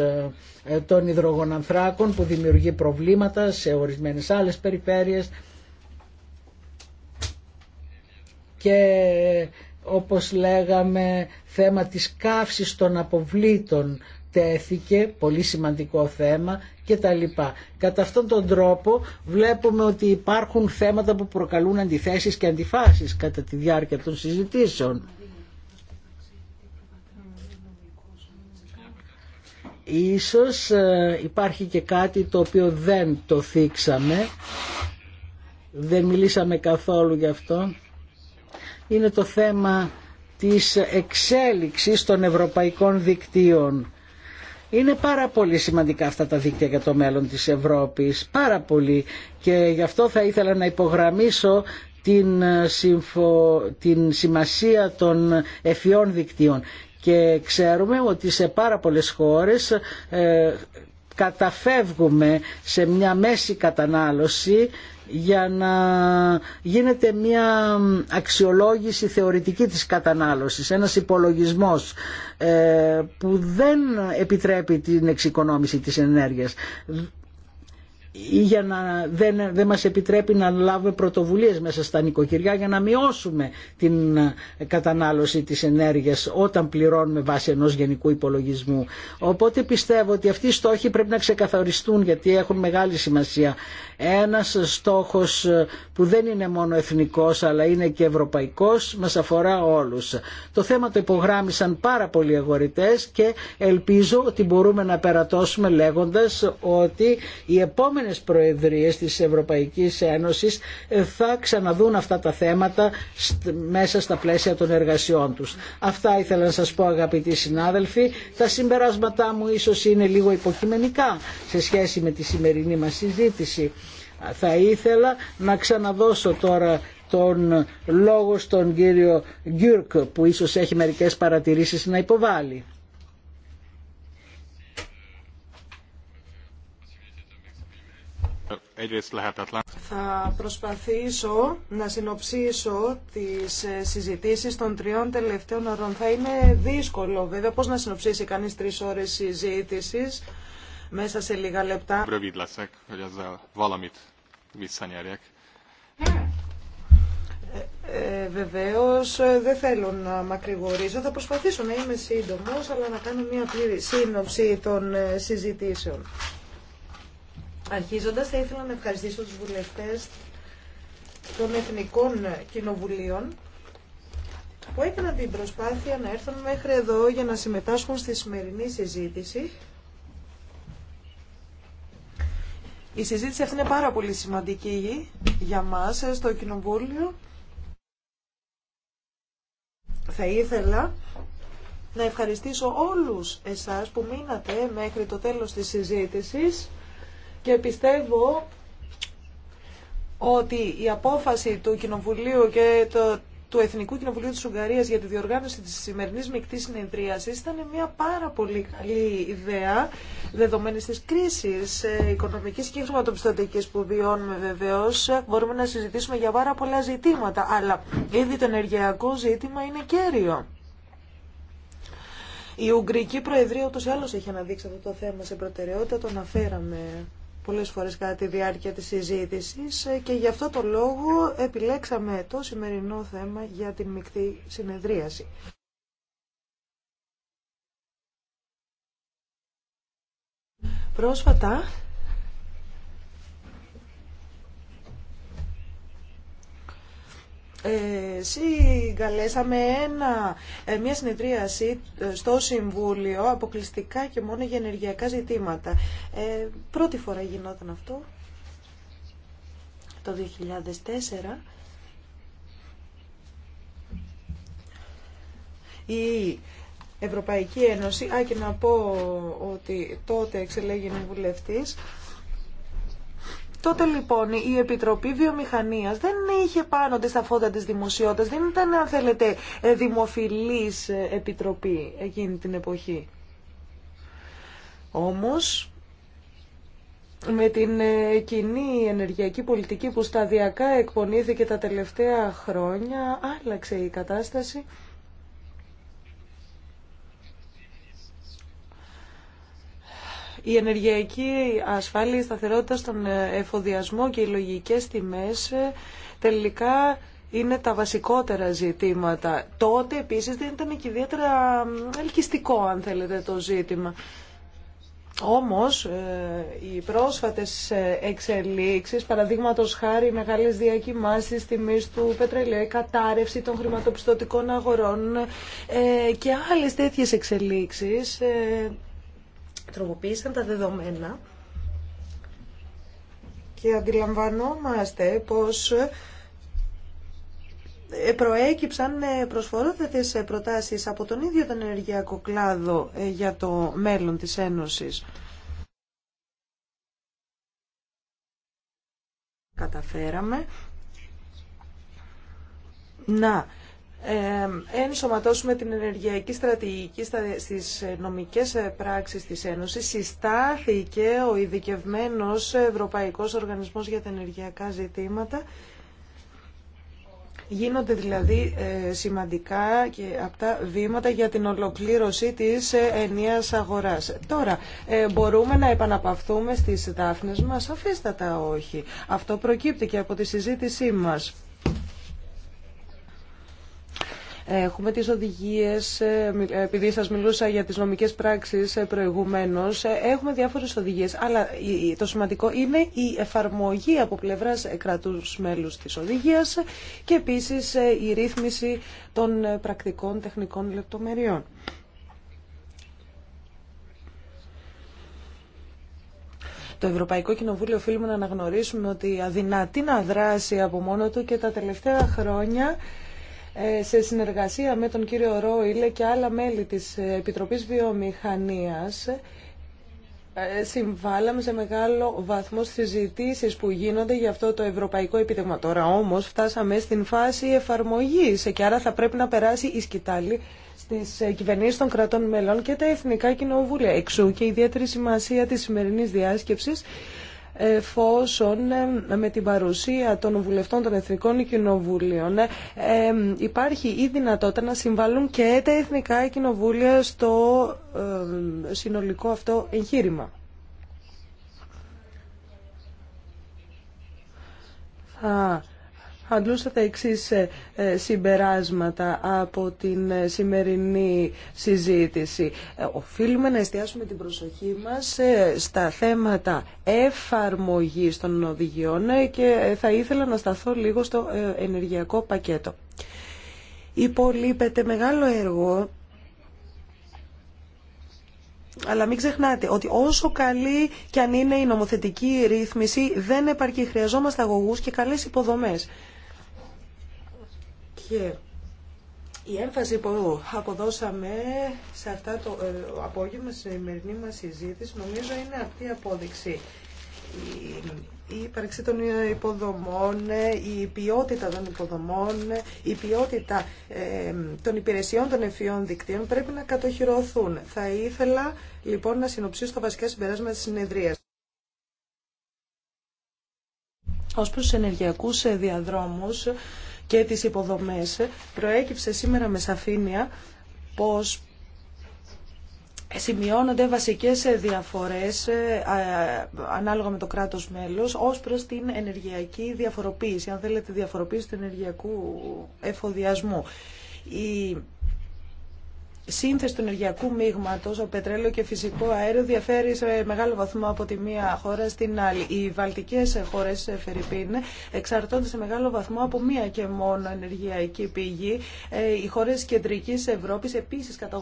Speaker 4: ε, των υδρογονανθράκων που δημιουργεί προβλήματα σε ορισμένες άλλες περιφέρειες και όπως λέγαμε θέμα της καύσης των αποβλήτων τέθηκε, πολύ σημαντικό θέμα και τα λοιπά. Κατά αυτόν τον τρόπο βλέπουμε ότι υπάρχουν θέματα που προκαλούν αντιθέσεις και αντιφάσεις κατά τη διάρκεια των συζητήσεων. Ίσως ε, υπάρχει και κάτι το οποίο δεν το θίξαμε, δεν μιλήσαμε καθόλου γι' αυτό. Είναι το θέμα της εξέλιξης των ευρωπαϊκών δικτύων. Είναι πάρα πολύ σημαντικά αυτά τα δίκτυα για το μέλλον της Ευρώπης, πάρα πολύ. Και γι' αυτό θα ήθελα να υπογραμμίσω την, ε, συμφο... την σημασία των εφιών δικτύων και ξέρουμε ότι σε πάρα πολλές χώρες ε, καταφεύγουμε σε μια μέση κατανάλωση για να γίνεται μια αξιολόγηση θεωρητική της κατανάλωσης, ένας υπολογισμός ε, που δεν επιτρέπει την εξοικονόμηση της ενέργειας για να δεν, δεν μας επιτρέπει να λάβουμε πρωτοβουλίες μέσα στα νοικοκυριά για να μειώσουμε την ε, κατανάλωση της ενέργειας όταν πληρώνουμε βάσει ενός γενικού υπολογισμού. Οπότε πιστεύω ότι αυτοί οι στόχοι πρέπει να ξεκαθαριστούν γιατί έχουν μεγάλη σημασία. Ένας στόχος ε, που δεν είναι μόνο εθνικός αλλά είναι και ευρωπαϊκός μας αφορά όλους. Το θέμα το υπογράμμισαν πάρα πολλοί αγορητές και ελπίζω ότι μπορούμε να περατώσουμε λέγοντας ότι η επόμενη επόμενες προεδρίες της Ευρωπαϊκής Ένωσης ε, θα ξαναδούν αυτά τα θέματα μέσα στα πλαίσια των εργασιών τους. Αυτά ήθελα να σας πω αγαπητοί συνάδελφοι. Τα συμπεράσματά μου ίσως είναι λίγο υποκειμενικά σε σχέση με τη σημερινή μας συζήτηση. Θα ήθελα να ξαναδώσω τώρα τον λόγο στον κύριο Γκιούρκ που ίσως έχει μερικές παρατηρήσεις να υποβάλει.
Speaker 2: Θα προσπαθήσω να συνοψίσω τις ε, συζητήσεις των τριών τελευταίων ώρων. Θα είναι δύσκολο βέβαια πώς να συνοψίσει κανείς τρεις ώρες συζήτησης μέσα σε λίγα λεπτά. Ε, ε, βεβαίως ε, δεν θέλω να μακρηγορήσω, θα προσπαθήσω να είμαι σύντομος αλλά να κάνω μια πλήρη σύνοψη των συζητήσεων. Αρχίζοντας θα ήθελα να ευχαριστήσω τους βουλευτές των Εθνικών Κοινοβουλίων που έκαναν την προσπάθεια να έρθουν μέχρι εδώ για να συμμετάσχουν στη σημερινή συζήτηση. Η συζήτηση αυτή είναι πάρα πολύ σημαντική για μας στο Κοινοβούλιο. Θα ήθελα να ευχαριστήσω όλους εσάς που μείνατε μέχρι το τέλος της συζήτησης και πιστεύω ότι η απόφαση του Κοινοβουλίου και το, του Εθνικού Κοινοβουλίου της Ουγγαρίας για τη διοργάνωση της σημερινής μεικτής συνεδρίασης ήταν μια πάρα πολύ καλή ιδέα δεδομένη της κρίσης ε, οικονομικής και χρηματοπιστωτικής που βιώνουμε βεβαίως. Μπορούμε να συζητήσουμε για πάρα πολλά ζητήματα, αλλά ήδη το ενεργειακό ζήτημα είναι κέριο. Η Ουγγρική Προεδρία ούτως ή άλλως έχει αναδείξει αυτό το θέμα σε προτεραιότητα, το αναφέραμε πολλές φορές κατά τη διάρκεια της συζήτησης και γι' αυτό το λόγο επιλέξαμε το σημερινό θέμα για την μεικτή συνεδρίαση. Πρόσφατα συγκαλέσαμε ένα, ε, μια συνεδρίαση ε, στο Συμβούλιο αποκλειστικά και μόνο για ενεργειακά ζητήματα. Ε, πρώτη φορά γινόταν αυτό, το 2004. Η Ευρωπαϊκή Ένωση, α και να πω ότι τότε εξελέγει βουλευτής, Τότε λοιπόν η Επιτροπή Βιομηχανίας δεν είχε πάνω στα φώτα της δημοσιότητας, δεν ήταν αν θέλετε ε, δημοφιλής ε, επιτροπή εκείνη την εποχή. Όμως με την ε, κοινή ενεργειακή πολιτική που σταδιακά εκπονήθηκε τα τελευταία χρόνια άλλαξε η κατάσταση. Η ενεργειακή ασφάλεια, η σταθερότητα στον εφοδιασμό και οι λογικές τιμές ε, τελικά είναι τα βασικότερα ζητήματα. Τότε επίσης δεν ήταν και ιδιαίτερα ελκυστικό αν θέλετε το ζήτημα. Όμως ε, οι πρόσφατες ε, εξελίξεις, παραδείγματος χάρη μεγάλες διακοιμάσεις τιμής του πετρελαίου, η κατάρρευση των χρηματοπιστωτικών αγορών και άλλες τέτοιες εξελίξεις τροποποίησαν τα δεδομένα και αντιλαμβανόμαστε πως ε, προέκυψαν ε, προσφορότατες ε, προτάσεις από τον ίδιο τον ενεργειακό κλάδο για το μέλλον της Ένωσης. Καταφέραμε να ενσωματώσουμε την ενεργειακή στρατηγική στις νομικές ε, πράξεις της Ένωσης. Συστάθηκε ο ειδικευμένο Ευρωπαϊκός Οργανισμός για τα Ενεργειακά Ζητήματα. Γίνονται δηλαδή ε, σημαντικά και αυτά βήματα για την ολοκλήρωση της ε, ενίας αγοράς. Τώρα, μπορούμε να επαναπαυθούμε στις δάφνες μας, αφήστατα όχι. Αυτό προκύπτει και από τη συζήτησή μας. Έχουμε τις οδηγίες, ε, ε, επειδή σας μιλούσα για τις νομικές πράξεις ε, προηγουμένως, έχουμε διάφορες οδηγίες, αλλά το σημαντικό είναι η εφαρμογή από πλευράς κρατούς μέλους της οδηγίας και επίσης η ρύθμιση των πρακτικών τεχνικών λεπτομεριών. Το Ευρωπαϊκό Κοινοβούλιο οφείλουμε να αναγνωρίσουμε ότι αδυνατεί να δράσει από μόνο του και τα τελευταία χρόνια ε, σε συνεργασία με τον κύριο Ρόιλε και άλλα μέλη της Επιτροπής Βιομηχανίας ε, συμβάλαμε σε μεγάλο βαθμό στις συζητήσει που γίνονται για αυτό το ευρωπαϊκό επίτευγμα. Τώρα όμως φτάσαμε στην φάση εφαρμογής και άρα θα πρέπει να περάσει η σκητάλη στις κυβερνήσεις των κρατών μελών και τα εθνικά κοινοβούλια. Εξού και ιδιαίτερη σημασία της σημερινής διάσκεψης εφόσον ε, με την παρουσία των βουλευτών των Εθνικών Κοινοβουλίων ε, υπάρχει η δυνατότητα να συμβάλλουν και τα Εθνικά Κοινοβούλια στο ε, συνολικό αυτό εγχείρημα. Θα αντλούσα τα εξή ε, ε, συμπεράσματα από την ε, σημερινή συζήτηση. Οφείλουμε να εστιάσουμε την προσοχή μας στα θέματα εφαρμογής των οδηγιών και θα ήθελα να σταθώ λίγο στο ενεργειακό πακέτο. Υπολείπεται μεγάλο έργο αλλά μην ξεχνάτε ότι όσο καλή και αν είναι η νομοθετική ρύθμιση, δεν επαρκεί. Χρειαζόμαστε αγωγούς και καλές υποδομές και Η έμφαση που αποδώσαμε σε αυτά το ε, απόγευμα, σε ημερινή μας συζήτηση, νομίζω είναι αυτή η απόδειξη. Η ύπαρξη των υποδομών, η ποιότητα των υποδομών, η ποιότητα ε, των υπηρεσιών των ευφυών δικτύων πρέπει να κατοχυρωθούν. Θα ήθελα λοιπόν να συνοψίσω τα βασικά συμπεράσματα της συνεδρίας. Ως προς ενεργειακούς ε, διαδρόμους, και τις υποδομές. Προέκυψε σήμερα με σαφήνεια πως σημειώνονται βασικές διαφορές ε, ανάλογα με το κράτος μέλος ως προς την ενεργειακή διαφοροποίηση, αν θέλετε διαφοροποίηση του ενεργειακού εφοδιασμού. Η σύνθεση του ενεργειακού μείγματος, ο πετρέλαιο και φυσικό αέριο, διαφέρει σε μεγάλο βαθμό από τη μία χώρα στην άλλη. Οι βαλτικές χώρε ε, Φερρυπίν, εξαρτώνται σε μεγάλο βαθμό από μία και μόνο ενεργειακή πηγή. Ε, οι χώρες κεντρικής Ευρώπης επίση κατά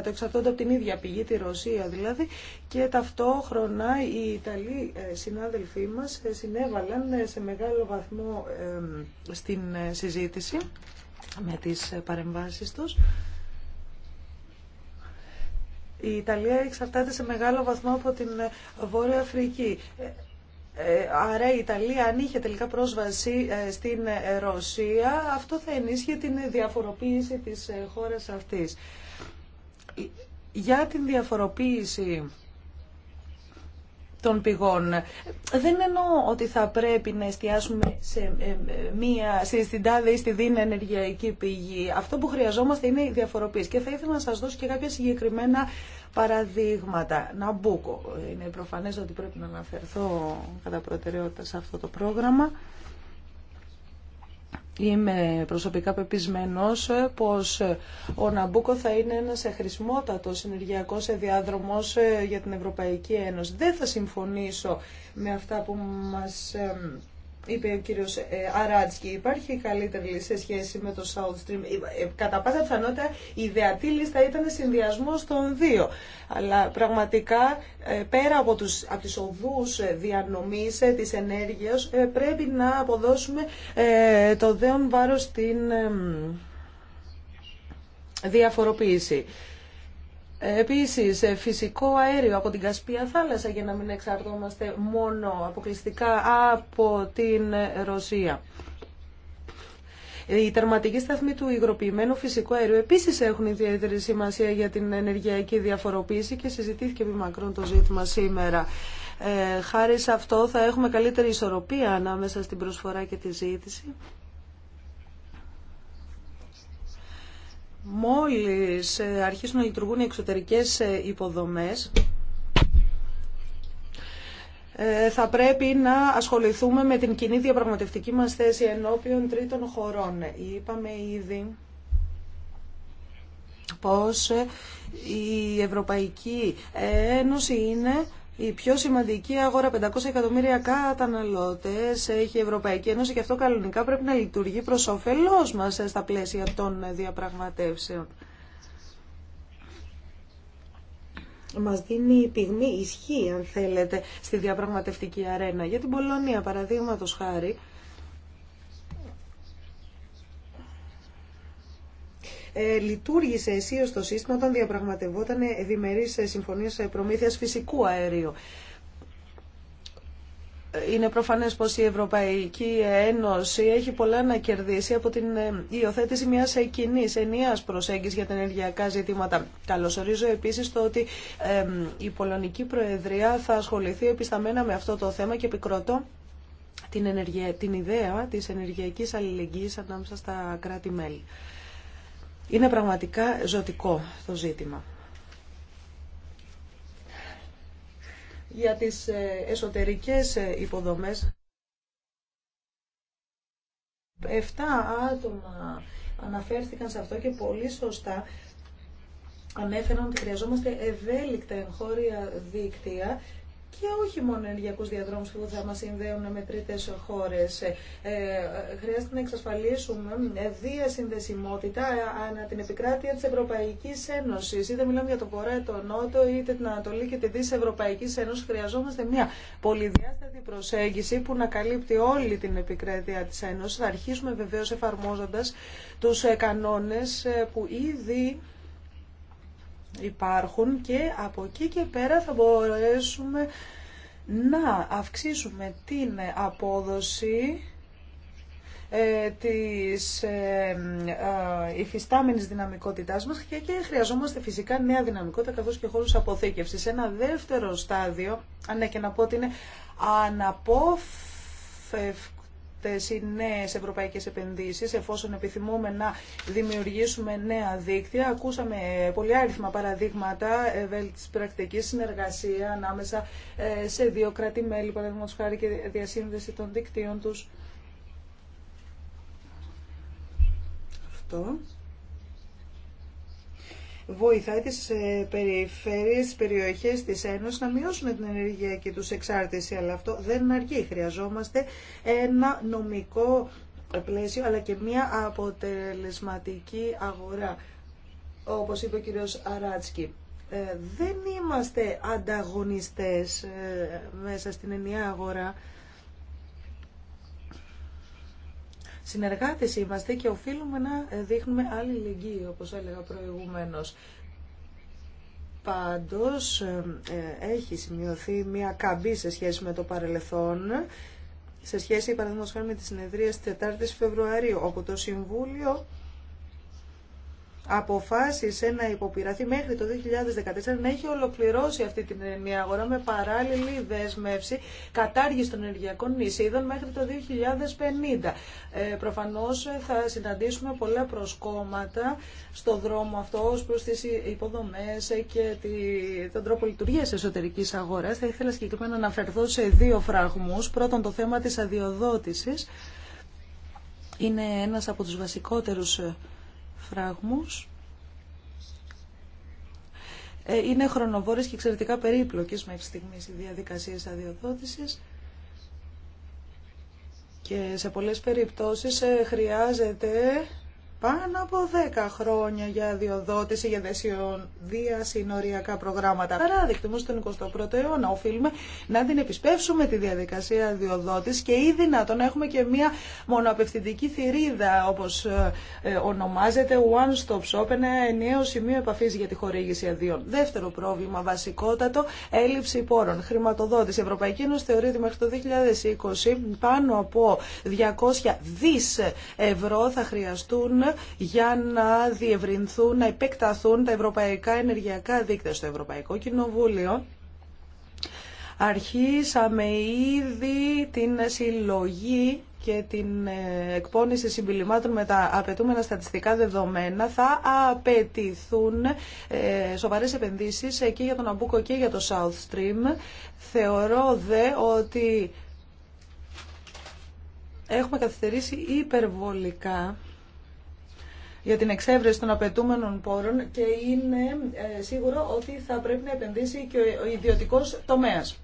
Speaker 2: 80% εξαρτώνται από την ίδια πηγή, τη Ρωσία δηλαδή, και ταυτόχρονα οι Ιταλοί ε, συνάδελφοί μα συνέβαλαν σε μεγάλο βαθμό στην συζήτηση με τις παρεμβάσεις τους. Η Ιταλία εξαρτάται σε μεγάλο βαθμό από την Βόρεια Αφρική. Ε, ε, άρα η Ιταλία αν είχε τελικά πρόσβαση ε, στην Ρωσία, αυτό θα ενίσχυε την διαφοροποίηση της χώρας αυτής. Για την διαφοροποίηση των πηγών. Δεν εννοώ ότι θα πρέπει να εστιάσουμε σε ε, ε, μία, στην τάδε ή στη δίνα ενεργειακή πηγή. Αυτό που χρειαζόμαστε είναι η διαφοροποίηση. Και θα ήθελα να σας δώσω και κάποια συγκεκριμένα παραδείγματα. Να μπούκο. Είναι προφανές ότι πρέπει να αναφερθώ κατά προτεραιότητα σε αυτό το πρόγραμμα. Είμαι προσωπικά πεπισμένος πως ο Ναμπούκο θα είναι ένας χρησιμότατος ενεργειακός διάδρομος ε, για την Ευρωπαϊκή Ένωση. Δεν θα συμφωνήσω με αυτά που μας ε, είπε ο κύριος ε, Αράτσκι, υπάρχει καλύτερη λύση σε σχέση με το South Stream. Ε, ε, κατά πάσα πιθανότητα η ιδεατή λίστα ήταν συνδυασμό των δύο. Αλλά πραγματικά πέρα από, τους, από τις οδούς διανομής της ενέργειας πρέπει να αποδώσουμε το δέον βάρος στην διαφοροποίηση. Επίσης, ε, φυσικό αέριο από την Κασπία θάλασσα για να μην εξαρτώμαστε μόνο αποκλειστικά από την ε, Ρωσία. Οι τερματικοί σταθμοί του υγροποιημένου φυσικού αερίου επίσης έχουν ιδιαίτερη σημασία για την ενεργειακή διαφοροποίηση και συζητήθηκε με μακρόν το ζήτημα σήμερα. Ε, χάρη σε αυτό θα έχουμε καλύτερη ισορροπία ανάμεσα στην προσφορά και τη ζήτηση. μόλις ε, αρχίσουν να λειτουργούν οι εξωτερικές ε, υποδομές ε, θα πρέπει να ασχοληθούμε με την κοινή διαπραγματευτική μας θέση ενώπιον τρίτων χωρών. Είπαμε ήδη πως η Ευρωπαϊκή Ένωση είναι η πιο σημαντική αγορά 500 εκατομμύρια καταναλώτες έχει η Ευρωπαϊκή Ένωση και αυτό κανονικά πρέπει να λειτουργεί προ όφελό μας στα πλαίσια των διαπραγματεύσεων. Μας δίνει πυγμή ισχύ, αν θέλετε, στη διαπραγματευτική αρένα. Για την Πολωνία, παραδείγματο χάρη, Ε, λειτουργήσε αισίως το σύστημα όταν διαπραγματευόταν διμερείς συμφωνίες προμήθειας φυσικού αερίου. Είναι προφανές πως η Ευρωπαϊκή Ένωση έχει πολλά να κερδίσει από την ε, υιοθέτηση μιας ε, κοινή ενιαίας προσέγγισης για τα ενεργειακά ζητήματα. Καλωσορίζω επίσης το ότι η Πολωνική Προεδρία θα ασχοληθεί επισταμένα με αυτό το θέμα και επικροτώ την, ενεργεια... την ιδέα της ενεργειακής αλληλεγγύης ανάμεσα στα κράτη-μέλη. Είναι πραγματικά ζωτικό το ζήτημα. Για τις ε, εσωτερικές ε, υποδομές, 7 άτομα αναφέρθηκαν σε αυτό και πολύ σωστά ανέφεραν ότι χρειαζόμαστε ευέλικτα εγχώρια δίκτυα και όχι μόνο ενεργειακού διαδρόμους που θα μας συνδέουν με τρίτες χώρες. Ε, ε χρειάζεται να εξασφαλίσουμε ε, συνδεσιμότητα ε, ανά την επικράτεια της Ευρωπαϊκής Ένωσης. Είτε μιλάμε για το Βορρά, το Νότο, είτε την Ανατολή και τη Δύση Ευρωπαϊκής Ένωσης. Χρειαζόμαστε μια πολυδιάστατη προσέγγιση που να καλύπτει όλη την επικράτεια της Ένωσης. Θα αρχίσουμε βεβαίως εφαρμόζοντας τους κανόνες που ήδη υπάρχουν και από εκεί και πέρα θα μπορέσουμε να αυξήσουμε την απόδοση ε, της ε, ε, υφιστάμενης δυναμικότητάς μας και, και χρειαζόμαστε φυσικά νέα δυναμικότητα καθώς και χώρους αποθήκευσης. Ένα δεύτερο στάδιο, αν ναι να πω ότι είναι αναπόφευκτο αυτές οι νέες ευρωπαϊκές επενδύσεις εφόσον επιθυμούμε να δημιουργήσουμε νέα δίκτυα. Ακούσαμε πολλοί άριθμα παραδείγματα ευέλτης πρακτικής συνεργασία ανάμεσα ε, σε δύο κράτη-μέλη, παραδείγματος χάρη και διασύνδεση των δικτύων τους. Αυτό βοηθάει τις ε, περιφέρειες, τις περιοχές της Ένωσης να μειώσουν την ενεργειακή τους εξάρτηση, αλλά αυτό δεν αρκεί. Χρειαζόμαστε ένα νομικό πλαίσιο, αλλά και μια αποτελεσματική αγορά, όπως είπε ο κύριος Αράτσκι. Ε, δεν είμαστε ανταγωνιστές ε, μέσα στην ενιαία αγορά. Συνεργάτες είμαστε και οφείλουμε να δείχνουμε αλληλεγγύη, όπως έλεγα προηγουμένως. Πάντως, ε, έχει σημειωθεί μια καμπή σε σχέση με το παρελθόν, σε σχέση, παραδείγματος με τη συνεδρία της 4ης Φεβρουαρίου, όπου το Συμβούλιο αποφάσισε να υποπειραθεί μέχρι το 2014 να έχει ολοκληρώσει αυτή την ενιαία αγορά με παράλληλη δέσμευση κατάργηση των ενεργειακών νησίδων μέχρι το 2050. Ε, προφανώς θα συναντήσουμε πολλά προσκόμματα στο δρόμο αυτό ως προς τις υποδομές και τη, τον τρόπο λειτουργίας εσωτερικής αγοράς. Θα ήθελα συγκεκριμένα να αναφερθώ σε δύο φραγμούς. Πρώτον το θέμα της αδειοδότησης. Είναι ένας από τους βασικότερους ε, είναι χρονοβόρες και εξαιρετικά περίπλοκες μέχρι στιγμής οι διαδικασίες αδειοδότησης και σε πολλές περιπτώσεις ε, χρειάζεται πάνω από 10 χρόνια για αδειοδότηση για συνοριακά προγράμματα. Παράδειγμα, στον 21ο αιώνα οφείλουμε να την επισπεύσουμε τη διαδικασία διοδότηση και ή δυνατόν να έχουμε και μία μονοαπευθυντική θηρίδα, όπω ε, ε, ονομάζεται, One Stop Shop, ένα ενιαίο σημείο επαφή για τη χορήγηση αδειών. Δεύτερο πρόβλημα, βασικότατο, έλλειψη πόρων. Χρηματοδότηση. Η Ευρωπαϊκή Ένωση θεωρεί ότι μέχρι το 2020 πάνω από 200 δι ευρώ θα χρειαστούν για να διευρυνθούν, να επεκταθούν τα ευρωπαϊκά ενεργειακά δίκτυα στο Ευρωπαϊκό Κοινοβούλιο. Αρχίσαμε ήδη την συλλογή και την ε, εκπόνηση συμπιλημάτων με τα απαιτούμενα στατιστικά δεδομένα θα απαιτηθούν ε, σοβαρές επενδύσεις και για τον Αμπούκο και για το South Stream. Θεωρώ δε ότι έχουμε καθυστερήσει υπερβολικά για την εξέβρεση των απαιτούμενων πόρων και είναι ε, σίγουρο ότι θα πρέπει να επενδύσει και ο ιδιωτικός τομέας.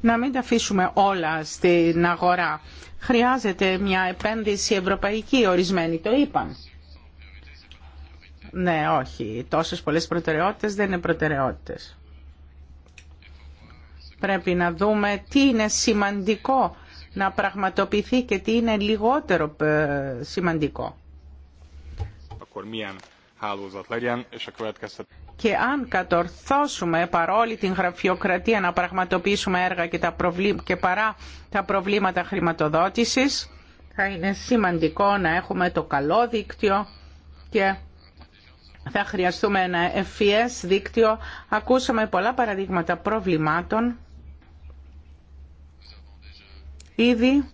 Speaker 1: Να μην τα αφήσουμε όλα στην αγορά. Χρειάζεται μια επένδυση ευρωπαϊκή ορισμένη, το είπαν. Ναι, όχι. Τόσες πολλές προτεραιότητες δεν είναι προτεραιότητες. Πρέπει να δούμε τι είναι σημαντικό να πραγματοποιηθεί και τι είναι λιγότερο ε, σημαντικό. Και αν κατορθώσουμε παρόλη την γραφειοκρατία να πραγματοποιήσουμε έργα και, τα και παρά τα προβλήματα χρηματοδότησης, θα είναι σημαντικό να έχουμε το καλό δίκτυο και θα χρειαστούμε ένα ευφυές δίκτυο. Ακούσαμε πολλά παραδείγματα προβλημάτων Ήδη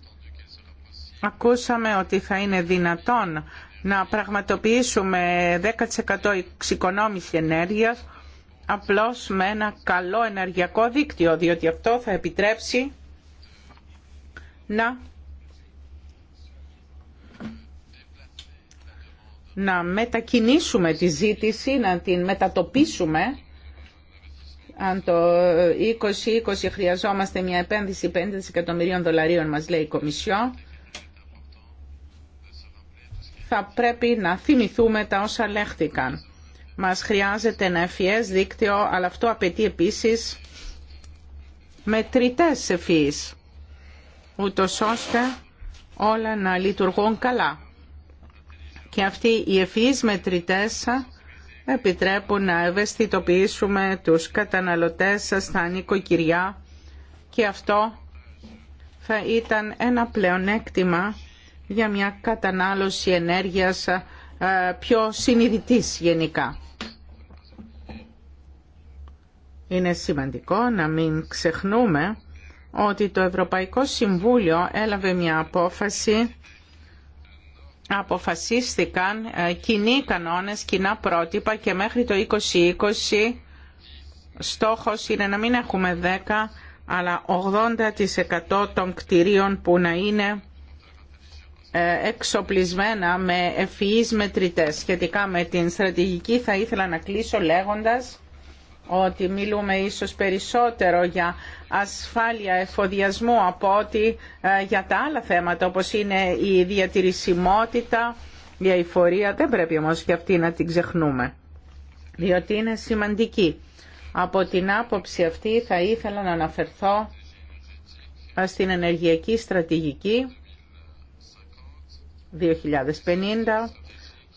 Speaker 1: ακούσαμε ότι θα είναι δυνατόν να πραγματοποιήσουμε 10% εξοικονόμηση ενέργειας απλώς με ένα καλό ενεργειακό δίκτυο, διότι αυτό θα επιτρέψει να, να μετακινήσουμε τη ζήτηση, να την μετατοπίσουμε αν το 2020 χρειαζόμαστε μια επένδυση 50 δισεκατομμυρίων δολαρίων, μας λέει η Κομισιό, θα πρέπει να θυμηθούμε τα όσα λέχθηκαν. Μας χρειάζεται ένα ευφυές δίκτυο, αλλά αυτό απαιτεί επίσης μετρητές ευφυής, ούτως ώστε όλα να λειτουργούν καλά. Και αυτοί οι ευφυείς μετρητές επιτρέπουν να ευαισθητοποιήσουμε τους καταναλωτές στα νοικοκυριά και αυτό θα ήταν ένα πλεονέκτημα για μια κατανάλωση ενέργειας ε, πιο συνειδητής γενικά. Είναι σημαντικό να μην ξεχνούμε ότι το Ευρωπαϊκό Συμβούλιο έλαβε μια απόφαση αποφασίστηκαν ε, κοινοί κανόνες, κοινά πρότυπα και μέχρι το 2020 στόχος είναι να μην έχουμε 10 αλλά 80% των κτηρίων που να είναι ε, εξοπλισμένα με ευφυείς μετρητές. Σχετικά με την στρατηγική θα ήθελα να κλείσω λέγοντας ότι μιλούμε ίσως περισσότερο για ασφάλεια εφοδιασμού από ότι ε, για τα άλλα θέματα όπως είναι η διατηρησιμότητα, η αηφορία. Δεν πρέπει όμως και αυτή να την ξεχνούμε, διότι είναι σημαντική. Από την άποψη αυτή θα ήθελα να αναφερθώ ε, στην ενεργειακή στρατηγική 2050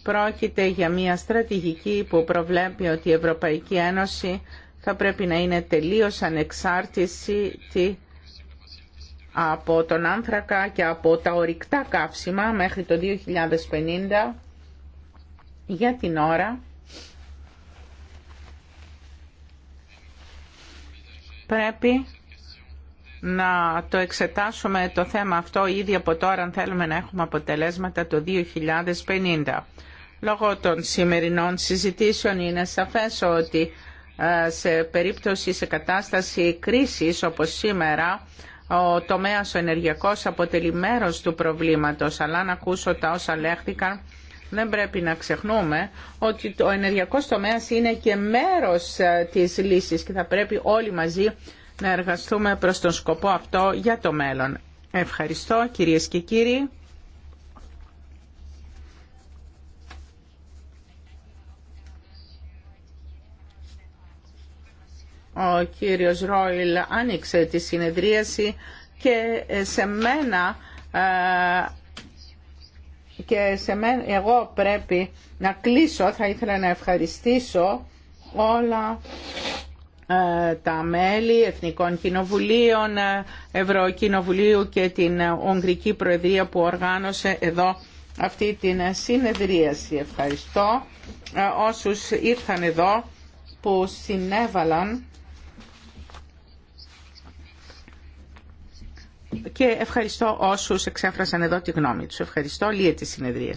Speaker 1: Πρόκειται για μια στρατηγική που προβλέπει ότι η Ευρωπαϊκή Ένωση θα πρέπει να είναι τελείως ανεξάρτηση από τον άνθρακα και από τα ορυκτά καύσιμα μέχρι το 2050 για την ώρα. Πρέπει να το εξετάσουμε το θέμα αυτό ήδη από τώρα αν θέλουμε να έχουμε αποτελέσματα το 2050. Λόγω των σημερινών συζητήσεων είναι σαφές ότι ε, σε περίπτωση, σε κατάσταση κρίσης όπως σήμερα, ο τομέας ο ενεργειακός αποτελεί μέρος του προβλήματος, αλλά να ακούσω τα όσα λέχθηκαν, δεν πρέπει να ξεχνούμε ότι ο ενεργειακός τομέας είναι και μέρος ε, της λύσης και θα πρέπει όλοι μαζί να εργαστούμε προς τον σκοπό αυτό για το μέλλον. Ευχαριστώ κυρίες και κύριοι. Ο κύριος Ρόιλ άνοιξε τη συνεδρίαση και σε μένα ε, και σε μένα, εγώ πρέπει να κλείσω, θα ήθελα να ευχαριστήσω όλα ε, τα μέλη Εθνικών Κοινοβουλίων, Ευρωκοινοβουλίου και την Ουγγρική Προεδρία που οργάνωσε εδώ αυτή την συνεδρίαση. Ευχαριστώ ε, όσους ήρθαν εδώ που συνέβαλαν και ευχαριστώ όσους εξέφρασαν εδώ τη γνώμη τους. Ευχαριστώ. Λύεται τη συνεδρία.